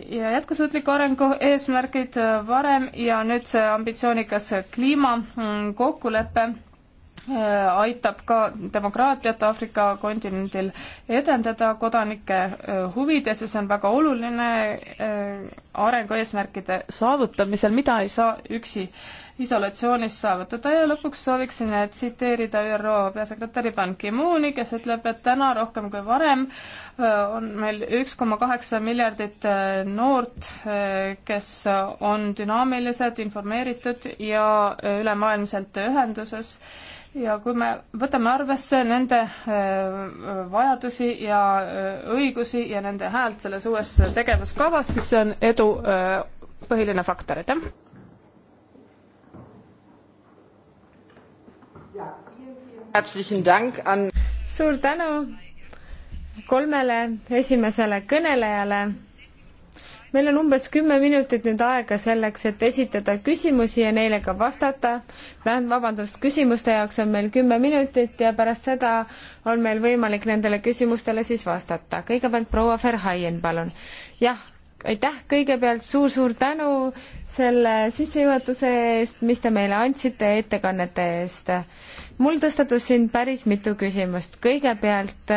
ja jätkusuutliku arengu eesmärgid äh, varem ja nüüd see ambitsioonikas kliimakokkulepe mm, äh, aitab ka demokraatiat Aafrika kontinendil edendada kodanike äh, huvides ja see on väga oluline arengueesmärkide saavutamisel, mida ei saa üksi isolatsioonis saavutada ja lõpuks sooviksin äh, tsiteerida ÜRO peasekretäri Ban Ki-mooni, kes ütleb, et täna rohkem kui varem äh, on meil üks koma kaheksa miljardit äh, noort, kes on dünaamilised, informeeritud ja ülemaailmselt ühenduses ja kui me võtame arvesse nende vajadusi ja õigusi ja nende häält selles uues tegevuskavas, siis see on edu põhiline faktor, aitäh! suur tänu kolmele esimesele kõnelejale. meil on umbes kümme minutit nüüd aega selleks, et esitada küsimusi ja neile ka vastata. tähendab, vabandust, küsimuste jaoks on meil kümme minutit ja pärast seda on meil võimalik nendele küsimustele siis vastata. kõigepealt proua Verhaien, palun. jah, aitäh kõigepealt suur-suur tänu selle sissejuhatuse eest, mis te meile andsite, ettekannete eest mul tõstatus siin päris mitu küsimust. kõigepealt,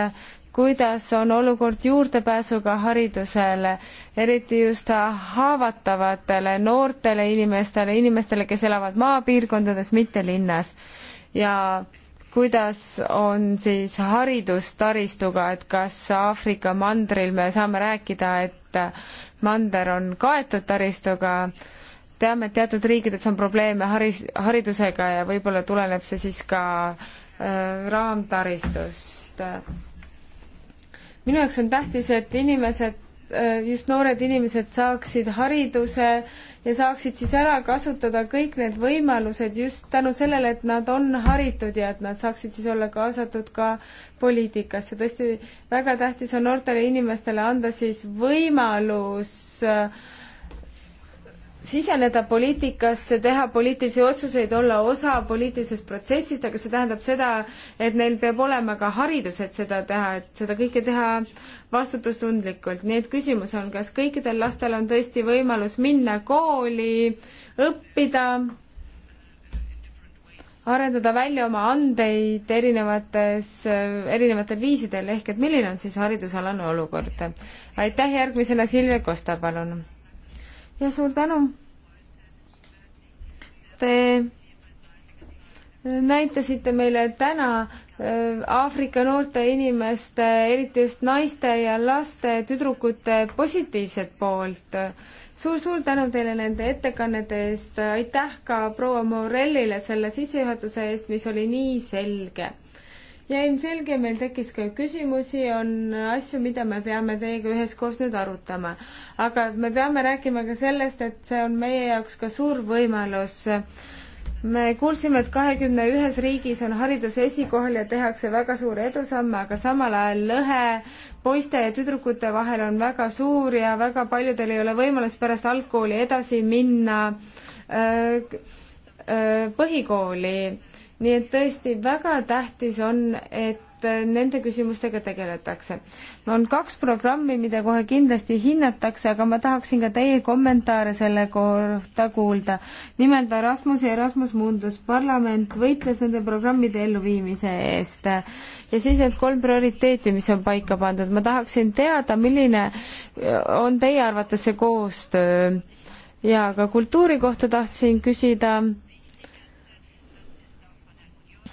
kuidas on olukord juurdepääsuga haridusele, eriti just haavatavatele noortele inimestele, inimestele, kes elavad maapiirkondades, mitte linnas. ja kuidas on siis haridustaristuga, et kas Aafrika mandril me saame rääkida, et mander on kaetud taristuga, teame, et teatud riikides on probleeme haris, haridusega ja võib-olla tuleneb see siis ka äh, raamtaristust. minu jaoks on tähtis, et inimesed äh, just noored inimesed saaksid hariduse ja saaksid siis ära kasutada kõik need võimalused just tänu sellele, et nad on haritud ja et nad saaksid siis olla kaasatud ka poliitikasse. tõesti väga tähtis on noortele inimestele anda siis võimalus äh, siseneda poliitikasse, teha poliitilisi otsuseid, olla osa poliitilisest protsessist, aga see tähendab seda, et neil peab olema ka haridus, et seda teha, et seda kõike teha vastutustundlikult. nii et küsimus on, kas kõikidel lastel on tõesti võimalus minna kooli, õppida, arendada välja oma andeid erinevates, erinevatel viisidel, ehk et milline on siis haridusalane olukord? aitäh, järgmisena Silvia Kosta, palun! ja suur tänu. Te näitasite meile täna äh, Aafrika noorte inimeste, eriti just naiste ja laste, tüdrukute positiivset poolt suur,. suur-suur tänu teile nende ettekannete eest, aitäh ka proua Morellile selle sissejuhatuse eest, mis oli nii selge ja ilmselge meil tekkis ka küsimusi, on asju, mida me peame teiega üheskoos nüüd arutama. aga me peame rääkima ka sellest, et see on meie jaoks ka suur võimalus me kuulsime, et kahekümne ühes riigis on haridus esikohal ja tehakse väga suuri edusamme, aga samal ajal lõhe poiste ja tüdrukute vahel on väga suur ja väga paljudel ei ole võimalust pärast algkooli edasi minna öö, äh, öö, äh, põhikooli nii et tõesti väga tähtis on, et nende küsimustega tegeletakse. on kaks programmi, mida kohe kindlasti hinnatakse, aga ma tahaksin ka teie kommentaare selle kohta kuulda. nimelt Erasmus ja Erasmus Mundus, parlament võitles nende programmide elluviimise eest ja siis need kolm prioriteeti, mis on paika pandud. ma tahaksin teada, milline on teie arvates see koostöö ja ka kultuuri kohta tahtsin küsida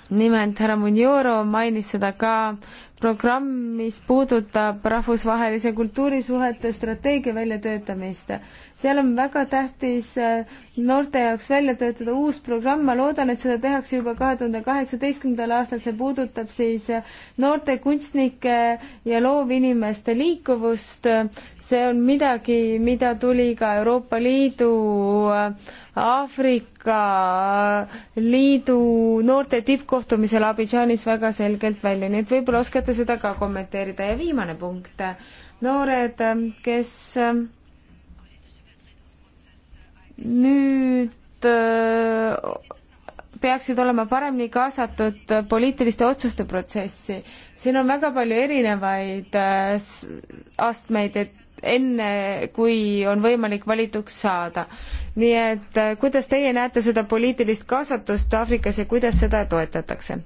nimelt härra Munjoro mainis seda ka, programm, mis puudutab rahvusvahelise kultuurisuhete strateegia väljatöötamist. seal on väga tähtis äh, noorte jaoks välja töötada uus programm, ma loodan, et seda tehakse juba kahe tuhande kaheksateistkümnendal aastal, see puudutab siis äh, noorte kunstnike ja loovinimeste liikuvust see on midagi, mida tuli ka Euroopa Liidu, Aafrika Liidu noorte tippkohtumisel Abidžaanis väga selgelt välja, nii et võib-olla oskate seda ka kommenteerida ja viimane punkt, noored, kes nüüd äh, peaksid olema paremini kaasatud poliitiliste otsuste protsessi. siin on väga palju erinevaid äh, astmeid, et enne, kui on võimalik valituks saada. nii et äh, kuidas teie näete seda poliitilist kaasatust Aafrikas ja kuidas seda toetatakse?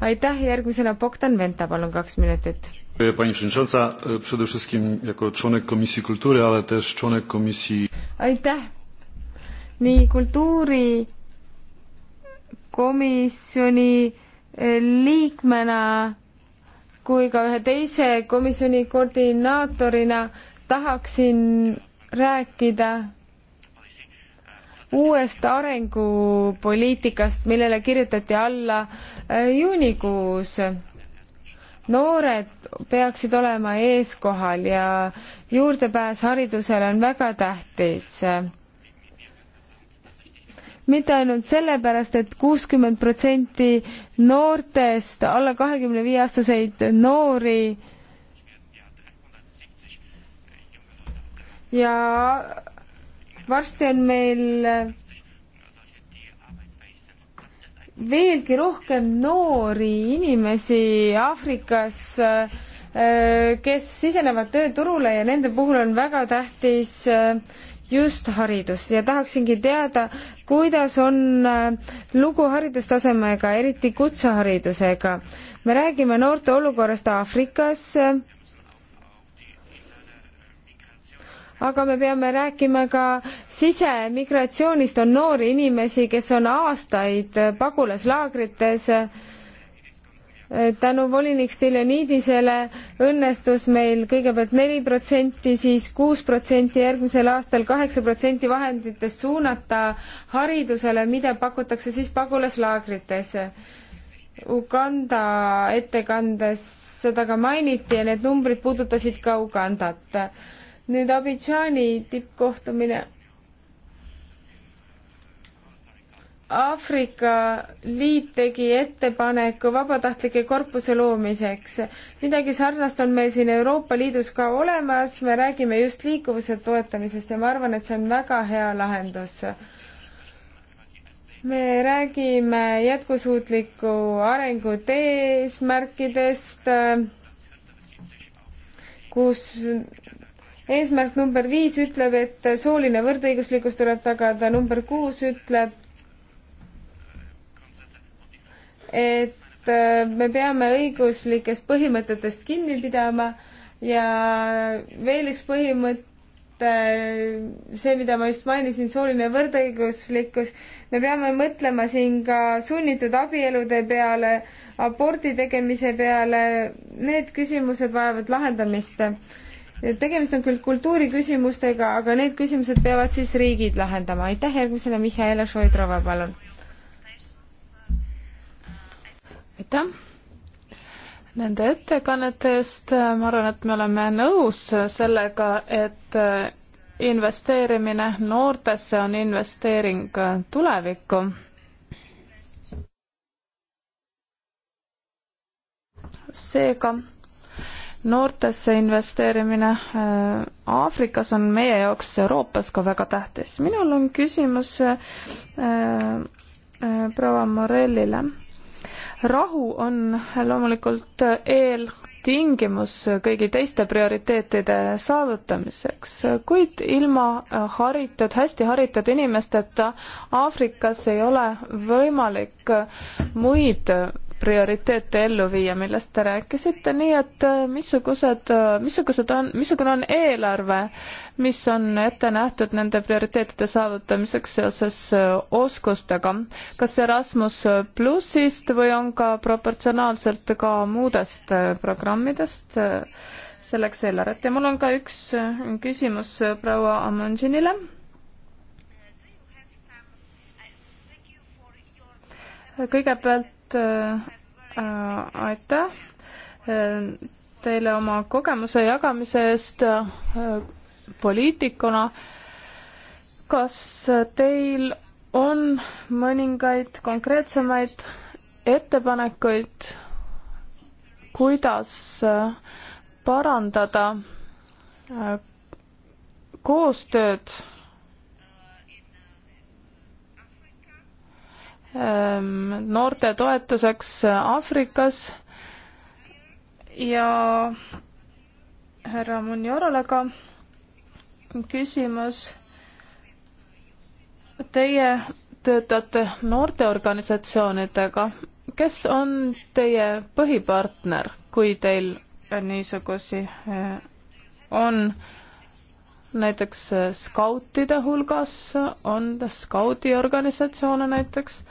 aitäh, järgmisena Bogdan Venta, palun kaks minutit. Pani przewodnicząca, e, przede wszystkim jako członek Komisji Kultury, ale też członek Komisji aitäh! nii kultuurikomisjoni e, liikmena kui ka ühe teise komisjoni koordinaatorina tahaksin rääkida uuest arengupoliitikast, millele kirjutati alla äh, juunikuus. noored peaksid olema eeskohal ja juurdepääs haridusele on väga tähtis mitte ainult sellepärast et, et kuuskümmend protsenti noortest, alla kahekümne viie aastaseid noori ja varsti on meil veelgi rohkem noori inimesi Aafrikas, kes sisenevad tööturule ja nende puhul on väga tähtis just haridus ja tahaksingi teada, kuidas on äh, lugu haridustasemega, eriti kutseharidusega. me räägime noorte olukorrast Aafrikas, äh, aga me peame rääkima ka sisemigratsioonist, on noori inimesi, kes on aastaid pagulaslaagrites äh, tänu volinik Stiljanidisele õnnestus meil kõigepealt neli protsenti, siis kuus protsenti, järgmisel aastal kaheksa protsenti vahenditest suunata haridusele, mida pakutakse siis pagulaslaagrites. Uganda ettekandes seda ka mainiti ja need numbrid puudutasid ka Ugandat. nüüd Abidžaani tippkohtumine Aafrika Liit tegi ettepaneku vabatahtlike korpuse loomiseks. midagi sarnast on meil siin Euroopa Liidus ka olemas, me räägime just liikuvuse toetamisest ja ma arvan, et see on väga hea lahendus. me räägime jätkusuutliku arengu eesmärkidest, kus eesmärk number viis ütleb, et sooline võrdõiguslikkus tuleb tagada, number kuus ütleb, et äh, me peame õiguslikest põhimõtetest kinni pidama ja veel üks põhimõte, see, mida ma just mainisin, sooline võrdõiguslikkus, me peame mõtlema siin ka sunnitud abielude peale, abordi tegemise peale, need küsimused vajavad lahendamist. tegemist on küll kultuuriküsimustega, aga need küsimused peavad siis riigid lahendama. aitäh, järgmisena Mihhail Šoidrova, palun aitäh nende ettekannete eest, ma arvan, et me oleme nõus sellega, et investeerimine noortesse on investeering tulevikku. seega noortesse investeerimine äh, Aafrikas on meie jaoks Euroopas ka väga tähtis. minul on küsimus äh, äh, proua Morellile rahu on loomulikult eeltingimus kõigi teiste prioriteetide saavutamiseks, kuid ilma haritud, hästi haritud inimesteta Aafrikas ei ole võimalik muid prioriteete ellu viia, millest te rääkisite, nii et äh, missugused, äh, missugused on, missugune on eelarve, mis on ette nähtud nende prioriteetide saavutamiseks seoses äh, oskustega, kas Erasmus plussist või on ka proportsionaalselt ka muudest programmidest selleks eelarvet ja mul on ka üks küsimus proua Amundžinile kõigepealt et äh, aitäh äh, teile oma kogemuse jagamise eest äh, poliitikuna. kas teil on mõningaid konkreetsemaid ettepanekuid, kuidas äh, parandada äh, koostööd Ehm, noorte toetuseks Aafrikas ja härra Munjorole ka küsimus. Teie töötate noorteorganisatsioonidega, kes on teie põhipartner, kui teil niisugusi eh, on? näiteks äh, skautide hulgas on skaudiorganisatsioone näiteks.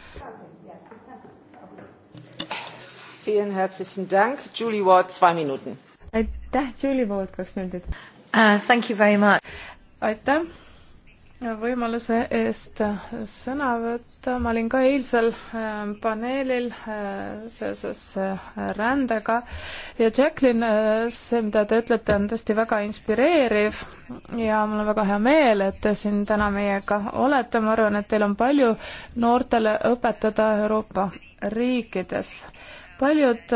aitäh, Julie Ward, kaks minutit uh,. aitäh võimaluse eest sõna võtta. ma olin ka eilsel ähm, paneelil äh, seoses äh, rändega ja Jacqueline, äh, see, mida te ütlete, on tõesti väga inspireeriv ja mul on väga hea meel, et te siin täna meiega olete. ma arvan, et teil on palju noortele õpetada Euroopa riikides. paljud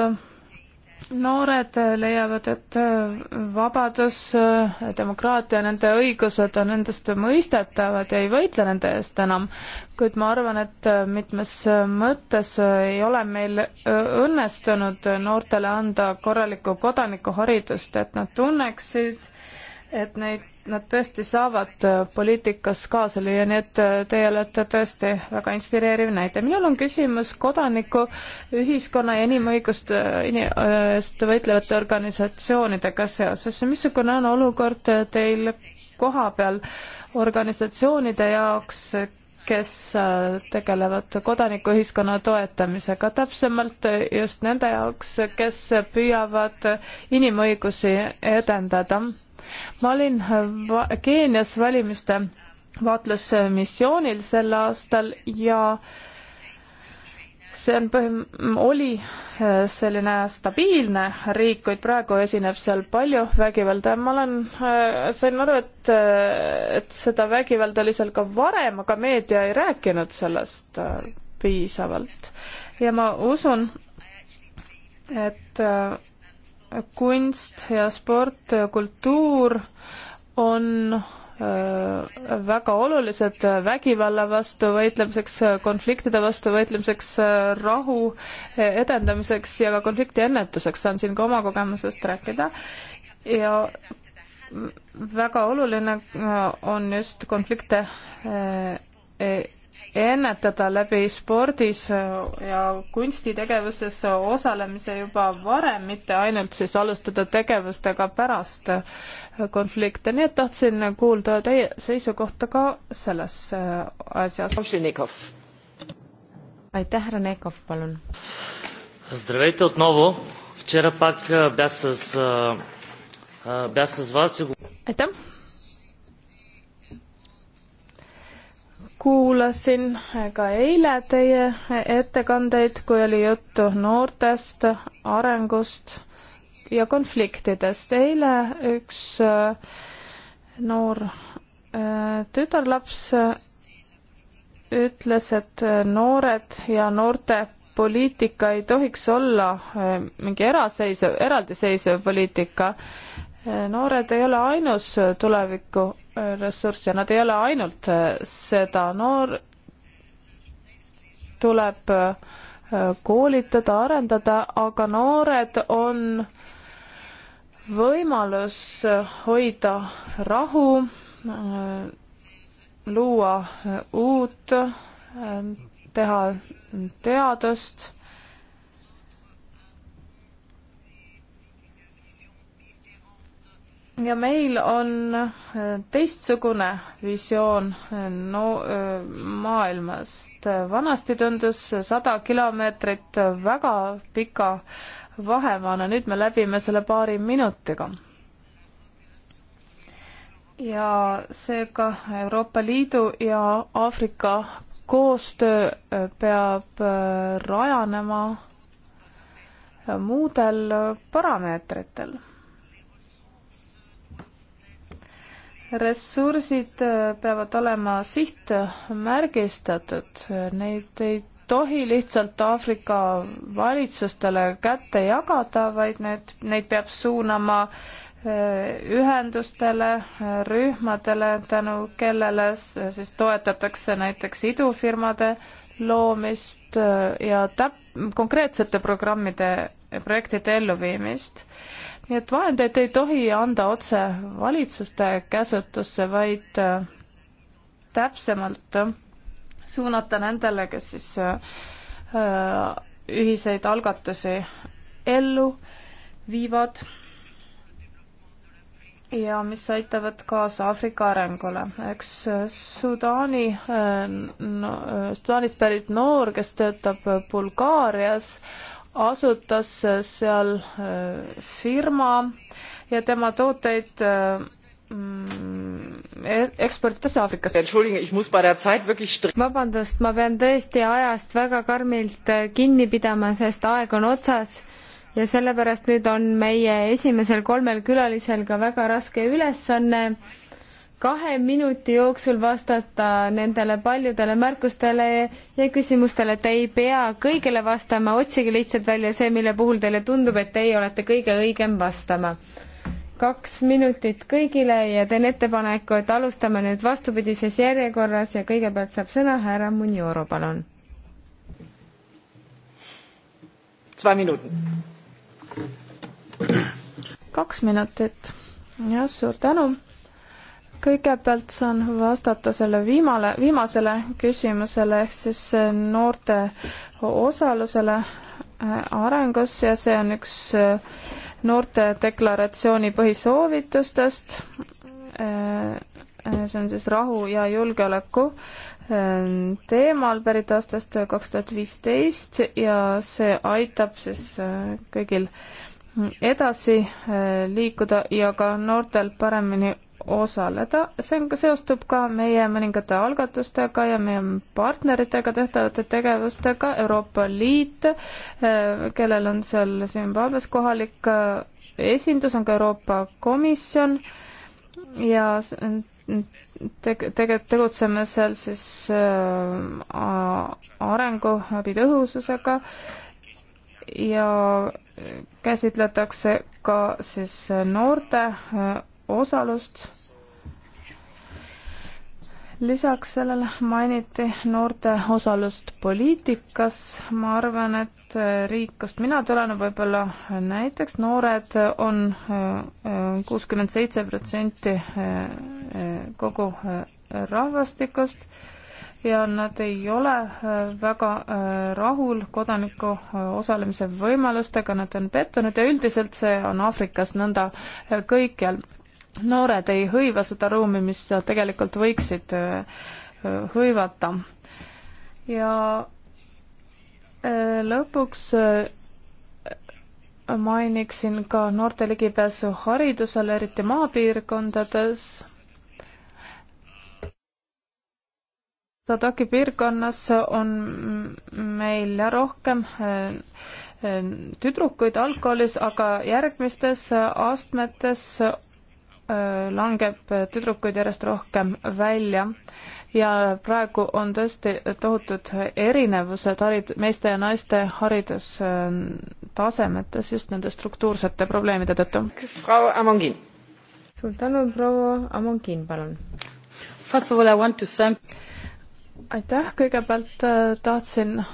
noored leiavad, et äh, vabadus, äh, demokraatia, nende õigused on endast mõistetavad ja ei võitle nende eest enam. kuid ma arvan, et äh, mitmes mõttes ei ole meil õnnestunud noortele anda korralikku kodanikuharidust, et nad tunneksid, et neid, nad tõesti saavad äh, poliitikas kaasa lüüa, nii et äh, teie olete tõesti väga inspireeriv näide. minul on küsimus kodaniku, ühiskonna ja inimõiguste, inimõigust äh, võitlevate organisatsioonidega seoses. missugune on olukord teil koha peal organisatsioonide jaoks, kes tegelevad kodanikuühiskonna toetamisega, täpsemalt just nende jaoks, kes püüavad inimõigusi edendada ma olin äh, va Keenias valimiste vaatlusmissioonil sel aastal ja see on põhim-, oli äh, selline stabiilne riik, kuid praegu esineb seal palju vägivalda ja ma olen, äh, sain aru, et, et seda vägivalda oli seal ka varem, aga meedia ei rääkinud sellest piisavalt. ja ma usun, et kunst ja sport, kultuur on äh, väga olulised vägivalla vastu võitlemiseks, konfliktide vastu võitlemiseks, rahu edendamiseks ja ka konflikti ennetuseks, saan siin ka oma kogemusest rääkida ja väga oluline äh, on just konflikte äh, ennetada läbi spordis äh, ja kunstitegevuses osalemise juba varem, mitte ainult siis alustada tegevustega pärast äh, konflikte, nii et tahtsin kuulda teie seisukohta ka selles äh, asjas. aitäh, härra Nekov, palun. Здравейте отново! Вчера пак э, бях с, э, э, бях с вас и... Aitäh! kuulasin ka eile teie ettekandeid, kui oli juttu noortest, arengust ja konfliktidest. eile üks äh, noor äh, tütarlaps äh, ütles, et noored ja noorte poliitika ei tohiks olla mingi eraseisev, eraldiseisev poliitika, noored ei ole ainus tuleviku äh, ressurss ja nad ei ole ainult äh, seda, noor tuleb äh, koolitada, arendada, aga noored on võimalus hoida rahu, luua uut, teha teadust ja meil on äh, teistsugune visioon äh, no äh, maailmast. vanasti tundus sada kilomeetrit väga pika vahemaana, nüüd me läbime selle paari minutiga ja seega Euroopa Liidu ja Aafrika koostöö peab rajanema muudel parameetritel. ressursid äh, peavad olema sihtmärgistatud, neid ei tohi lihtsalt Aafrika valitsustele kätte jagada, vaid need, neid peab suunama äh, ühendustele, rühmadele, tänu kellele siis toetatakse näiteks idufirmade loomist äh, ja täp-, konkreetsete programmide, projektide elluviimist nii et vahendeid ei tohi anda otse valitsuste käsutusse, vaid äh, täpsemalt äh, suunata nendele, kes siis äh, ühiseid algatusi ellu viivad ja mis aitavad kaasa Aafrika arengule. üks Sudaani no,, Sudaanist pärit noor, kes töötab Bulgaarias, asutas äh, seal äh, firma ja tema tooteid äh, mm, e-, eksportitakse Aafrikasse. vabandust, ma pean tõesti ajast väga karmilt kinni pidama, sest aeg on otsas ja sellepärast nüüd on meie esimesel kolmel külalisel ka väga raske ülesanne kahe minuti jooksul vastata nendele paljudele märkustele ja küsimustele, te ei pea kõigele vastama, otsige lihtsalt välja see, mille puhul teile tundub, et teie olete kõige õigem vastama. kaks minutit kõigile ja teen ettepaneku, et alustame nüüd vastupidises järjekorras ja kõigepealt saab sõna härra Munioro, palun. kaks minutit. jah, suur tänu kõigepealt saan vastata selle viimale, viimasele küsimusele ehk siis eh, noorte osalusele eh, arengus ja see on üks eh, noorte deklaratsiooni põhisoovitustest. see on siis rahu ja julgeoleku teemal pärit aastast kaks tuhat viisteist ja see aitab siis kõigil edasi liikuda ja ka noortel paremini osaleda, see on ka, seostub ka meie mõningate algatustega ja meie partneritega tehtavate tegevustega, Euroopa Liit, eh, kellel on seal Zimbabwe's kohalik eh, esindus, on ka Euroopa Komisjon ja teg-, tege-, tegutseme seal siis äh, eh, arenguabi tõhususega ja käsitletakse ka siis noorte äh, osalust. lisaks sellele mainiti noorte osalust poliitikas. ma arvan, et riik, kust mina tulen, võib-olla näiteks noored on äh, kuuskümmend seitse protsenti äh, kogu äh, rahvastikust ja nad ei ole väga rahul kodaniku osalemise võimalustega, nad on pettunud ja üldiselt see on Aafrikas nõnda kõikjal noored ei hõiva seda ruumi, mis tegelikult võiksid hõivata. ja lõpuks mainiksin ka noorte ligipääsu haridusele, eriti maapiirkondades Sadaki piirkonnas on meil rohkem tüdrukuid algkoolis, aga järgmistes astmetes langeb tüdrukuid järjest rohkem välja ja praegu on tõesti tohutud erinevused harid-, meeste ja naiste haridustasemetes just nende struktuursete probleemide tõttu. suur tänu, proua Amongin, palun. aitäh, kõigepealt äh, tahtsin äh,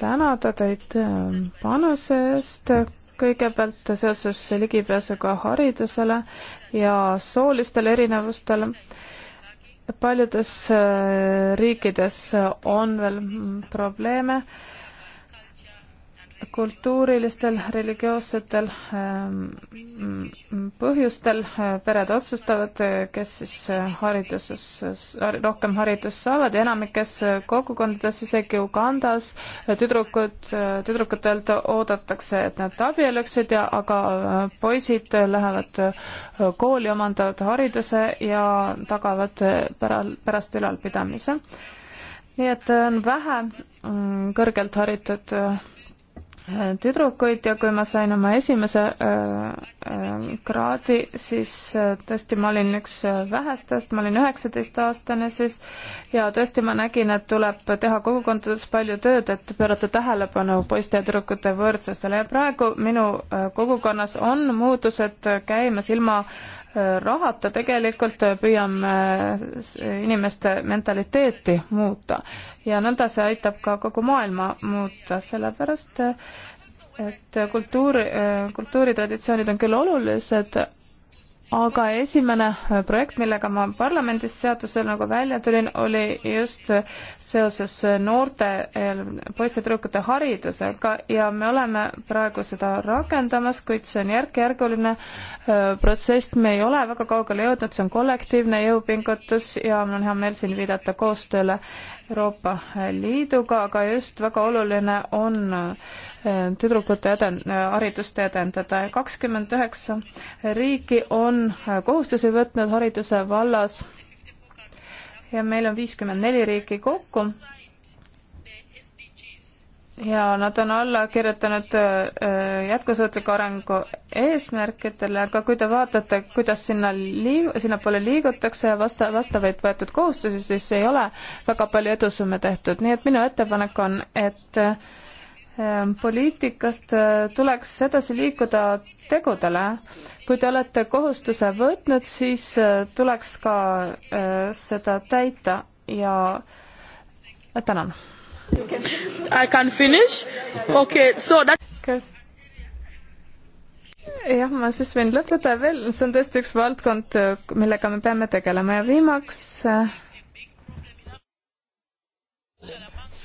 tänada teid äh, panuse eest, kõigepealt seoses ligipääsuga haridusele ja soolistele erinevustele. paljudes äh, riikides on veel probleeme äh, kultuurilistel, religioossetel ähm, mm, põhjustel äh, pered otsustavad, äh, kes siis äh, hariduses, rohkem haridust saavad ja enamikes kogukondades, isegi Ugandas, tüdrukud, tüdrukutelt oodatakse, et nad abielluksid ja, aga poisid lähevad kooli, omandavad hariduse ja tagavad päral, pärast ülalpidamise nii et on vähe mm, kõrgelt haritud tüdrukuid ja kui ma sain oma esimese äh, äh, kraadi, siis äh, tõesti ma olin üks vähestest, ma olin üheksateistaastane siis ja tõesti ma nägin, et tuleb teha kogukondades palju tööd, et pöörata tähelepanu poiste ja tüdrukute võrdsustele ja praegu minu kogukonnas on muutused käimas ilma rahata tegelikult äh, püüame äh, inimeste mentaliteeti muuta ja nõnda see aitab ka kogu maailma muuta, sellepärast äh, et kultuuri, kultuuritraditsioonid on küll olulised, aga esimene äh, projekt, millega ma parlamendis seadusega nagu välja tulin, oli just äh, seoses äh, noorte poiste-tüdrukute haridusega ja me oleme praegu seda rakendamas, kuid see on järk-järguline protsess, me ei ole väga kaugele jõudnud, see on kollektiivne jõupingutus ja mul on hea meel siin viidata koostööle Euroopa Liiduga, aga just väga oluline on tüdrukute eden-, haridust edendada ja kakskümmend üheksa riiki on kohustusi võtnud hariduse vallas ja meil on viiskümmend neli riiki kokku ja nad on alla kirjutanud äh, jätkusuutliku arengu eesmärkidele, aga kui te vaatate, kuidas sinna liigu-, sinnapoole liigutakse ja vasta, vastavaid võetud kohustusi, siis ei ole väga palju edusamme tehtud, nii et minu ettepanek on, et äh, Ähm, poliitikast äh, tuleks edasi liikuda tegudele. kui te olete kohustuse võtnud, siis äh, tuleks ka äh, seda täita ja tänan. I can finish? okei okay,, so that kas jah, ma siis võin lõpetada veel, see on tõesti üks valdkond, millega me peame tegelema ja viimaks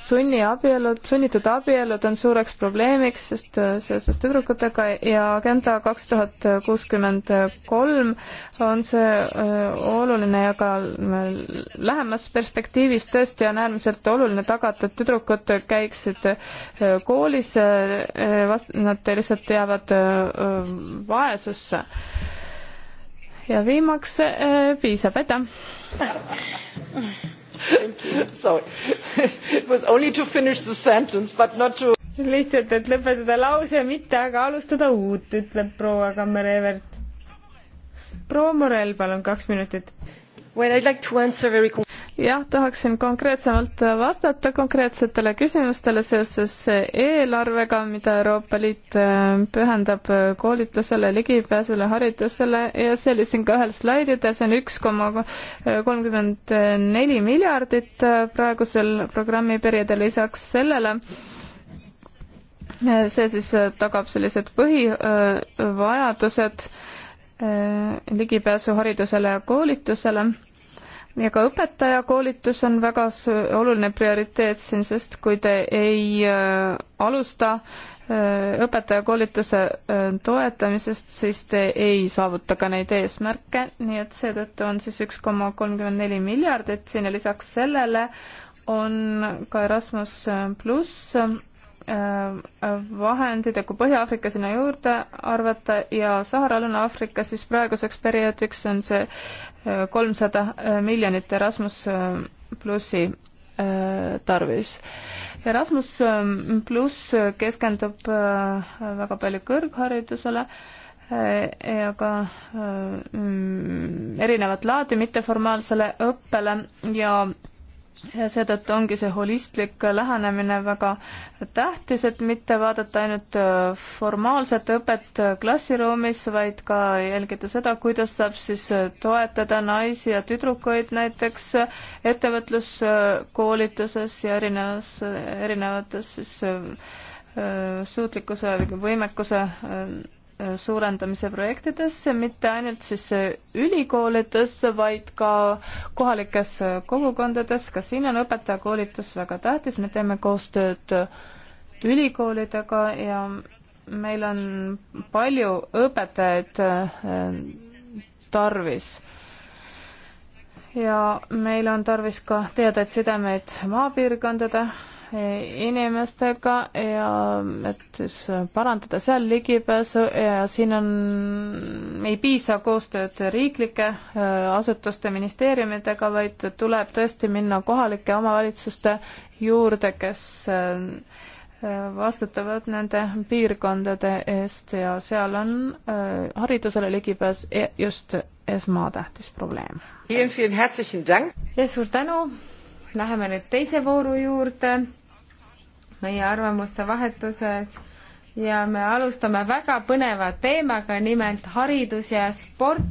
sunniabielud, sunnitud abielud on suureks probleemiks, sest äh, seoses tüdrukutega ja Agenda kaks tuhat kuuskümmend kolm on see äh, oluline ja ka äh, lähemas perspektiivis tõesti on äärmiselt oluline tagada, et tüdrukud käiksid koolis, nad lihtsalt jäävad vaesusse. ja viimaks piisab, aitäh! Thank you. Sorry. It was only to finish the sentence, but not to lihtsalt, et lõpetada lause, mitte aga alustada uut, ütleb proua Kammer-Evert. proua Morell, palun kaks minutit jah, tahaksin konkreetsemalt vastata konkreetsetele küsimustele seoses eelarvega, mida Euroopa Liit äh, pühendab äh, koolitusele, ligipääsule, haridusele ja see oli siin ka ühel slaididel, see on üks koma äh, kolmkümmend neli miljardit praegusel programmiperioodil, lisaks sellele see siis tagab sellised põhivajadused ligipääsu haridusele ja koolitusele ja ka õpetajakoolitus on väga oluline prioriteet siin, sest kui te ei äh, alusta äh, õpetajakoolituse äh, toetamisest, siis te ei saavuta ka neid eesmärke, nii et seetõttu on siis üks koma kolmkümmend neli miljardit siin ja lisaks sellele on ka Erasmus pluss Äh, vahendid ja kui Põhja-Aafrika sinna juurde arvata ja Sahara Lõuna-Aafrika, siis praeguseks perioodiks on see äh, kolmsada äh, miljonit Erasmus plussi tarvis. Erasmus pluss keskendub väga palju kõrgharidusele ja ka mm, erinevat laadi mitteformaalsele õppele ja ja seetõttu ongi see holistlik lähenemine väga tähtis, et mitte vaadata ainult äh, formaalset õpet äh, klassiruumis, vaid ka jälgida seda, kuidas saab siis äh, toetada naisi ja tüdrukuid näiteks ettevõtluskoolituses ja erinevas, erinevates siis suutlikkuse või võimekuse suurendamise projektidesse, mitte ainult siis ülikoolidesse, vaid ka kohalikes kogukondades, ka siin on õpetajakoolitus väga tähtis, me teeme koostööd ülikoolidega ja meil on palju õpetajaid äh, tarvis. ja meil on tarvis ka teada, et sidemeid maapiirkondade inimestega ja et siis parandada seal ligipääsu ja siin on, ei piisa koostööd riiklike äh, asutuste, ministeeriumidega, vaid tuleb tõesti minna kohalike omavalitsuste juurde, kes äh, vastutavad nende piirkondade eest ja seal on äh, haridusele ligipääs e-, just esmatähtis probleem. ja suur tänu Läheme nüüd teise vooru juurde meie arvamuste vahetuses ja me alustame väga põneva teemaga, nimelt haridus ja sport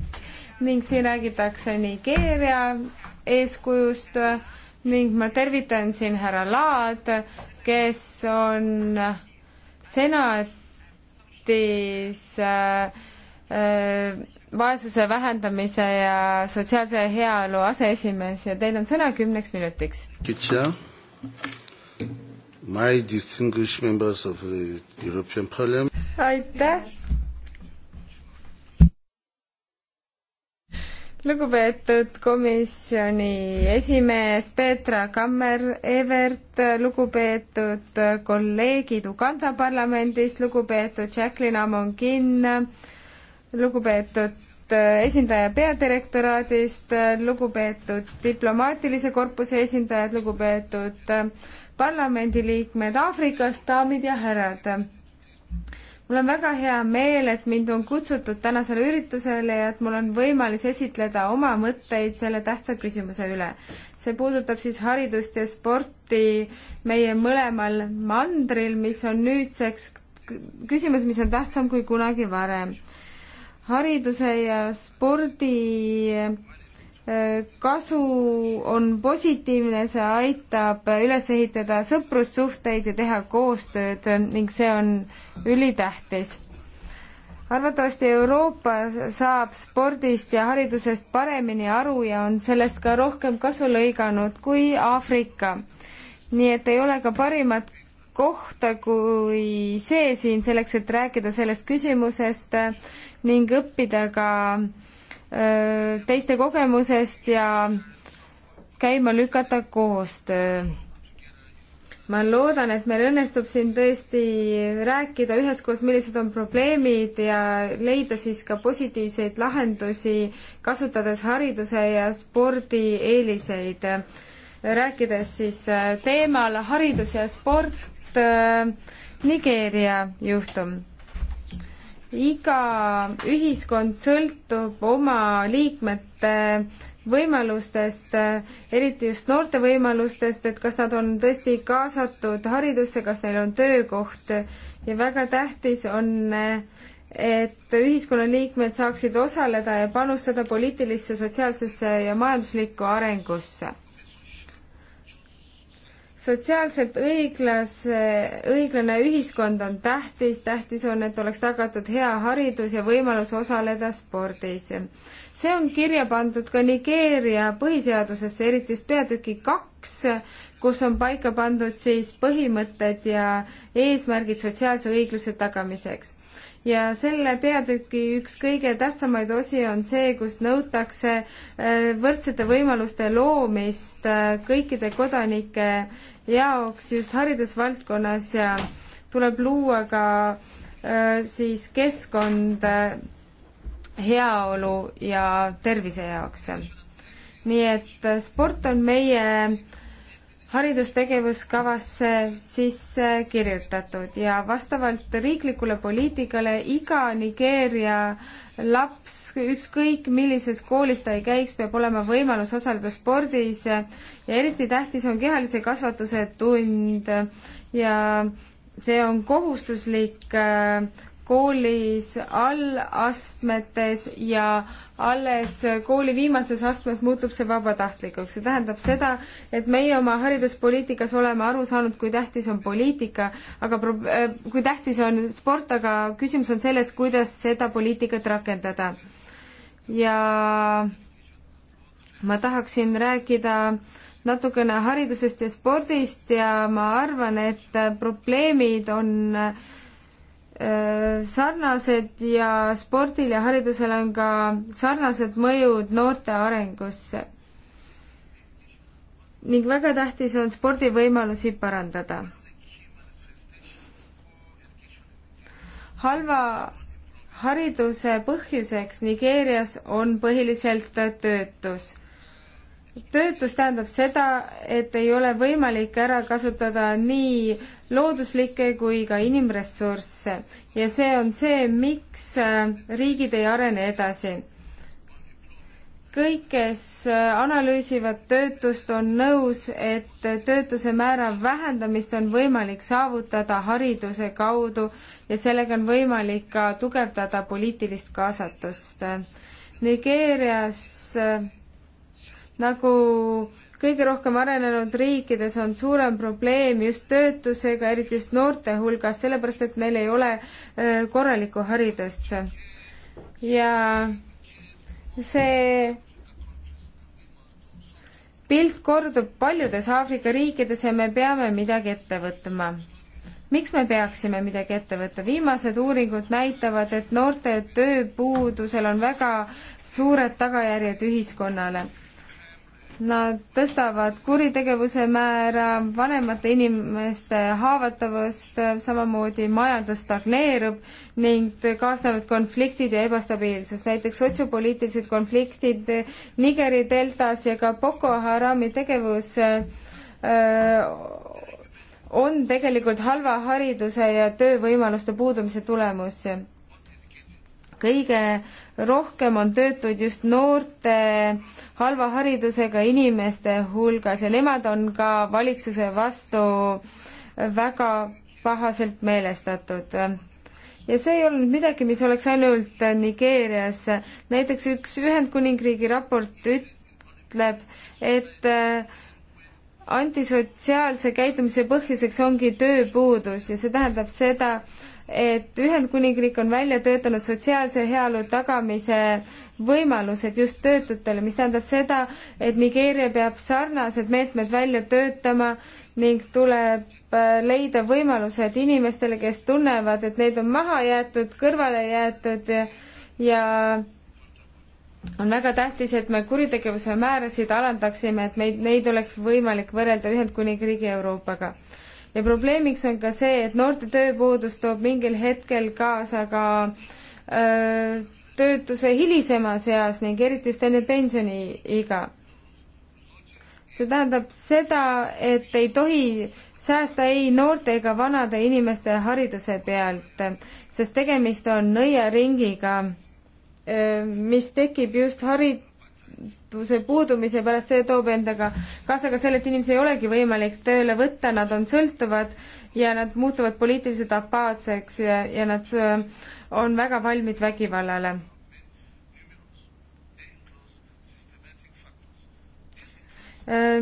ning siin räägitakse Nigeeria eeskujust ning ma tervitan siin härra Laad, kes on senatis äh, äh, vaesuse vähendamise ja sotsiaalse heaolu aseesimees ja teil on sõna kümneks minutiks. My distinguished members of the European Parliament. aitäh. lugupeetud komisjoni esimees Peetra Kammer-Evert, lugupeetud kolleegid Uganda parlamendist, lugupeetud Jacqueline Amongin, lugupeetud Äh, esindaja peadirektoraadist, äh, lugupeetud diplomaatilise korpuse esindajad, lugupeetud äh, parlamendiliikmed Aafrikast, daamid ja härrad. mul on väga hea meel, et mind on kutsutud tänasele üritusele ja et mul on võimalus esitleda oma mõtteid selle tähtsa küsimuse üle. see puudutab siis haridust ja sporti meie mõlemal mandril, mis on nüüdseks küsimus, mis on tähtsam kui kunagi varem hariduse ja spordi äh, kasu on positiivne, see aitab üles ehitada sõprussuhteid ja teha koostööd ning see on ülitähtis. arvatavasti Euroopa saab spordist ja haridusest paremini aru ja on sellest ka rohkem kasu lõiganud kui Aafrika. nii et ei ole ka parimat kohta kui see siin selleks, et rääkida sellest küsimusest, ning õppida ka teiste kogemusest ja käima lükata koostöö. ma loodan, et meil õnnestub siin tõesti rääkida üheskoos, millised on probleemid ja leida siis ka positiivseid lahendusi, kasutades hariduse ja spordi eeliseid. rääkides siis teemal haridus ja sport, Nigeeria juhtum iga ühiskond sõltub oma liikmete võimalustest, eriti just noorte võimalustest, et kas nad on tõesti kaasatud haridusse, kas neil on töökoht ja väga tähtis on, et ühiskonnaliikmed saaksid osaleda ja panustada poliitilisse, sotsiaalsesse ja majanduslikku arengusse sotsiaalselt õiglase, õiglane ühiskond on tähtis, tähtis on, et oleks tagatud hea haridus ja võimalus osaleda spordis. see on kirja pandud ka Nigeeria põhiseadusesse, eriti just peatüki kaks, kus on paika pandud siis põhimõtted ja eesmärgid sotsiaalse õigluse tagamiseks. ja selle peatüki üks kõige tähtsamaid osi on see, kus nõutakse äh, võrdsete võimaluste loomist äh, kõikide kodanike jaoks just haridusvaldkonnas ja tuleb luua ka äh, siis keskkond äh, heaolu ja tervise jaoks. nii et äh, sport on meie haridustegevuskavasse sisse kirjutatud ja vastavalt riiklikule poliitikale iga Nigeeria laps, ükskõik millises koolis ta ei käiks, peab olema võimalus osaleda spordis ja eriti tähtis on kehalise kasvatuse tund ja see on kohustuslik äh, koolis allastmetes ja alles kooli viimases astmes muutub see vabatahtlikuks. see tähendab seda, et meie oma hariduspoliitikas oleme aru saanud, kui tähtis on poliitika, aga pro-, äh, kui tähtis on sport, aga küsimus on selles, kuidas seda poliitikat rakendada. ja ma tahaksin rääkida natukene haridusest ja spordist ja ma arvan, et probleemid on äh, Äh, sarnased ja spordil ja haridusel on ka sarnased mõjud noorte arengusse. ning väga tähtis on spordivõimalusi parandada. halva hariduse põhjuseks Nigeerias on põhiliselt töötus töötus tähendab seda, et ei ole võimalik ära kasutada nii looduslikke kui ka inimressursse ja see on see, miks äh, riigid ei arene edasi. kõik, kes äh, analüüsivad töötust, on nõus, et töötuse määra vähendamist on võimalik saavutada hariduse kaudu ja sellega on võimalik ka tugevdada poliitilist kaasatust. Nigeerias äh, nagu kõige rohkem arenenud riikides on suurem probleem just töötusega, eriti just noorte hulgas, sellepärast et neil ei ole korralikku haridust. ja see pilt kordub paljudes Aafrika riikides ja me peame midagi ette võtma. miks me peaksime midagi ette võtma? viimased uuringud näitavad, et noorte tööpuudusel on väga suured tagajärjed ühiskonnale Nad tõstavad kuritegevuse määra, vanemate inimeste haavatavust, samamoodi majandus stagneerub ning kaasnevad konfliktid ja ebastabiilsus, näiteks sotsiopoliitilised konfliktid Nigeri deltas ja ka Boko Harami tegevus öö, äh, on tegelikult halva hariduse ja töövõimaluste puudumise tulemus kõige rohkem on töötuid just noorte halva haridusega inimeste hulgas ja nemad on ka valitsuse vastu väga pahaselt meelestatud. ja see ei olnud midagi, mis oleks ainult Nigeerias. näiteks üks Ühendkuningriigi raport ütleb, et äh, antisotsiaalse käitumise põhjuseks ongi tööpuudus ja see tähendab seda, et Ühendkuningriik on välja töötanud sotsiaalse heaolu tagamise võimalused just töötutele, mis tähendab seda, et Nigeeria peab sarnased meetmed välja töötama ning tuleb äh, leida võimalused inimestele, kes tunnevad, et neid on maha jäetud, kõrvale jäetud ja, ja on väga tähtis, et me kuritegevuse määrasid alandaksime, et meid, neid oleks võimalik võrrelda Ühendkuningriigi Euroopaga ja probleemiks on ka see, et noorte tööpuudus toob mingil hetkel kaasa ka öö, töötuse hilisemas eas ning eriti just enne pensioniiga. see tähendab seda, et ei tohi säästa ei noorte ega vanade inimeste hariduse pealt, sest tegemist on nõiaringiga, mis tekib just harid-, usalduse puudumise pärast, see toob endaga kaasa ka selle, et inimesi ei olegi võimalik tööle võtta, nad on sõltuvad ja nad muutuvad poliitiliselt apaatseks ja, ja nad äh, on väga valmid vägivallale. Äh,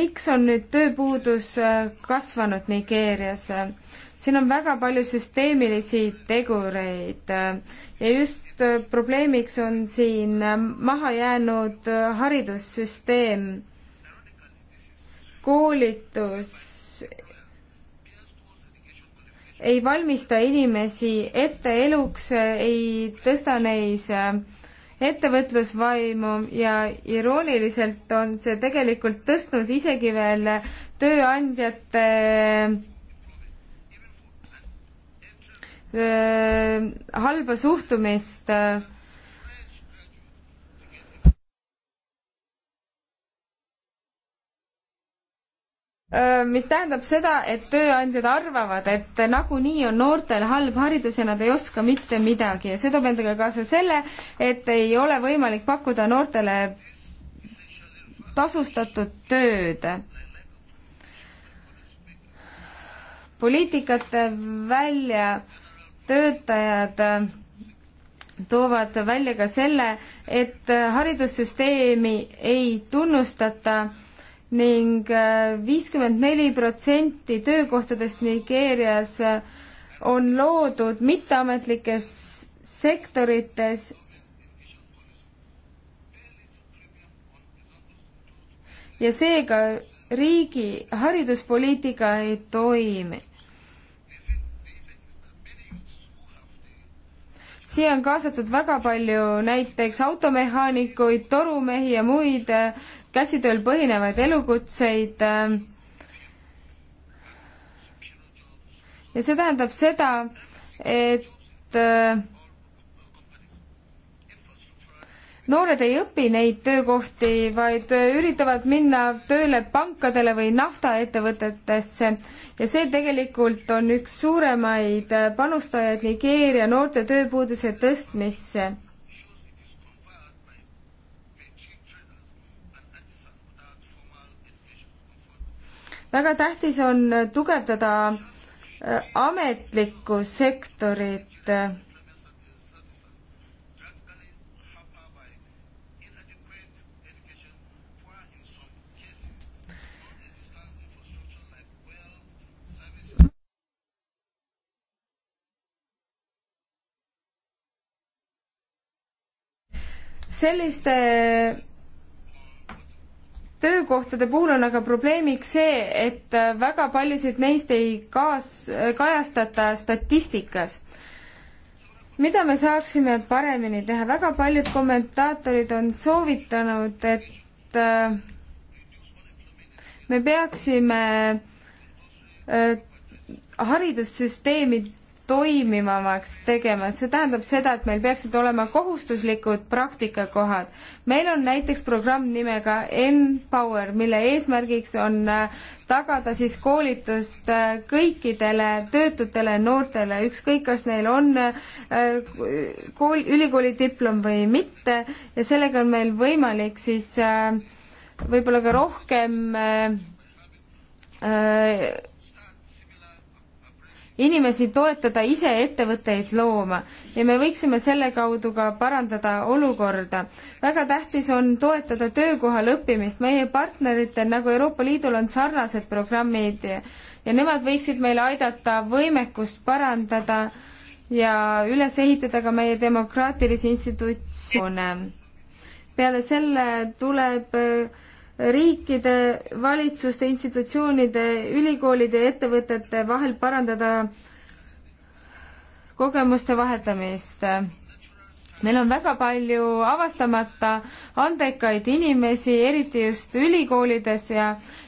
miks on nüüd tööpuudus äh, kasvanud Nigeerias? siin on väga palju süsteemilisi tegureid ja just äh, probleemiks on siin äh, mahajäänud äh, haridussüsteem, koolitus ei valmista inimesi ette eluks, ei tõsta neis ettevõtlusvaimu ja irooniliselt on see tegelikult tõstnud isegi veel tööandjate halba suhtumist mis tähendab seda, et tööandjad arvavad, et nagunii on noortel halb haridus ja nad ei oska mitte midagi ja see toob endaga kaasa selle, et ei ole võimalik pakkuda noortele tasustatud tööd. poliitikate välja töötajad äh, toovad välja ka selle, et äh, haridussüsteemi ei tunnustata ning äh, viiskümmend neli protsenti töökohtadest Nigeerias on loodud mitteametlikes sektorites ja seega riigi hariduspoliitika ei toimi siia on kaasatud väga palju näiteks automehaanikuid, torumehi ja muid äh, käsitööl põhinevaid elukutseid. Äh. ja see tähendab seda, et äh, noored ei õpi neid töökohti, vaid üritavad minna tööle pankadele või naftaettevõtetesse ja see tegelikult on üks suuremaid panustajaid Nigeeria noorte tööpuuduse tõstmisse. väga tähtis on tugevdada äh, ametlikku sektorit selliste töökohtade puhul on aga probleemiks see, et väga paljusid neist ei kaas-, kajastata statistikas. mida me saaksime paremini teha, väga paljud kommentaatorid on soovitanud, et äh, me peaksime äh, haridussüsteemi toimivamaks tegema, see tähendab seda, et meil peaksid olema kohustuslikud praktikakohad. meil on näiteks programm nimega Empower, mille eesmärgiks on äh, tagada siis koolitust äh, kõikidele töötutele noortele, ükskõik, kas neil on äh, kool, ülikooli diplom või mitte ja sellega on meil võimalik siis võib-olla ka rohkem inimesi toetada ise ettevõtteid looma ja me võiksime selle kaudu ka parandada olukorda. väga tähtis on toetada töökohal õppimist, meie partneritel nagu Euroopa Liidul on sarnased programmid ja nemad võiksid meile aidata võimekust parandada ja üles ehitada ka meie demokraatilisi institutsioone. peale selle tuleb äh, riikide, valitsuste, institutsioonide, ülikoolide ja ettevõtete vahel parandada kogemuste vahetamist. meil on väga palju avastamata andekaid inimesi, eriti just ülikoolides ja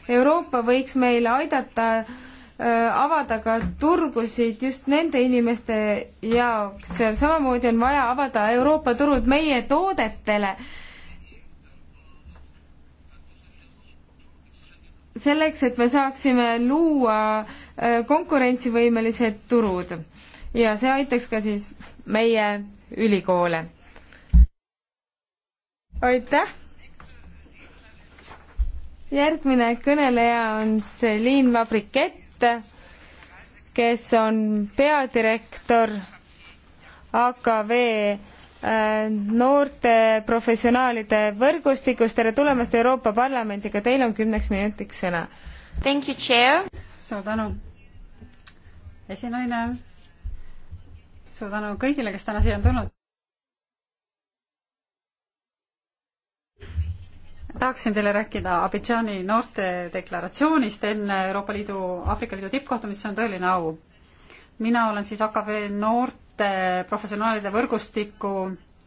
Euroopa võiks meile aidata äh, avada ka turgusid just nende inimeste jaoks. samamoodi on vaja avada Euroopa turud meie toodetele selleks, et me saaksime luua äh, konkurentsivõimelised turud ja see aitaks ka siis meie ülikoole. aitäh! järgmine kõneleja on Celine Vabrikett, kes on peadirektor AKV Äh, noorte professionaalide võrgustikust. tere tulemast Euroopa Parlamenti, ka teil on kümneks minutiks sõna. Thank you, chair. suur tänu, esinaine. suur tänu kõigile, kes täna siia on tulnud. tahaksin teile rääkida Abidžaani noorte deklaratsioonist enne Euroopa Liidu, Aafrika Liidu tippkohtumist, see on tõeline au. mina olen siis AKV noort noorte eh, professionaalide võrgustiku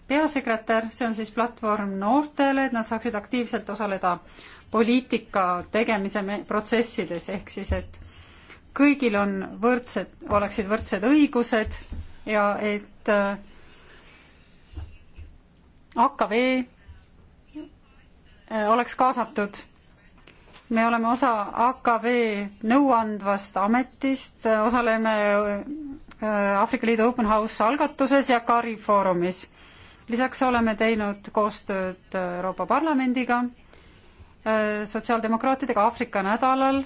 peasekretär, see on siis platvorm noortele, et nad saaksid aktiivselt osaleda poliitika tegemise protsessides, ehk siis et kõigil on võrdsed, oleksid võrdsed õigused ja et eh, AKV eh, oleks kaasatud. me oleme osa AKV nõuandvast ametist, osaleme Äh, Aafrika Liidu Open House algatuses ja Kari Foorumis. lisaks oleme teinud koostööd Euroopa Parlamendiga, äh, sotsiaaldemokraatidega Aafrika nädalal,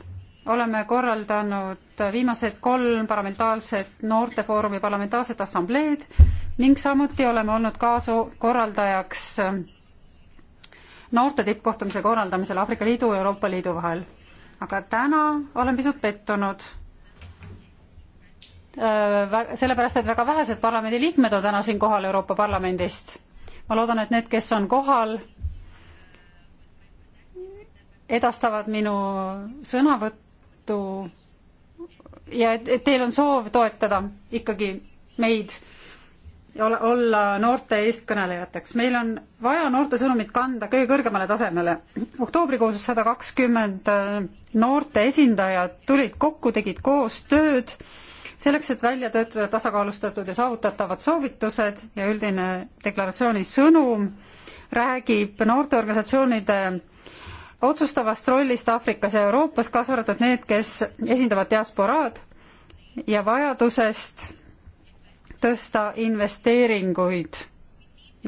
oleme korraldanud viimased kolm parlamentaarset noortefoorumi parlamentaarset assambleed ning samuti oleme olnud kaaskorraldajaks äh, noorte tippkohtumise korraldamisel Aafrika Liidu ja Euroopa Liidu vahel. aga täna olen pisut pettunud Äh, sellepärast, et väga vähesed parlamendiliikmed on täna siin kohal Euroopa Parlamendist. ma loodan, et need, kes on kohal, edastavad minu sõnavõttu ja et, et teil on soov toetada ikkagi meid ja olla, olla noorte eestkõnelejateks. meil on vaja noorte sõnumit kanda kõige kõrgemale tasemele. oktoobrikuus sada kakskümmend äh, noorte esindajad tulid kokku, tegid koostööd selleks, et välja töötada tasakaalustatud ja saavutatavad soovitused ja üldine deklaratsiooni sõnum räägib noorteorganisatsioonide otsustavast rollist Aafrikas ja Euroopas, kaasa arvatud need, kes esindavad diasporaad ja vajadusest tõsta investeeringuid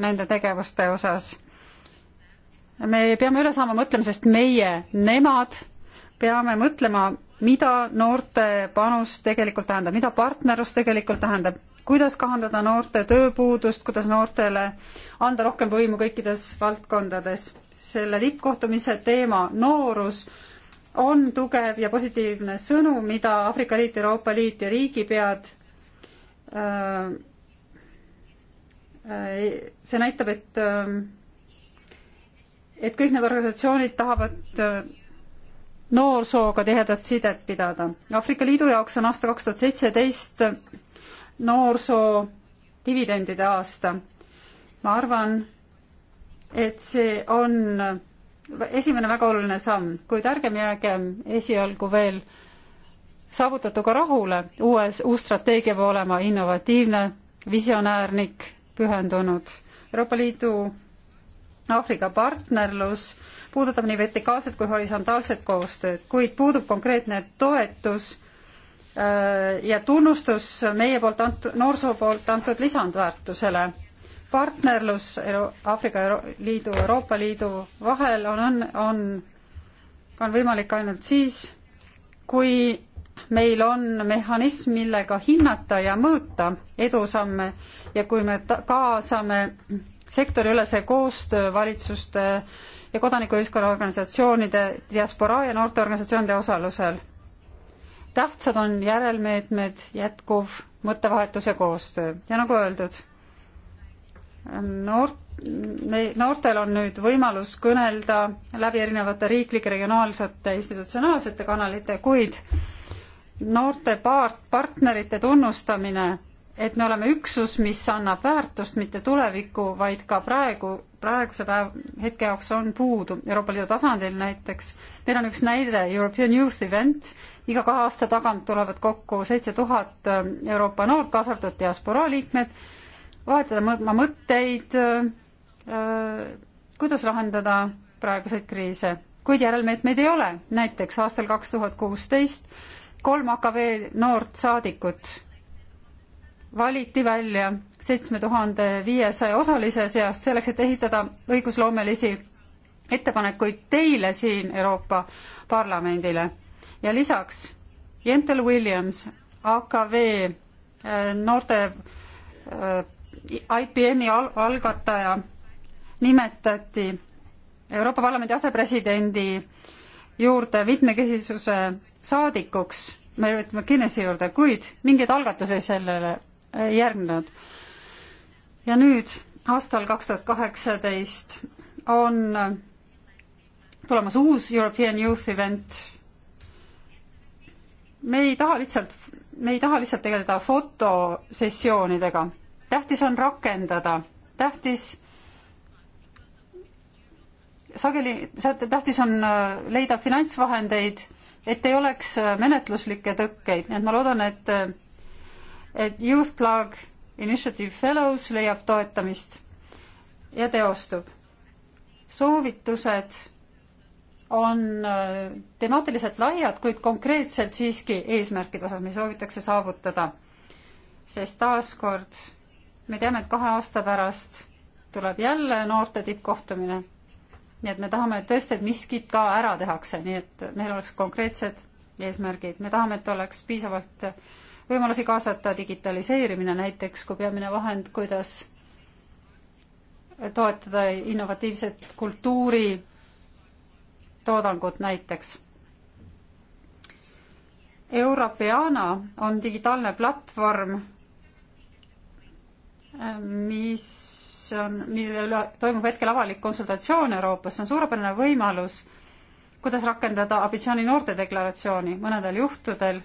nende tegevuste osas. me peame üle saama mõtlemisest meie, nemad peame mõtlema, mida noorte panus tegelikult tähendab, mida partnerlus tegelikult tähendab, kuidas kahandada noorte tööpuudust, kuidas noortele anda rohkem võimu kõikides valdkondades. selle tippkohtumise teema noorus on tugev ja positiivne sõnum, mida Aafrika Liit, Euroopa Liit ja riigipead äh, äh, see näitab, et äh, et kõik need organisatsioonid tahavad noorsooga tihedat sidet pidada. Aafrika Liidu jaoks on aasta kaks tuhat seitseteist noorsoo dividendide aasta. ma arvan, et see on esimene väga oluline samm, kuid ärgem jäägem esialgu veel saavutatuga rahule, uues, uus strateegia peab olema innovatiivne, visionäärnik, pühendunud. Euroopa Liidu Aafrika partnerlus äh, puudutab nii vertikaalset kui horisontaalset koostööd, kuid puudub konkreetne toetus äh, ja tunnustus meie poolt antud, noorsoo poolt antud lisandväärtusele. partnerlus Aafrika Euro Liidu, Euroopa Liidu vahel on, on, on, on võimalik ainult siis, kui meil on mehhanism, millega hinnata ja mõõta edusamme ja kui me kaasame sektoriülese koostöö valitsuste ja kodanikuühiskonna organisatsioonide, diasporaa ja noorteorganisatsioonide osalusel. tähtsad on järelmeetmed, jätkuv mõttevahetus ja koostöö ja nagu öeldud, noort, noortel on nüüd võimalus kõnelda läbi erinevate riiklike, regionaalsete, institutsionaalsete kanalite, kuid noorte paar-, partnerite tunnustamine et me oleme üksus, mis annab väärtust mitte tulevikku, vaid ka praegu, praeguse päev, hetke jaoks on puudu. Euroopa Liidu tasandil näiteks, meil on üks näide, European Youth Event, iga kahe aasta tagant tulevad kokku seitse tuhat äh, Euroopa noort, kaasa arvatud diasporaa liikmed, vahetada mõõtma mõtteid, äh, kuidas lahendada praeguseid kriise, kuid järelmeetmeid ei ole. näiteks aastal kaks tuhat kuusteist kolm AKV noort saadikut valiti välja seitsme tuhande viiesaja osalise seast selleks, et esitada õigusloomelisi ettepanekuid teile siin Euroopa Parlamendile. ja lisaks Jentel Williams, AKV äh, noorte IPN-i äh, al algataja, nimetati Euroopa Parlamendi asepresidendi juurde mitmekesisuse saadikuks Merit McKinnesi juurde, kuid mingeid algatusi sellele järgnenud. ja nüüd aastal kaks tuhat kaheksateist on tulemas uus European Youth Event. me ei taha lihtsalt, me ei taha lihtsalt tegeleda fotosessioonidega, tähtis on rakendada, tähtis sageli, tähtis on äh, leida finantsvahendeid, et ei oleks äh, menetluslikke tõkkeid, nii et ma loodan, et äh, et Youth Plug Initiative Fellows leiab toetamist ja teostub. soovitused on äh, temaatiliselt laiad, kuid konkreetselt siiski eesmärkide osas, mida soovitakse saavutada. sest taaskord me teame, et kahe aasta pärast tuleb jälle noorte tippkohtumine. nii et me tahame tõesti, et miskit ka ära tehakse, nii et meil oleks konkreetsed eesmärgid, me tahame, et oleks piisavalt võimalusi kaasata, digitaliseerimine näiteks kui peamine vahend, kuidas toetada innovatiivset kultuuritoodangut näiteks. Europeana on digitaalne platvorm, mis on, mille üle toimub hetkel avalik konsultatsioon Euroopas, see on suurepärane võimalus, kuidas rakendada ambitsiooni noorte deklaratsiooni mõnedel juhtudel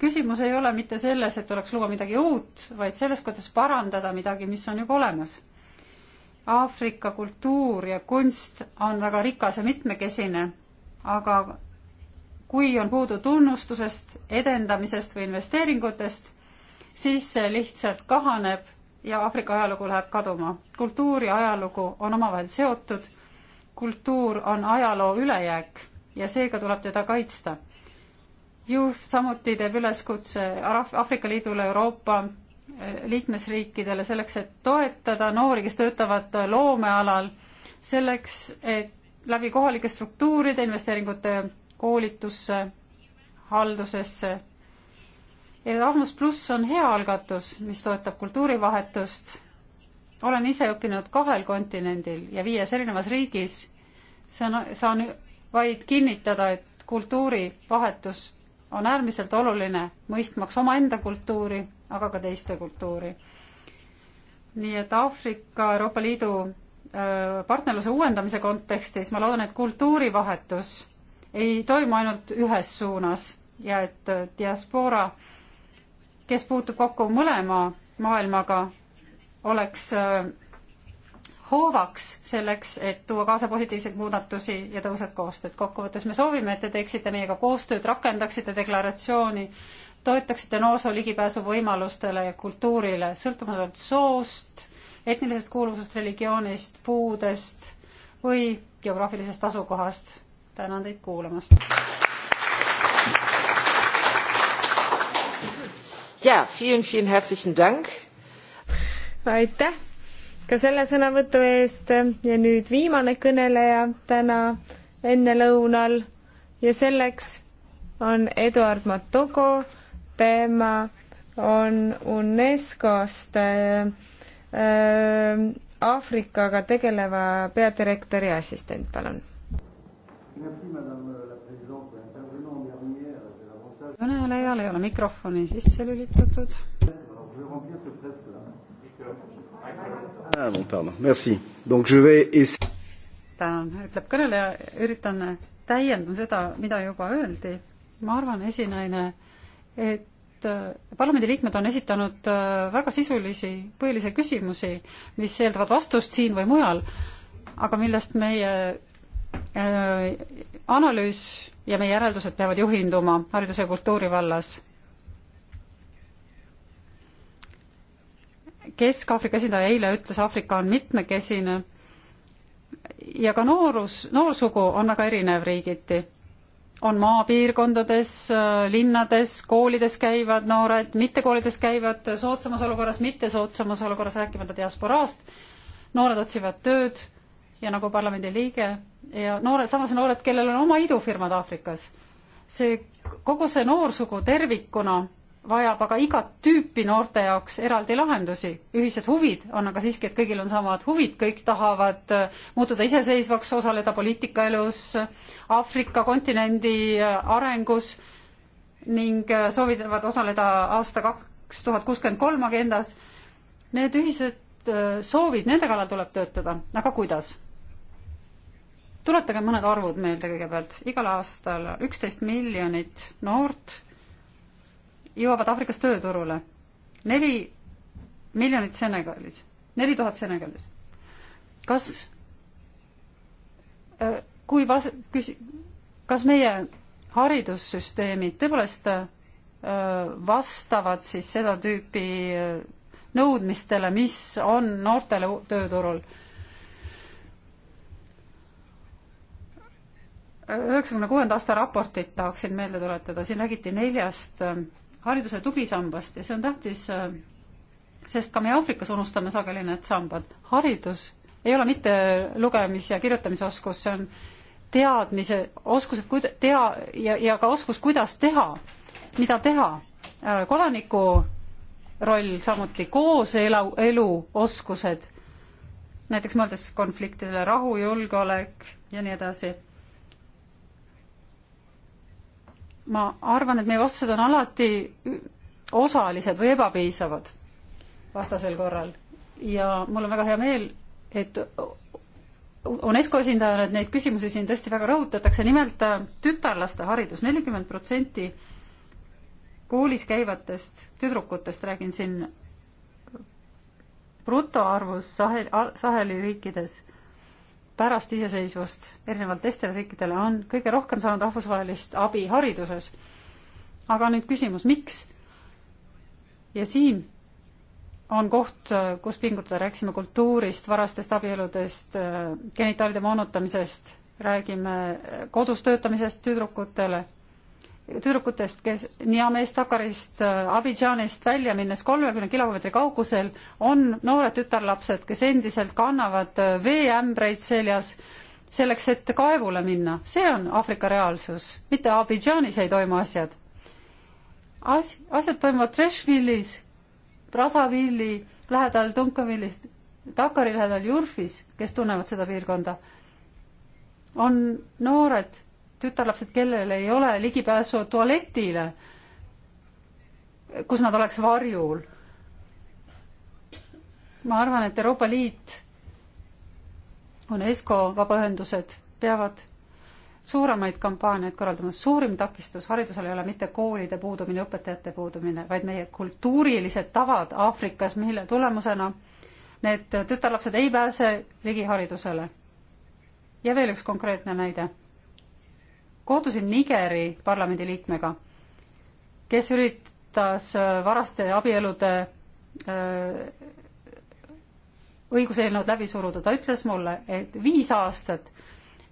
küsimus ei ole mitte selles, et tuleks luua midagi uut, vaid selles, kuidas parandada midagi, mis on juba olemas. Aafrika kultuur ja kunst on väga rikas ja mitmekesine, aga kui on puudu tunnustusest, edendamisest või investeeringutest, siis see lihtsalt kahaneb ja Aafrika ajalugu läheb kaduma. kultuur ja ajalugu on omavahel seotud, kultuur on ajaloo ülejääk ja seega tuleb teda kaitsta Youth samuti teeb üleskutse Aafrika Liidule, Euroopa eh, liikmesriikidele selleks, et toetada noori, kes töötavad loomealal, selleks, et läbi kohalike struktuuride, investeeringute koolitusse, haldusesse. Erasmus pluss on hea algatus, mis toetab kultuurivahetust. olen ise õppinud kahel kontinendil ja viies erinevas riigis. saan, saan vaid kinnitada, et kultuurivahetus on äärmiselt oluline, mõistmaks omaenda kultuuri, aga ka teiste kultuuri. nii et Aafrika Euroopa Liidu äh, partnerluse uuendamise kontekstis ma loodan, et kultuurivahetus ei toimu ainult ühes suunas ja et äh, diasporaa, kes puutub kokku mõlema maailmaga, oleks äh, hoovaks selleks, et tuua kaasa positiivseid muudatusi ja tõusvat koostööd. kokkuvõttes me soovime, et te teeksite meiega koostööd, rakendaksite deklaratsiooni, toetaksite noorsoo ligipääsu võimalustele ja kultuurile, sõltumatult soost, etnilisest kuuluvusest, religioonist, puudest või geograafilisest asukohast. tänan teid kuulamast. ja, vielen, vielen herzlichen Dank. aitäh ka selle sõnavõtu eest ja nüüd viimane kõneleja täna ennelõunal ja selleks on Eduard Matogo, tema on UNESCO-st äh, Aafrikaga tegeleva peadirektori assistent, palun. kõnelejal ei ole mikrofoni sisse lülitatud. Ah, tänan, ütleb kõneleja, üritan täiendan seda, mida juba öeldi. ma arvan, esinaine, et äh, parlamendiliikmed on esitanud äh, väga sisulisi põhilisi küsimusi, mis eeldavad vastust siin või mujal, aga millest meie äh, analüüs ja meie järeldused peavad juhinduma hariduse ja kultuuri vallas. Kesk-Aafrika esindaja eile ütles, Aafrika on mitmekesine ja ka noorus, noorsugu on väga erinev riigiti. on maapiirkondades, linnades, koolides käivad noored, mittekoolides käivad soodsamas olukorras, mittesoodsamas olukorras, rääkimata diasporaast. noored otsivad tööd ja nagu parlamendi liige ja noored, samas noored, kellel on oma idufirmad Aafrikas. see, kogu see noorsugu tervikuna vajab aga igat tüüpi noorte jaoks eraldi lahendusi. ühised huvid on aga siiski, et kõigil on samad huvid, kõik tahavad äh, muutuda iseseisvaks, osaleda poliitikaelus, äh, Aafrika kontinendi äh, arengus ning soovivad osaleda aasta kaks tuhat kuuskümmend kolm agendas. Need ühised soovid, nende kallal tuleb töötada, aga kuidas? tuletage mõned arvud meelde kõigepealt. igal aastal üksteist miljonit noort jõuavad Aafrikas tööturule. neli miljonit Senegalis, neli tuhat Senegalis. kas, äh, kui vas-, küsi-, kas meie haridussüsteemid tõepoolest äh, vastavad siis seda tüüpi äh, nõudmistele, mis on noortele tööturul. üheksakümne kuuenda aasta raportit tahaksin meelde tuletada, siin räägiti neljast hariduse tugisambast ja see on tähtis, äh, sest ka meie Aafrikas unustame sageli need sambad. haridus ei ole mitte lugemis- ja kirjutamisoskus, see on teadmise, oskused, kuida-, tea- ja, ja ka oskus, kuidas teha, mida teha. Äh, kodaniku roll samuti, kooselu, elu oskused, näiteks mõeldes konfliktidele rahu, julgeolek ja nii edasi ma arvan, et meie vastused on alati osalised või ebapiisavad vastasel korral ja mul on väga hea meel, et UNESCO esindajana, et neid küsimusi siin tõesti väga rõhutatakse, nimelt äh, tütarlaste haridus, nelikümmend protsenti koolis käivatest tüdrukutest, räägin siin brutoarvus Sahel, Saheli riikides pärast iseseisvust erinevalt teistele riikidele on kõige rohkem saanud rahvusvahelist abi hariduses. aga nüüd küsimus, miks? ja siin on koht, kus pingutada, rääkisime kultuurist, varastest abieludest, genitaalide moonutamisest, räägime kodus töötamisest tüdrukutele tüdrukutest, kes Niamest, Takarist, äh, Abidžaanist välja minnes kolmekümne kilomeetri kaugusel on noored tütarlapsed, kes endiselt kannavad äh, veeämbreid seljas selleks, et kaevule minna. see on Aafrika reaalsus, mitte Abidžaanis ei toimu asjad. As-, asjad toimuvad Treshvillis, Brazavilli lähedal, Dunkavillis, Dakari lähedal, Jurfis, kes tunnevad seda piirkonda, on noored tütarlapsed, kellel ei ole ligipääsu tualetile, kus nad oleks varjul. ma arvan, et Euroopa Liit, UNESCO vabaühendused peavad suuremaid kampaaniaid korraldamas. suurim takistus haridusel ei ole mitte koolide puudumine, õpetajate puudumine, vaid meie kultuurilised tavad Aafrikas, mille tulemusena need tütarlapsed ei pääse ligi haridusele. ja veel üks konkreetne näide kohtusin Nigeri parlamendiliikmega, kes üritas äh, varaste abielude äh, õiguseelnõud läbi suruda, ta ütles mulle, et viis aastat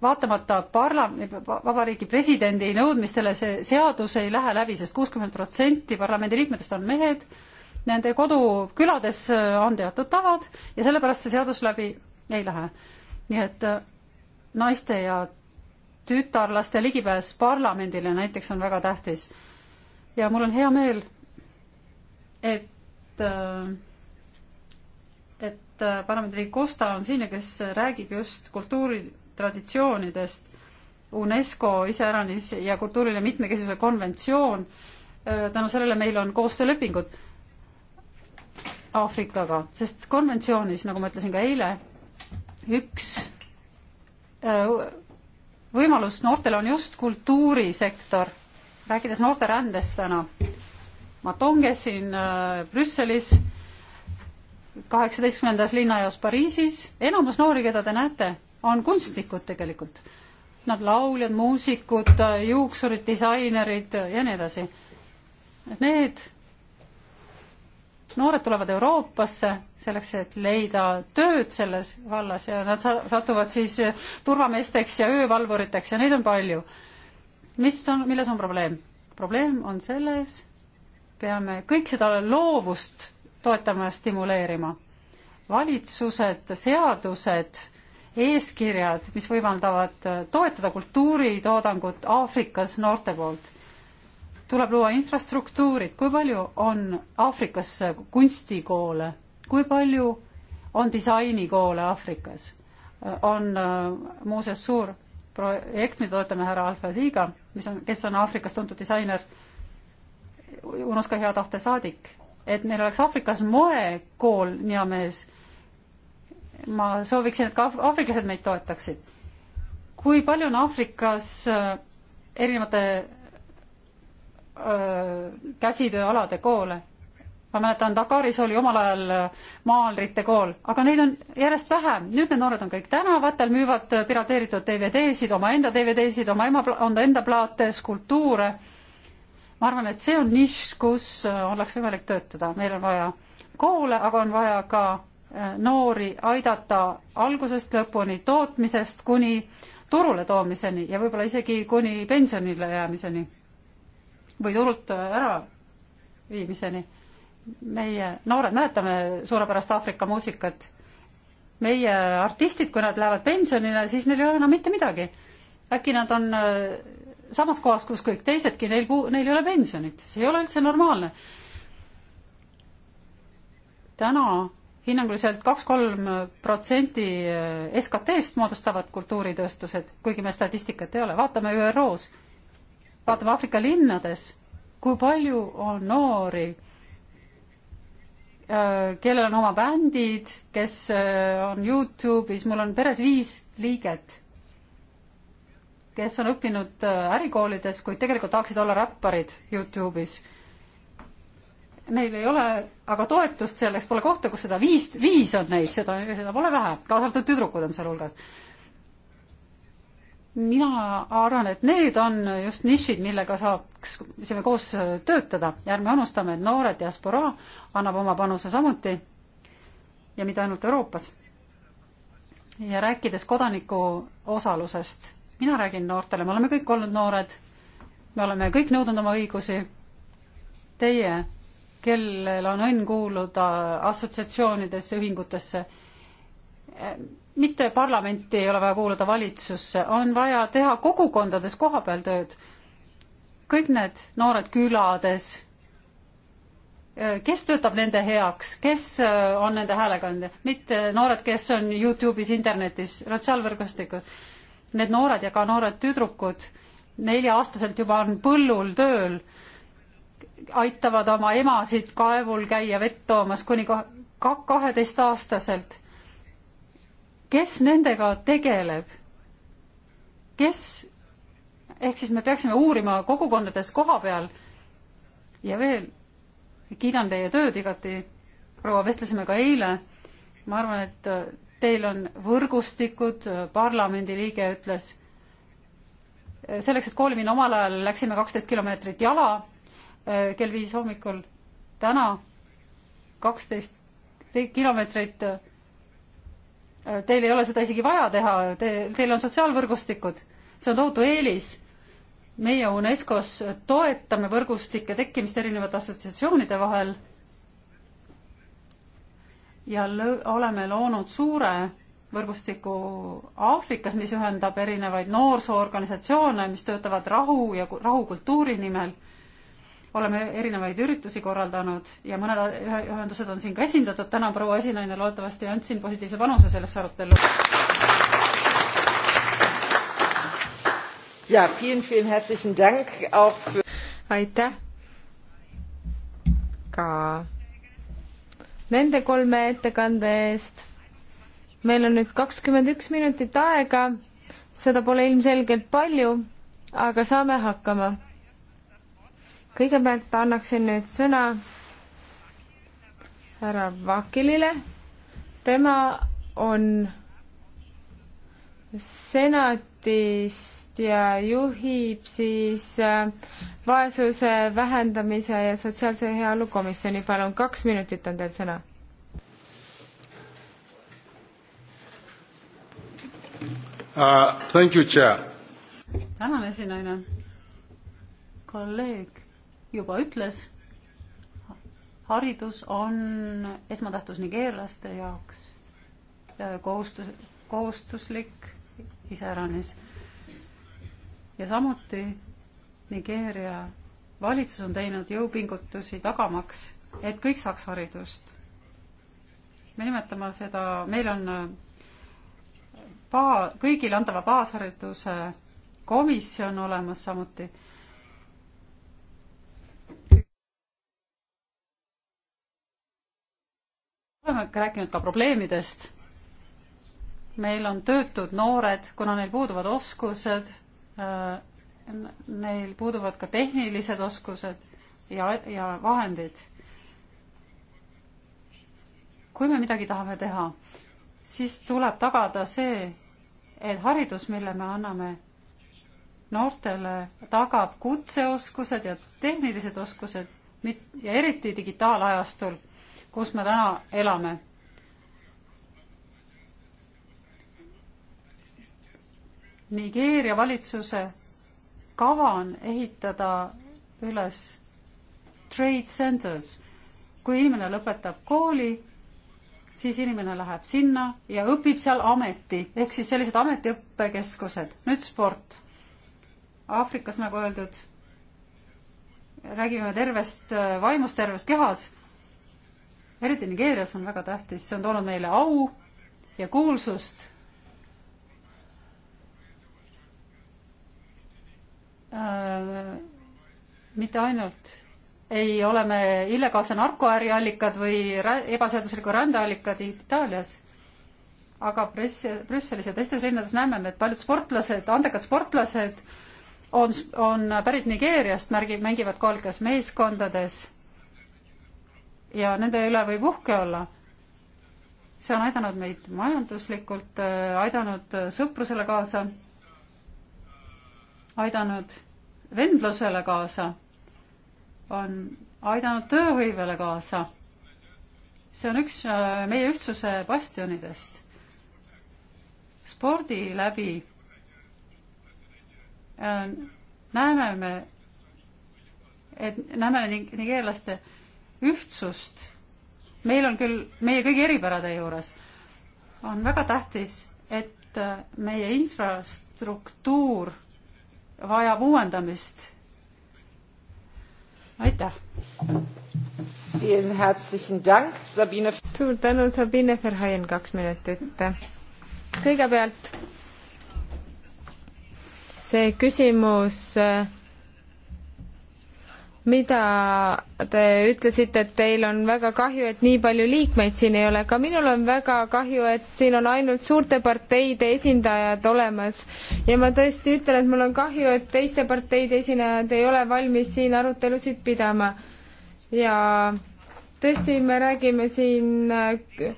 vaatamata parla-, vabariigi presidendi nõudmistele see seadus ei lähe läbi sest, sest kuuskümmend protsenti parlamendiliikmetest on mehed, nende kodukülades äh, on teatud tavad ja sellepärast see seadus läbi ei lähe. nii et naiste ja tütarlaste ligipääs parlamendile näiteks on väga tähtis. ja mul on hea meel, et, äh, et äh, parlamendiliige Kosta on siin ja kes räägib just kultuuritraditsioonidest UNESCO iseäranis ja kultuurile mitmekesisuse konventsioon, äh, tänu sellele meil on koostöölepingud Aafrikaga, sest konventsioonis, nagu ma ütlesin ka eile, üks võimalus noortele on just kultuurisektor. rääkides noorterändest täna, ma tongesin äh, Brüsselis, kaheksateistkümnendas linnajaos Pariisis, enamus noori, keda te näete, on kunstnikud tegelikult. Nad lauljad, muusikud, äh, juuksurid, disainerid ja nii edasi. Need noored tulevad Euroopasse selleks, et leida tööd selles vallas ja nad satuvad siis äh, turvameesteks ja öövalvuriteks ja neid on palju. mis on, milles on probleem? probleem on selles, peame kõik seda loovust toetama ja stimuleerima. valitsused, seadused, eeskirjad, mis võimaldavad äh, toetada kultuuritoodangut Aafrikas noorte poolt tuleb luua infrastruktuurid, kui palju on Aafrikas kunstikoole, kui palju on disainikoole Aafrikas, on äh, muuseas suur projekt, mida toetame härra Alfadiga, mis on, kes on Aafrikas tuntud disainer, UNESCO hea tahte saadik, et meil oleks Aafrikas moekool, Niamees. ma sooviksin, et ka aafriklased meid toetaksid. kui palju on Aafrikas äh, erinevate Äh, käsitööalade koole. ma mäletan, Dakaris oli omal ajal äh, maalrite kool, aga neid on järjest vähem. nüüd need noored on kõik tänavatel, müüvad äh, pirateeritud DVD-sid, omaenda DVD-sid, oma ema, enda plaate, skulptuure. ma arvan, et see on nišš, kus oleks võimalik töötada. meil on vaja koole, aga on vaja ka noori aidata algusest lõpuni, tootmisest kuni turule toomiseni ja võib-olla isegi kuni pensionile jäämiseni või turult äraviimiseni. meie noored mäletame suurepärast Aafrika muusikat. meie artistid, kui nad lähevad pensionile, siis neil ei ole enam mitte midagi. äkki nad on äh, samas kohas, kus kõik teisedki, neil puu-, neil ei ole pensionit, see ei ole üldse normaalne. täna hinnanguliselt kaks-kolm protsenti äh, SKT-st moodustavad kultuuritööstused, kuigi me statistikat ei ole, vaatame ÜRO-s vaatame Aafrika linnades, kui palju on noori, äh, kellel on oma bändid, kes äh, on Youtube'is, mul on peres viis liiget, kes on õppinud äh, ärikoolides, kuid tegelikult tahaksid olla räpparid Youtube'is neil ei ole aga toetust selleks, pole kohta, kus seda viis, viis on neid, seda, seda pole vähe, kaasa arvatud tüdrukud on sealhulgas mina arvan, et need on just nišid, millega saaks, saame koos töötada ja ärme unustame, et noore diasporaa annab oma panuse samuti ja mitte ainult Euroopas. ja rääkides kodaniku osalusest, mina räägin noortele, me oleme kõik olnud noored, me oleme kõik nõudnud oma õigusi. Teie, kellel on õnn kuuluda assotsiatsioonidesse, ühingutesse, mitte parlamenti ei ole vaja kuuluda valitsusse, on vaja teha kogukondades kohapeal tööd. kõik need noored külades, eh, kes töötab nende heaks, kes eh, on nende häälekandja, mitte noored, kes on Youtube'is, internetis, sotsiaalvõrgustikud. Need noored ja ka noored tüdrukud, nelja-aastaselt juba on põllul tööl, aitavad oma emasid kaevul käia vett toomas kuni kaheteistaastaselt kes nendega tegeleb? kes, ehk siis me peaksime uurima kogukondades koha peal ja veel, kiidan teie tööd igati, proua, vestlesime ka eile, ma arvan, et äh, teil on võrgustikud, äh, parlamendiliige ütles, äh, selleks, et kooli minna omal ajal, läksime kaksteist kilomeetrit jala kell viis hommikul, täna kaksteist kilomeetrit Teil ei ole seda isegi vaja teha, te, teil on sotsiaalvõrgustikud, see on tohutu eelis. meie UNESCO-s toetame võrgustike tekkimist erinevate assotsiatsioonide vahel ja lõ-, oleme loonud suure võrgustiku Aafrikas, mis ühendab erinevaid noorsoorganisatsioone, mis töötavad rahu ja rahukultuuri nimel oleme erinevaid üritusi korraldanud ja mõned ühendused on siin ka esindatud. tänan, proua esinaine, loodetavasti andsin positiivse panuse sellesse arutellu. ja, vielen, vielen herzlichen Dank auch für... aitäh ka nende kolme ettekande eest. meil on nüüd kakskümmend üks minutit aega, seda pole ilmselgelt palju, aga saame hakkama kõigepealt annaksin nüüd sõna härra Vakilile. tema on senatist ja juhib siis äh, vaesuse vähendamise ja sotsiaalse heaolu komisjoni. palun, kaks minutit on teil sõna. Uh, thank you, Chair. tänan, esinaine. kolleeg juba ütles, haridus on esmatähtus nigeerlaste jaoks äh, kohustus, kohustuslik iseäranis. ja samuti Nigeeria valitsus on teinud jõupingutusi tagamaks, et kõik saaks haridust. me nimetame seda, meil on baa-, äh, kõigile antava baashariduse komisjon olemas samuti oleme rääkinud ka probleemidest. meil on töötud noored, kuna neil puuduvad oskused, äh, neil puuduvad ka tehnilised oskused ja, ja vahendid. kui me midagi tahame teha, siis tuleb tagada see, et haridus, mille me anname noortele, tagab kutseoskused ja tehnilised oskused, mit-, ja eriti digitaalajastul kus me täna elame. Nigeeria valitsuse kava on ehitada üles trade centers. kui inimene lõpetab kooli, siis inimene läheb sinna ja õpib seal ameti, ehk siis sellised ametiõppekeskused. nüüd sport. Aafrikas, nagu öeldud, räägime tervest vaimust, tervest kehas eriti Nigeerias on väga tähtis, see on toonud meile au ja kuulsust. Äh, mitte ainult ei ole me illegaalse narkoäri allikad või ebaseadusliku rändeallikad Itaalias, aga Brüssel, Brüsselis ja teistes linnades näeme me, et paljud sportlased, andekad sportlased on, on pärit Nigeeriast, märgi, mängivad kohalikes meeskondades ja nende üle võib uhke olla. see on aidanud meid majanduslikult, äh, aidanud äh, sõprusele kaasa, aidanud vendlusele kaasa, on aidanud tööhõivele kaasa. see on üks äh, meie ühtsuse bastionidest. spordi läbi näeme me, et näeme nigeerlaste nii ühtsust, meil on küll meie kõigi eripärade juures, on väga tähtis, et äh, meie infrastruktuur vajab uuendamist. aitäh! suur tänu, Sabine Verhaien, kaks minutit. kõigepealt see küsimus äh, mida te ütlesite, et teil on väga kahju, et nii palju liikmeid siin ei ole, ka minul on väga kahju, et siin on ainult suurte parteide esindajad olemas ja ma tõesti ütlen, et mul on kahju, et teiste parteide esinejad ei ole valmis siin arutelusid pidama. ja tõesti, me räägime siin äh,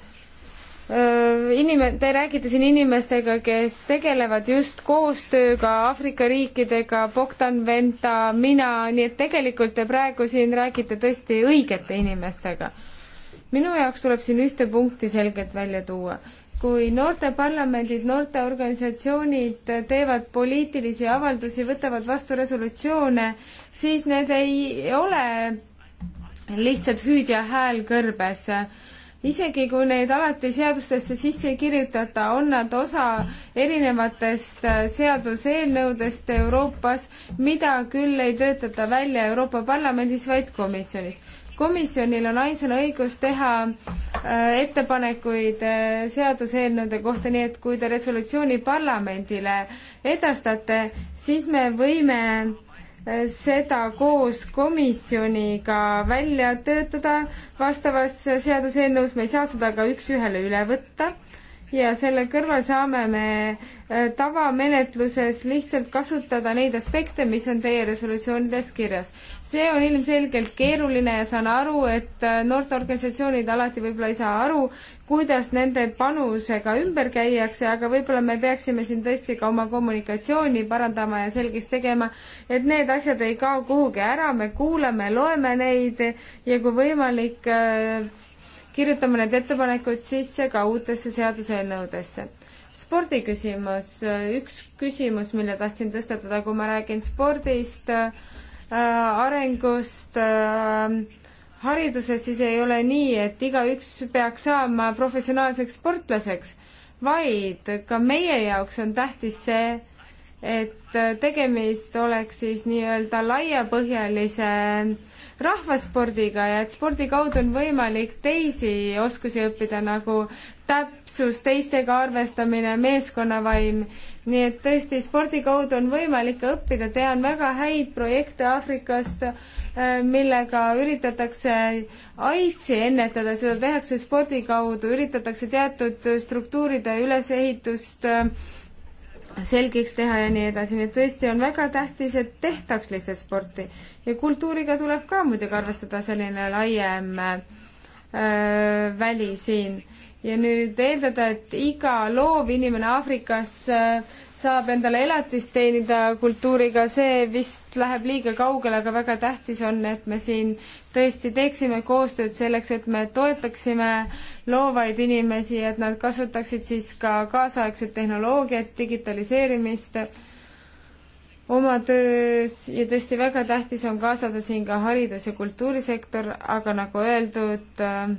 inim-, te räägite siin inimestega, kes tegelevad just koostööga Aafrika riikidega, Bogdan Venta, mina, nii et tegelikult te praegu siin räägite tõesti õigete inimestega. minu jaoks tuleb siin ühte punkti selgelt välja tuua. kui noorteparlamendid, noorteorganisatsioonid teevad poliitilisi avaldusi, võtavad vastu resolutsioone, siis need ei ole lihtsalt hüüdja hääl kõrbes isegi kui neid alati seadustesse sisse ei kirjutata, on nad osa erinevatest äh, seaduseelnõudest Euroopas, mida küll ei töötata välja Euroopa Parlamendis, vaid komisjonis. komisjonil on ainsana õigus teha äh, ettepanekuid äh, seaduseelnõude kohta, nii et kui te resolutsiooni parlamendile edastate, siis me võime seda koos komisjoniga välja töötada vastavas seaduseelnõus, me ei saa seda ka üks-ühele üle võtta ja selle kõrval saame me äh, tavamenetluses lihtsalt kasutada neid aspekte, mis on teie resolutsioonides kirjas see on ilmselgelt keeruline ja saan aru, et äh, noorteorganisatsioonid alati võib-olla ei saa aru, kuidas nende panusega ümber käiakse, aga võib-olla me peaksime siin tõesti ka oma kommunikatsiooni parandama ja selgeks tegema, et need asjad ei kao kuhugi ära, me kuulame, loeme neid ja kui võimalik, äh, kirjutame need ettepanekud sisse ka uutesse seaduseelnõudesse spordiküsimus, äh, üks küsimus, mille tahtsin tõstatada, kui ma räägin spordist äh,, Äh, arengust äh, hariduses, siis ei ole nii, et igaüks peaks saama professionaalseks sportlaseks, vaid ka meie jaoks on tähtis see, et tegemist oleks siis nii-öelda laiapõhjalise rahvaspordiga ja et spordi kaudu on võimalik teisi oskusi õppida nagu täpsus, teistega arvestamine, meeskonnavaim. nii et tõesti spordi kaudu on võimalik õppida, tean väga häid projekte Aafrikast, äh, millega üritatakse AIDSi ennetada, seda tehakse spordi kaudu, üritatakse teatud struktuuride ülesehitust äh, selgeks teha ja nii edasi, nii et tõesti on väga tähtis, et tehtaks lihtsalt sporti. ja kultuuriga tuleb ka muidugi arvestada selline laiem äh, väli siin ja nüüd eeldada, et iga loovinimene Aafrikas äh, saab endale elatist teenida kultuuriga, see vist läheb liiga kaugele, aga väga tähtis on, et me siin tõesti teeksime koostööd selleks, et me toetaksime loovaid inimesi, et nad kasutaksid siis ka kaasaegset tehnoloogiat, digitaliseerimist oma töös ja tõesti väga tähtis on kaasada siin ka haridus- ja kultuurisektor, aga nagu öeldud äh,,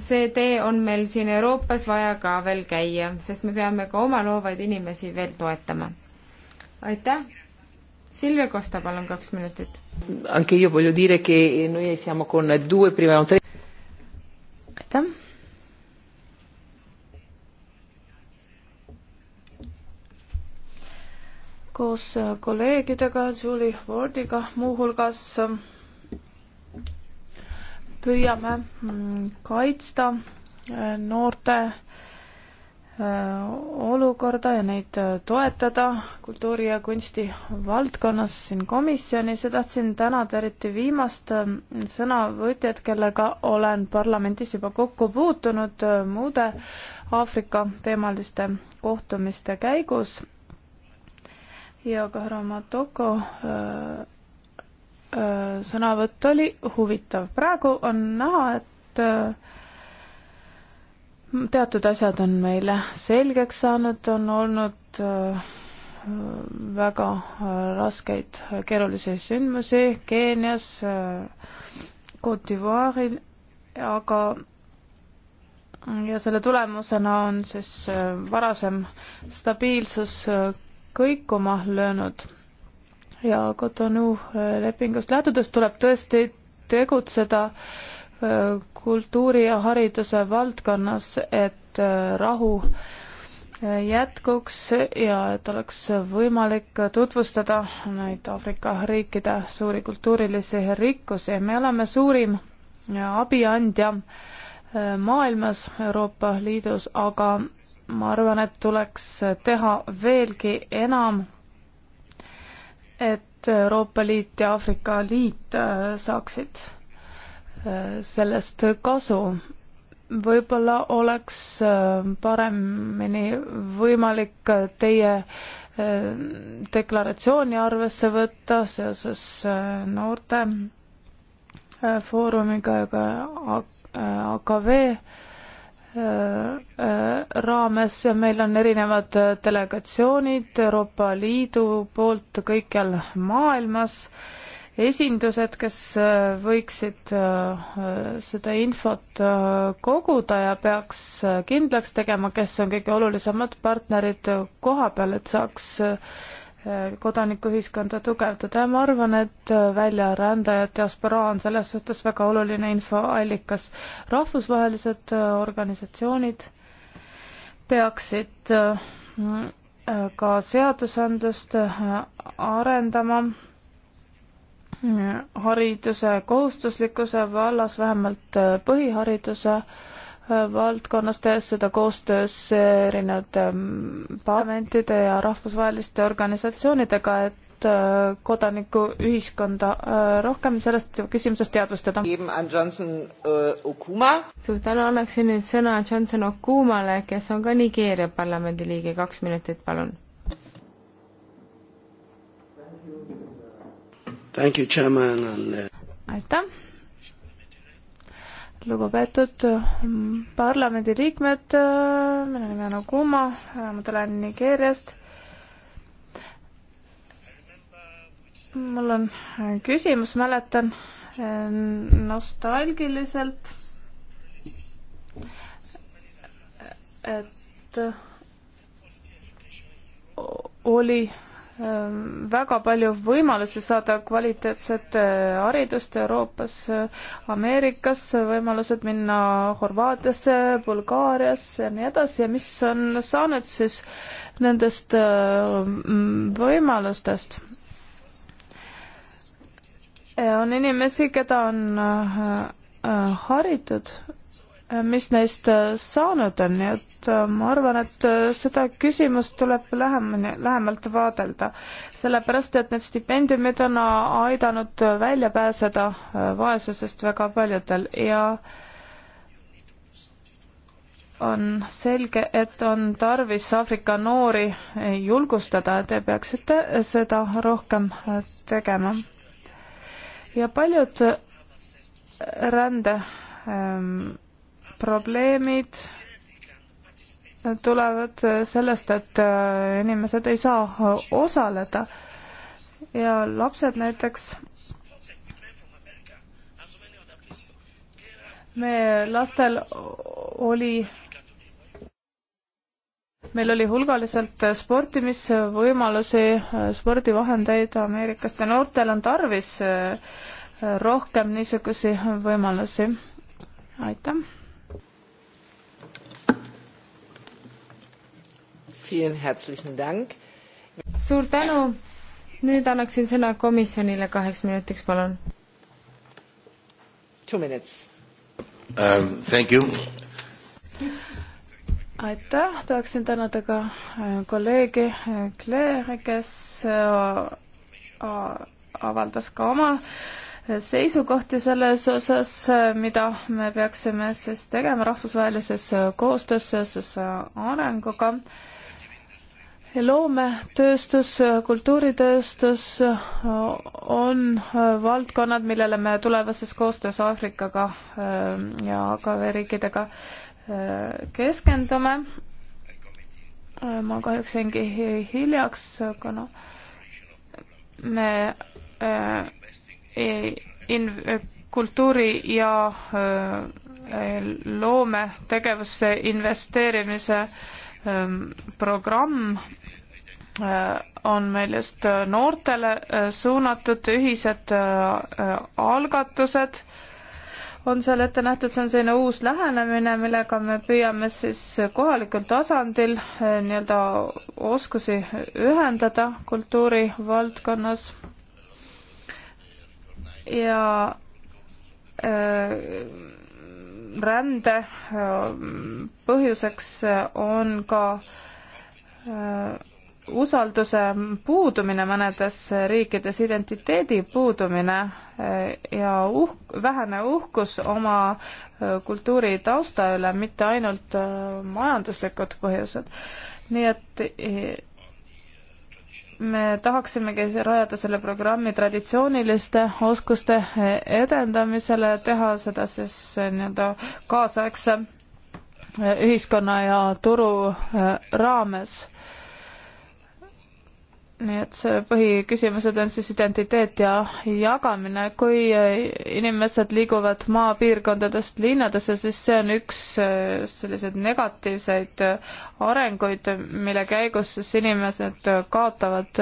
see tee on meil siin Euroopas vaja ka veel käia, sest me peame ka oma loovaid inimesi veel toetama. aitäh! Silvia Costa, palun kaks minutit. Anche io voglio dire che noi siamo con due, prima erano tre. aitäh! koos kolleegidega, Julie Wardiga muuhulgas püüame mm, kaitsta äh, noorte äh, olukorda ja neid äh, toetada kultuuri ja kunsti valdkonnas siin komisjonis ja tahtsin tänada eriti viimast sõnavõtjat, kellega olen parlamendis juba kokku puutunud muude Aafrika teemaliste kohtumiste käigus ja ka härra Matoko Äh, sõnavõtt oli huvitav. praegu on näha, et äh, teatud asjad on meile selgeks saanud, on olnud äh, väga raskeid keerulisi sündmusi Keenias, Cote d'Ivoire'il, aga ja selle tulemusena on siis varasem stabiilsus kõikuma löönud ja Cotonou äh, lepingust lähtudes tuleb tõesti tegutseda äh, kultuuri ja hariduse valdkonnas, et äh, rahu jätkuks ja et oleks võimalik tutvustada neid Aafrika riikide suuri kultuurilisi rikkusi. me oleme suurim abiandja maailmas, Euroopa Liidus, aga ma arvan, et tuleks teha veelgi enam et Euroopa Liit ja Aafrika Liit äh, saaksid äh, sellest kasu. võib-olla oleks äh, paremini võimalik teie deklaratsiooni arvesse võtta seoses noorte foorumiga ja ka AKV Äh, äh, raames ja meil on erinevad äh, delegatsioonid Euroopa Liidu poolt kõikjal maailmas, esindused, kes võiksid seda infot koguda ja peaks kindlaks tegema, kes on kõige olulisemad partnerid koha peal, et saaks kodanikuühiskonda tugevdada ja ma arvan, et väljarändajad, diasporaa on selles suhtes väga oluline infoallikas. rahvusvahelised organisatsioonid peaksid äh, ka seadusandlust äh, arendama äh, hariduse kohustuslikkuse vallas, vähemalt põhihariduse äh, valdkonnas, tehes seda koostöös erinevate ähm, parlamentide ja rahvusvaheliste organisatsioonidega, et äh, kodanikuühiskonda äh, rohkem sellest küsimusest teadvustada. Äh, suur tänu, annaksin nüüd sõna Johnson Okumale, kes on ka Nigeeria parlamendi liige, kaks minutit, palun. Uh, aitäh lugupeetud mm, parlamendiliikmed, mm, mina olen Anu Kuuma, ma tulen Nigeeriast. mul on äh, küsimus, mäletan äh, nostalgiliselt, et äh, oli Ehm, väga palju võimalusi saada kvaliteetset äh, haridust Euroopas, äh, Ameerikas, võimalused minna Horvaatiasse, Bulgaariasse ja nii edasi ja mis on saanud siis nendest äh, võimalustest? on inimesi, keda on haritud Äh, mis neist äh, saanud on, nii et äh, ma arvan, et seda küsimust tuleb lähemini, lähemalt vaadelda. sellepärast, et need stipendiumid on aidanud välja pääseda vaesusest väga paljudel ja on selge, et on tarvis Aafrika noori julgustada, te peaksite seda rohkem tegema. ja paljud rände ähm, probleemid tulevad sellest, et äh, inimesed ei saa äh, osaleda ja lapsed näiteks meie lastel oli, meil oli hulgaliselt sportimisvõimalusi, äh, spordivahendeid Ameerikast ja noortel on tarvis rohkem niisugusi võimalusi. aitäh! suur tänu, nüüd annaksin sõna komisjonile kaheks minutiks, palun. Two minutes um,. Thank you aitäh, tahaksin tänada ka äh, kolleegi äh, Claire, kes äh, avaldas ka oma seisukohti selles osas, mida me peaksime siis tegema rahvusvahelises koostöös seoses arenguga loometööstus, kultuuritööstus äh, on äh, valdkonnad, millele me tulevases koostöös Aafrikaga äh, ja AKV riikidega keskendume. ma kahjuks jäingi hiljaks, aga noh, me in-, kultuuri ja loometegevusse investeerimise äh, Ehm, programm äh, on meil just äh, noortele äh, suunatud ühised algatused, on seal ette nähtud, see on selline uus lähenemine, millega me püüame siis kohalikul tasandil nii-öelda oskusi ühendada kultuurivaldkonnas. ja öö, rände äh, põhjuseks äh, on ka äh, usalduse puudumine mõnedes riikides, identiteedi puudumine ja uhk, vähene uhkus oma kultuuri tausta üle, mitte ainult majanduslikud põhjused. nii et me tahaksimegi rajada selle programmi traditsiooniliste oskuste edendamisele, teha seda siis eh, nii-öelda kaasaegse eh, ühiskonna ja turu eh, raames nii et see põhiküsimused on siis identiteet ja jagamine. kui äh, inimesed liiguvad maapiirkondadest linnadesse, siis see on üks äh, selliseid negatiivseid äh, arenguid, mille käigus siis inimesed kaotavad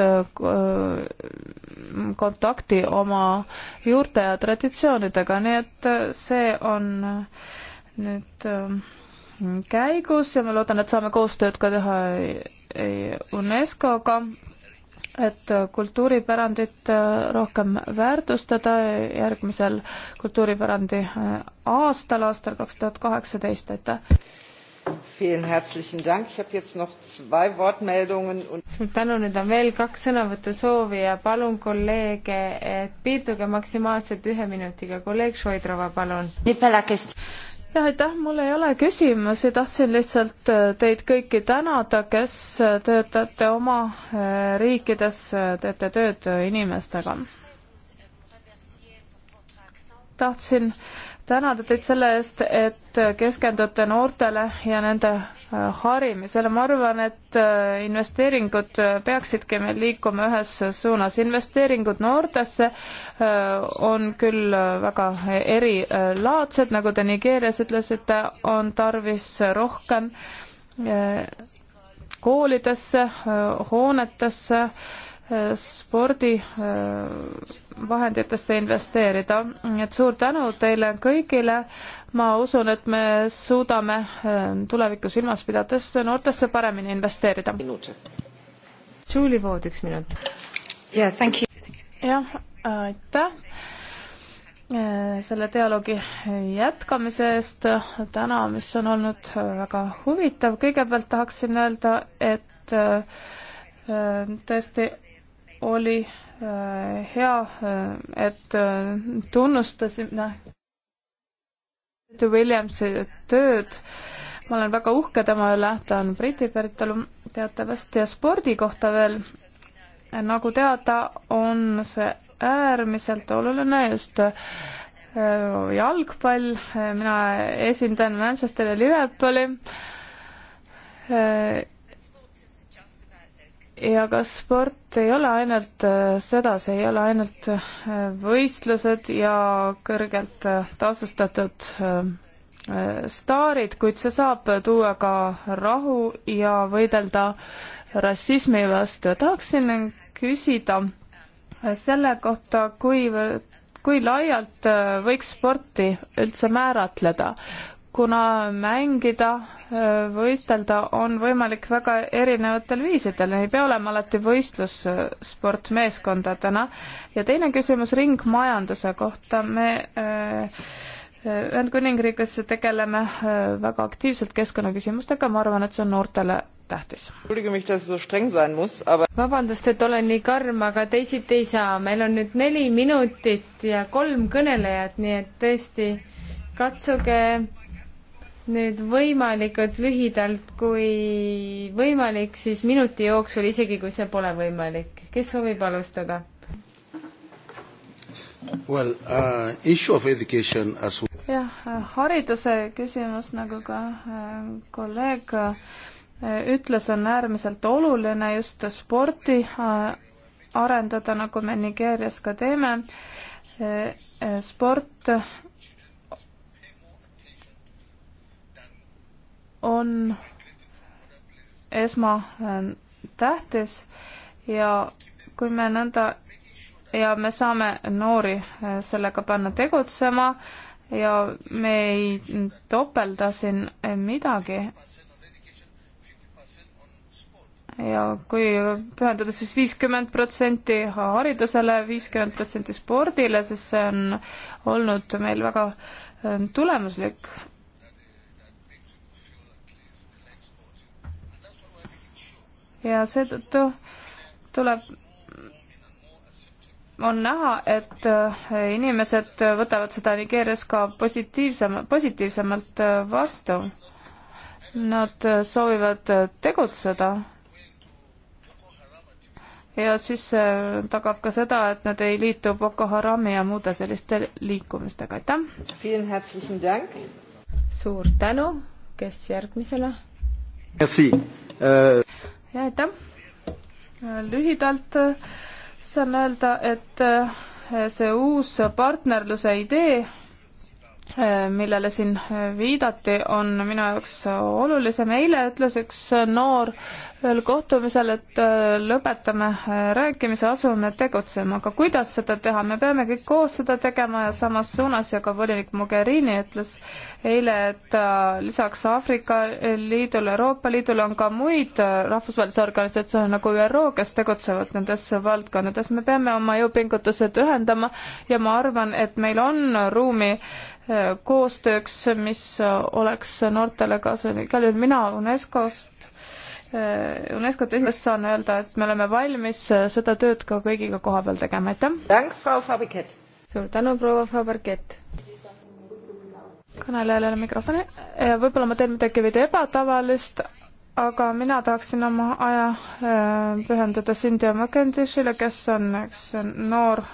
kontakti oma juurte ja traditsioonidega, nii et see on nüüd käigus ja ma loodan, et saame koostööd ka teha UNESCO-ga et kultuuripärandit äh, rohkem väärtustada järgmisel kultuuripärandi äh, aastal, aastal kaks tuhat kaheksateist, aitäh! suur tänu, nüüd on veel kaks sõnavõtusoovi ja palun kolleege, et piirduge maksimaalselt ühe minutiga. kolleeg Šoidrova, palun jah, aitäh, mul ei ole küsimusi, tahtsin lihtsalt äh, teid kõiki tänada, kes äh, töötate oma äh, riikides, teete tööd inimestega. tahtsin tänada teid selle eest, et keskendute noortele ja nende harimisele, ma arvan, et äh, investeeringud äh, peaksidki meil liikuma ühes suunas, investeeringud noortesse äh, on küll väga erilaadsed, nagu te Nigeerias ütlesite, on tarvis rohkem koolidesse, hoonetesse spordivahenditesse äh, investeerida. nii et suur tänu teile kõigile. ma usun, et me suudame äh, tulevikku silmas pidades noortesse paremini investeerida. Julie Vood, üks minut. jah, aitäh äh, selle dialoogi jätkamise eest täna, mis on olnud väga huvitav. kõigepealt tahaksin öelda, et tõesti oli äh, hea, äh, et äh, tunnustasime noh, Williamsi tööd. ma olen väga uhke tema üle, ta on Briti päritolu teatavasti ja spordi kohta veel. nagu teada, on see äärmiselt oluline just jalgpall, mina esindan Manchesteri ja Liverpooli ja kas sport ei ole ainult äh, seda, see ei ole ainult äh, võistlused ja kõrgelt äh, tasustatud staarid, kuid see saab tuua ka rahu ja võidelda rassismi vastu ja tahaksin küsida selle kohta, kuivõrd, kui laialt võiks sporti üldse määratleda kuna mängida, äh, võistelda on võimalik väga erinevatel viisidel, ei pea olema alati võistlussport äh, meeskondadena. ja teine küsimus ringmajanduse kohta, me äh, Ühendkuningriigis tegeleme väga aktiivselt keskkonnaküsimustega, ma arvan, et see on noortele tähtis. vabandust, et olen nii karm, aga teisiti ei saa, meil on nüüd neli minutit ja kolm kõnelejat, nii et tõesti katsuge nüüd võimalikult lühidalt, kui võimalik, siis minuti jooksul, isegi kui see pole võimalik. kes soovib alustada? Well, uh, issue of education as well. jah, äh, hariduse küsimus, nagu ka äh, kolleeg äh, ütles, on äärmiselt oluline just sporti arendada, nagu me Nigeerias ka teeme. sport on esmatähtis äh, ja kui me nõnda ja me saame noori äh, sellega panna tegutsema ja me ei topelda siin äh, midagi. ja kui pühendada siis viiskümmend protsenti haridusele, viiskümmend protsenti spordile, siis see on olnud meil väga tulemuslik ja seetõttu tuleb on näha, et äh, inimesed võtavad seda Nigeerias ka positiivsem, positiivsemalt äh, vastu. Nad äh, soovivad tegutseda. ja siis see tagab ka seda, et nad ei liitu Boko Harami ja muude selliste liikumistega, aitäh! suur tänu, kes järgmisena? Merci uh...! ja aitäh. lühidalt saan öelda, et eh, see uus partnerluse idee, eh, millele siin viidati, on minu jaoks olulisem. eile ütles üks noor ühel kohtumisel, et äh, lõpetame äh, rääkimise, asume tegutsema, aga kuidas seda teha, me peame kõik koos seda tegema ja samas suunas ja ka volinik Mogherini ütles eile, et äh, lisaks Aafrika Liidule, Euroopa Liidule on ka muid rahvusvahelisi organisatsioone nagu ÜRO, kes tegutsevad nendes valdkondades, me peame oma jõupingutused ühendama ja ma arvan, et meil on ruumi koostööks, mis oleks noortele kasulik, igal juhul mina UNESCO-st Äh, UNESCO-t esimeses saan öelda, et me oleme valmis äh, seda tööd ka kõigiga koha peal tegema, aitäh! suur tänu, proua Faberget! kõnelejale ei ole mikrofoni, äh, võib-olla ma teen midagi veidi ebatavalist, aga mina tahaksin oma aja pühendada Cindy McIntishile, kes on üks noor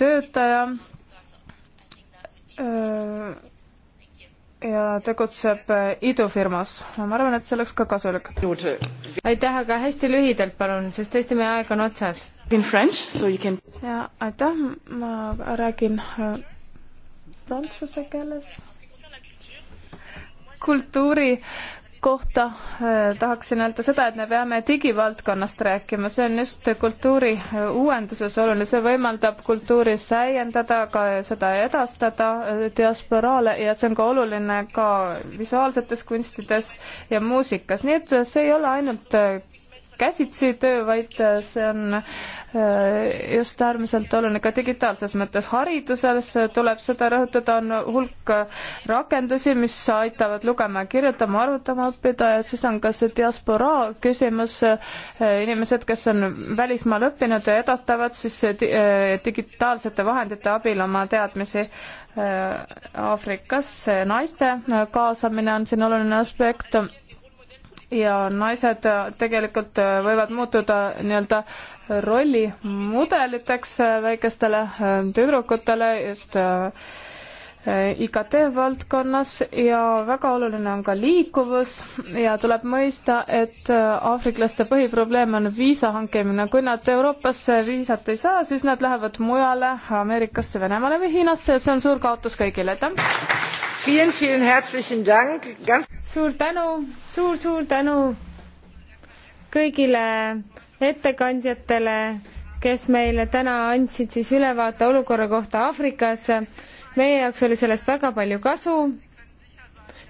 töötaja ja tegutseb idufirmas. ma arvan, et see oleks ka kasulik. aitäh, aga hästi lühidalt palun, sest tõesti meie aeg on otsas. In French, so you can ja aitäh, ma räägin äh, prantsuse keeles. kultuuri äh, kohta äh, tahaksin öelda seda, et me peame digivaldkonnast rääkima, see on just kultuuri äh, uuenduses oluline, see võimaldab kultuuri säiendada, ka seda edastada äh, diasporaale ja see on ka oluline ka visuaalsetes kunstides ja muusikas, nii et see ei ole ainult käsitsi töö, vaid äh, see on äh, just äärmiselt oluline ka digitaalses mõttes. hariduses tuleb seda rõhutada, on hulk rakendusi, mis aitavad lugema ja kirjutama, arvutama õppida ja siis on ka see diasporaa küsimus, äh, inimesed, kes on välismaal õppinud ja edastavad siis digitaalsete vahendite abil oma teadmisi Aafrikas. naiste kaasamine on siin oluline aspekt ja naised äh, tegelikult äh, võivad muutuda äh, nii-öelda rollimudeliteks väikestele tüdrukutele just IKT valdkonnas ja väga oluline on ka liikuvus ja tuleb mõista, et aafriklaste põhiprobleem on viisa hankimine. kui nad Euroopasse viisat ei saa, siis nad lähevad mujale, Ameerikasse, Venemaale või Hiinasse ja see on suur kaotus kõigile. aitäh! vielen, vielen herzlichen Dank. Ganz suur tänu suur,, suur-suur tänu kõigile ettekandjatele, kes meile täna andsid siis ülevaate olukorra kohta Aafrikas. meie jaoks oli sellest väga palju kasu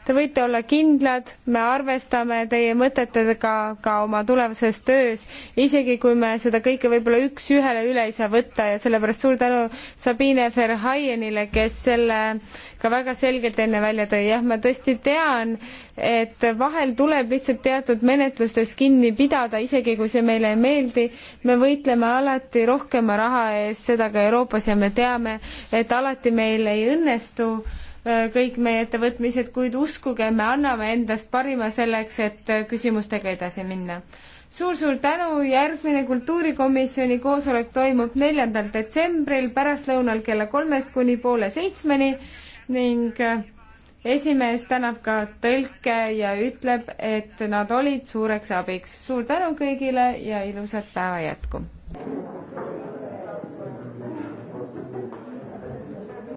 Te võite olla kindlad, me arvestame teie mõtetega ka oma tulevases töös, isegi kui me seda kõike võib-olla üks-ühele üle ei saa võtta ja sellepärast suur tänu Sabine Verhaienile, kes selle ka väga selgelt enne välja tõi. jah, ma tõesti tean, et vahel tuleb lihtsalt teatud menetlustest kinni pidada, isegi kui see meile ei meeldi. me võitleme alati rohkema raha eest, seda ka Euroopas ja me teame, et alati meil ei õnnestu Äh, kõik meie ettevõtmised, kuid uskuge, me anname endast parima selleks, et äh, küsimustega edasi minna suur,. suur-suur tänu, järgmine kultuurikomisjoni koosolek toimub neljandal detsembril pärastlõunal kella kolmest kuni poole seitsmeni ning äh, esimees tänab ka tõlke ja ütleb, et nad olid suureks abiks. suur tänu kõigile ja ilusat päeva jätku!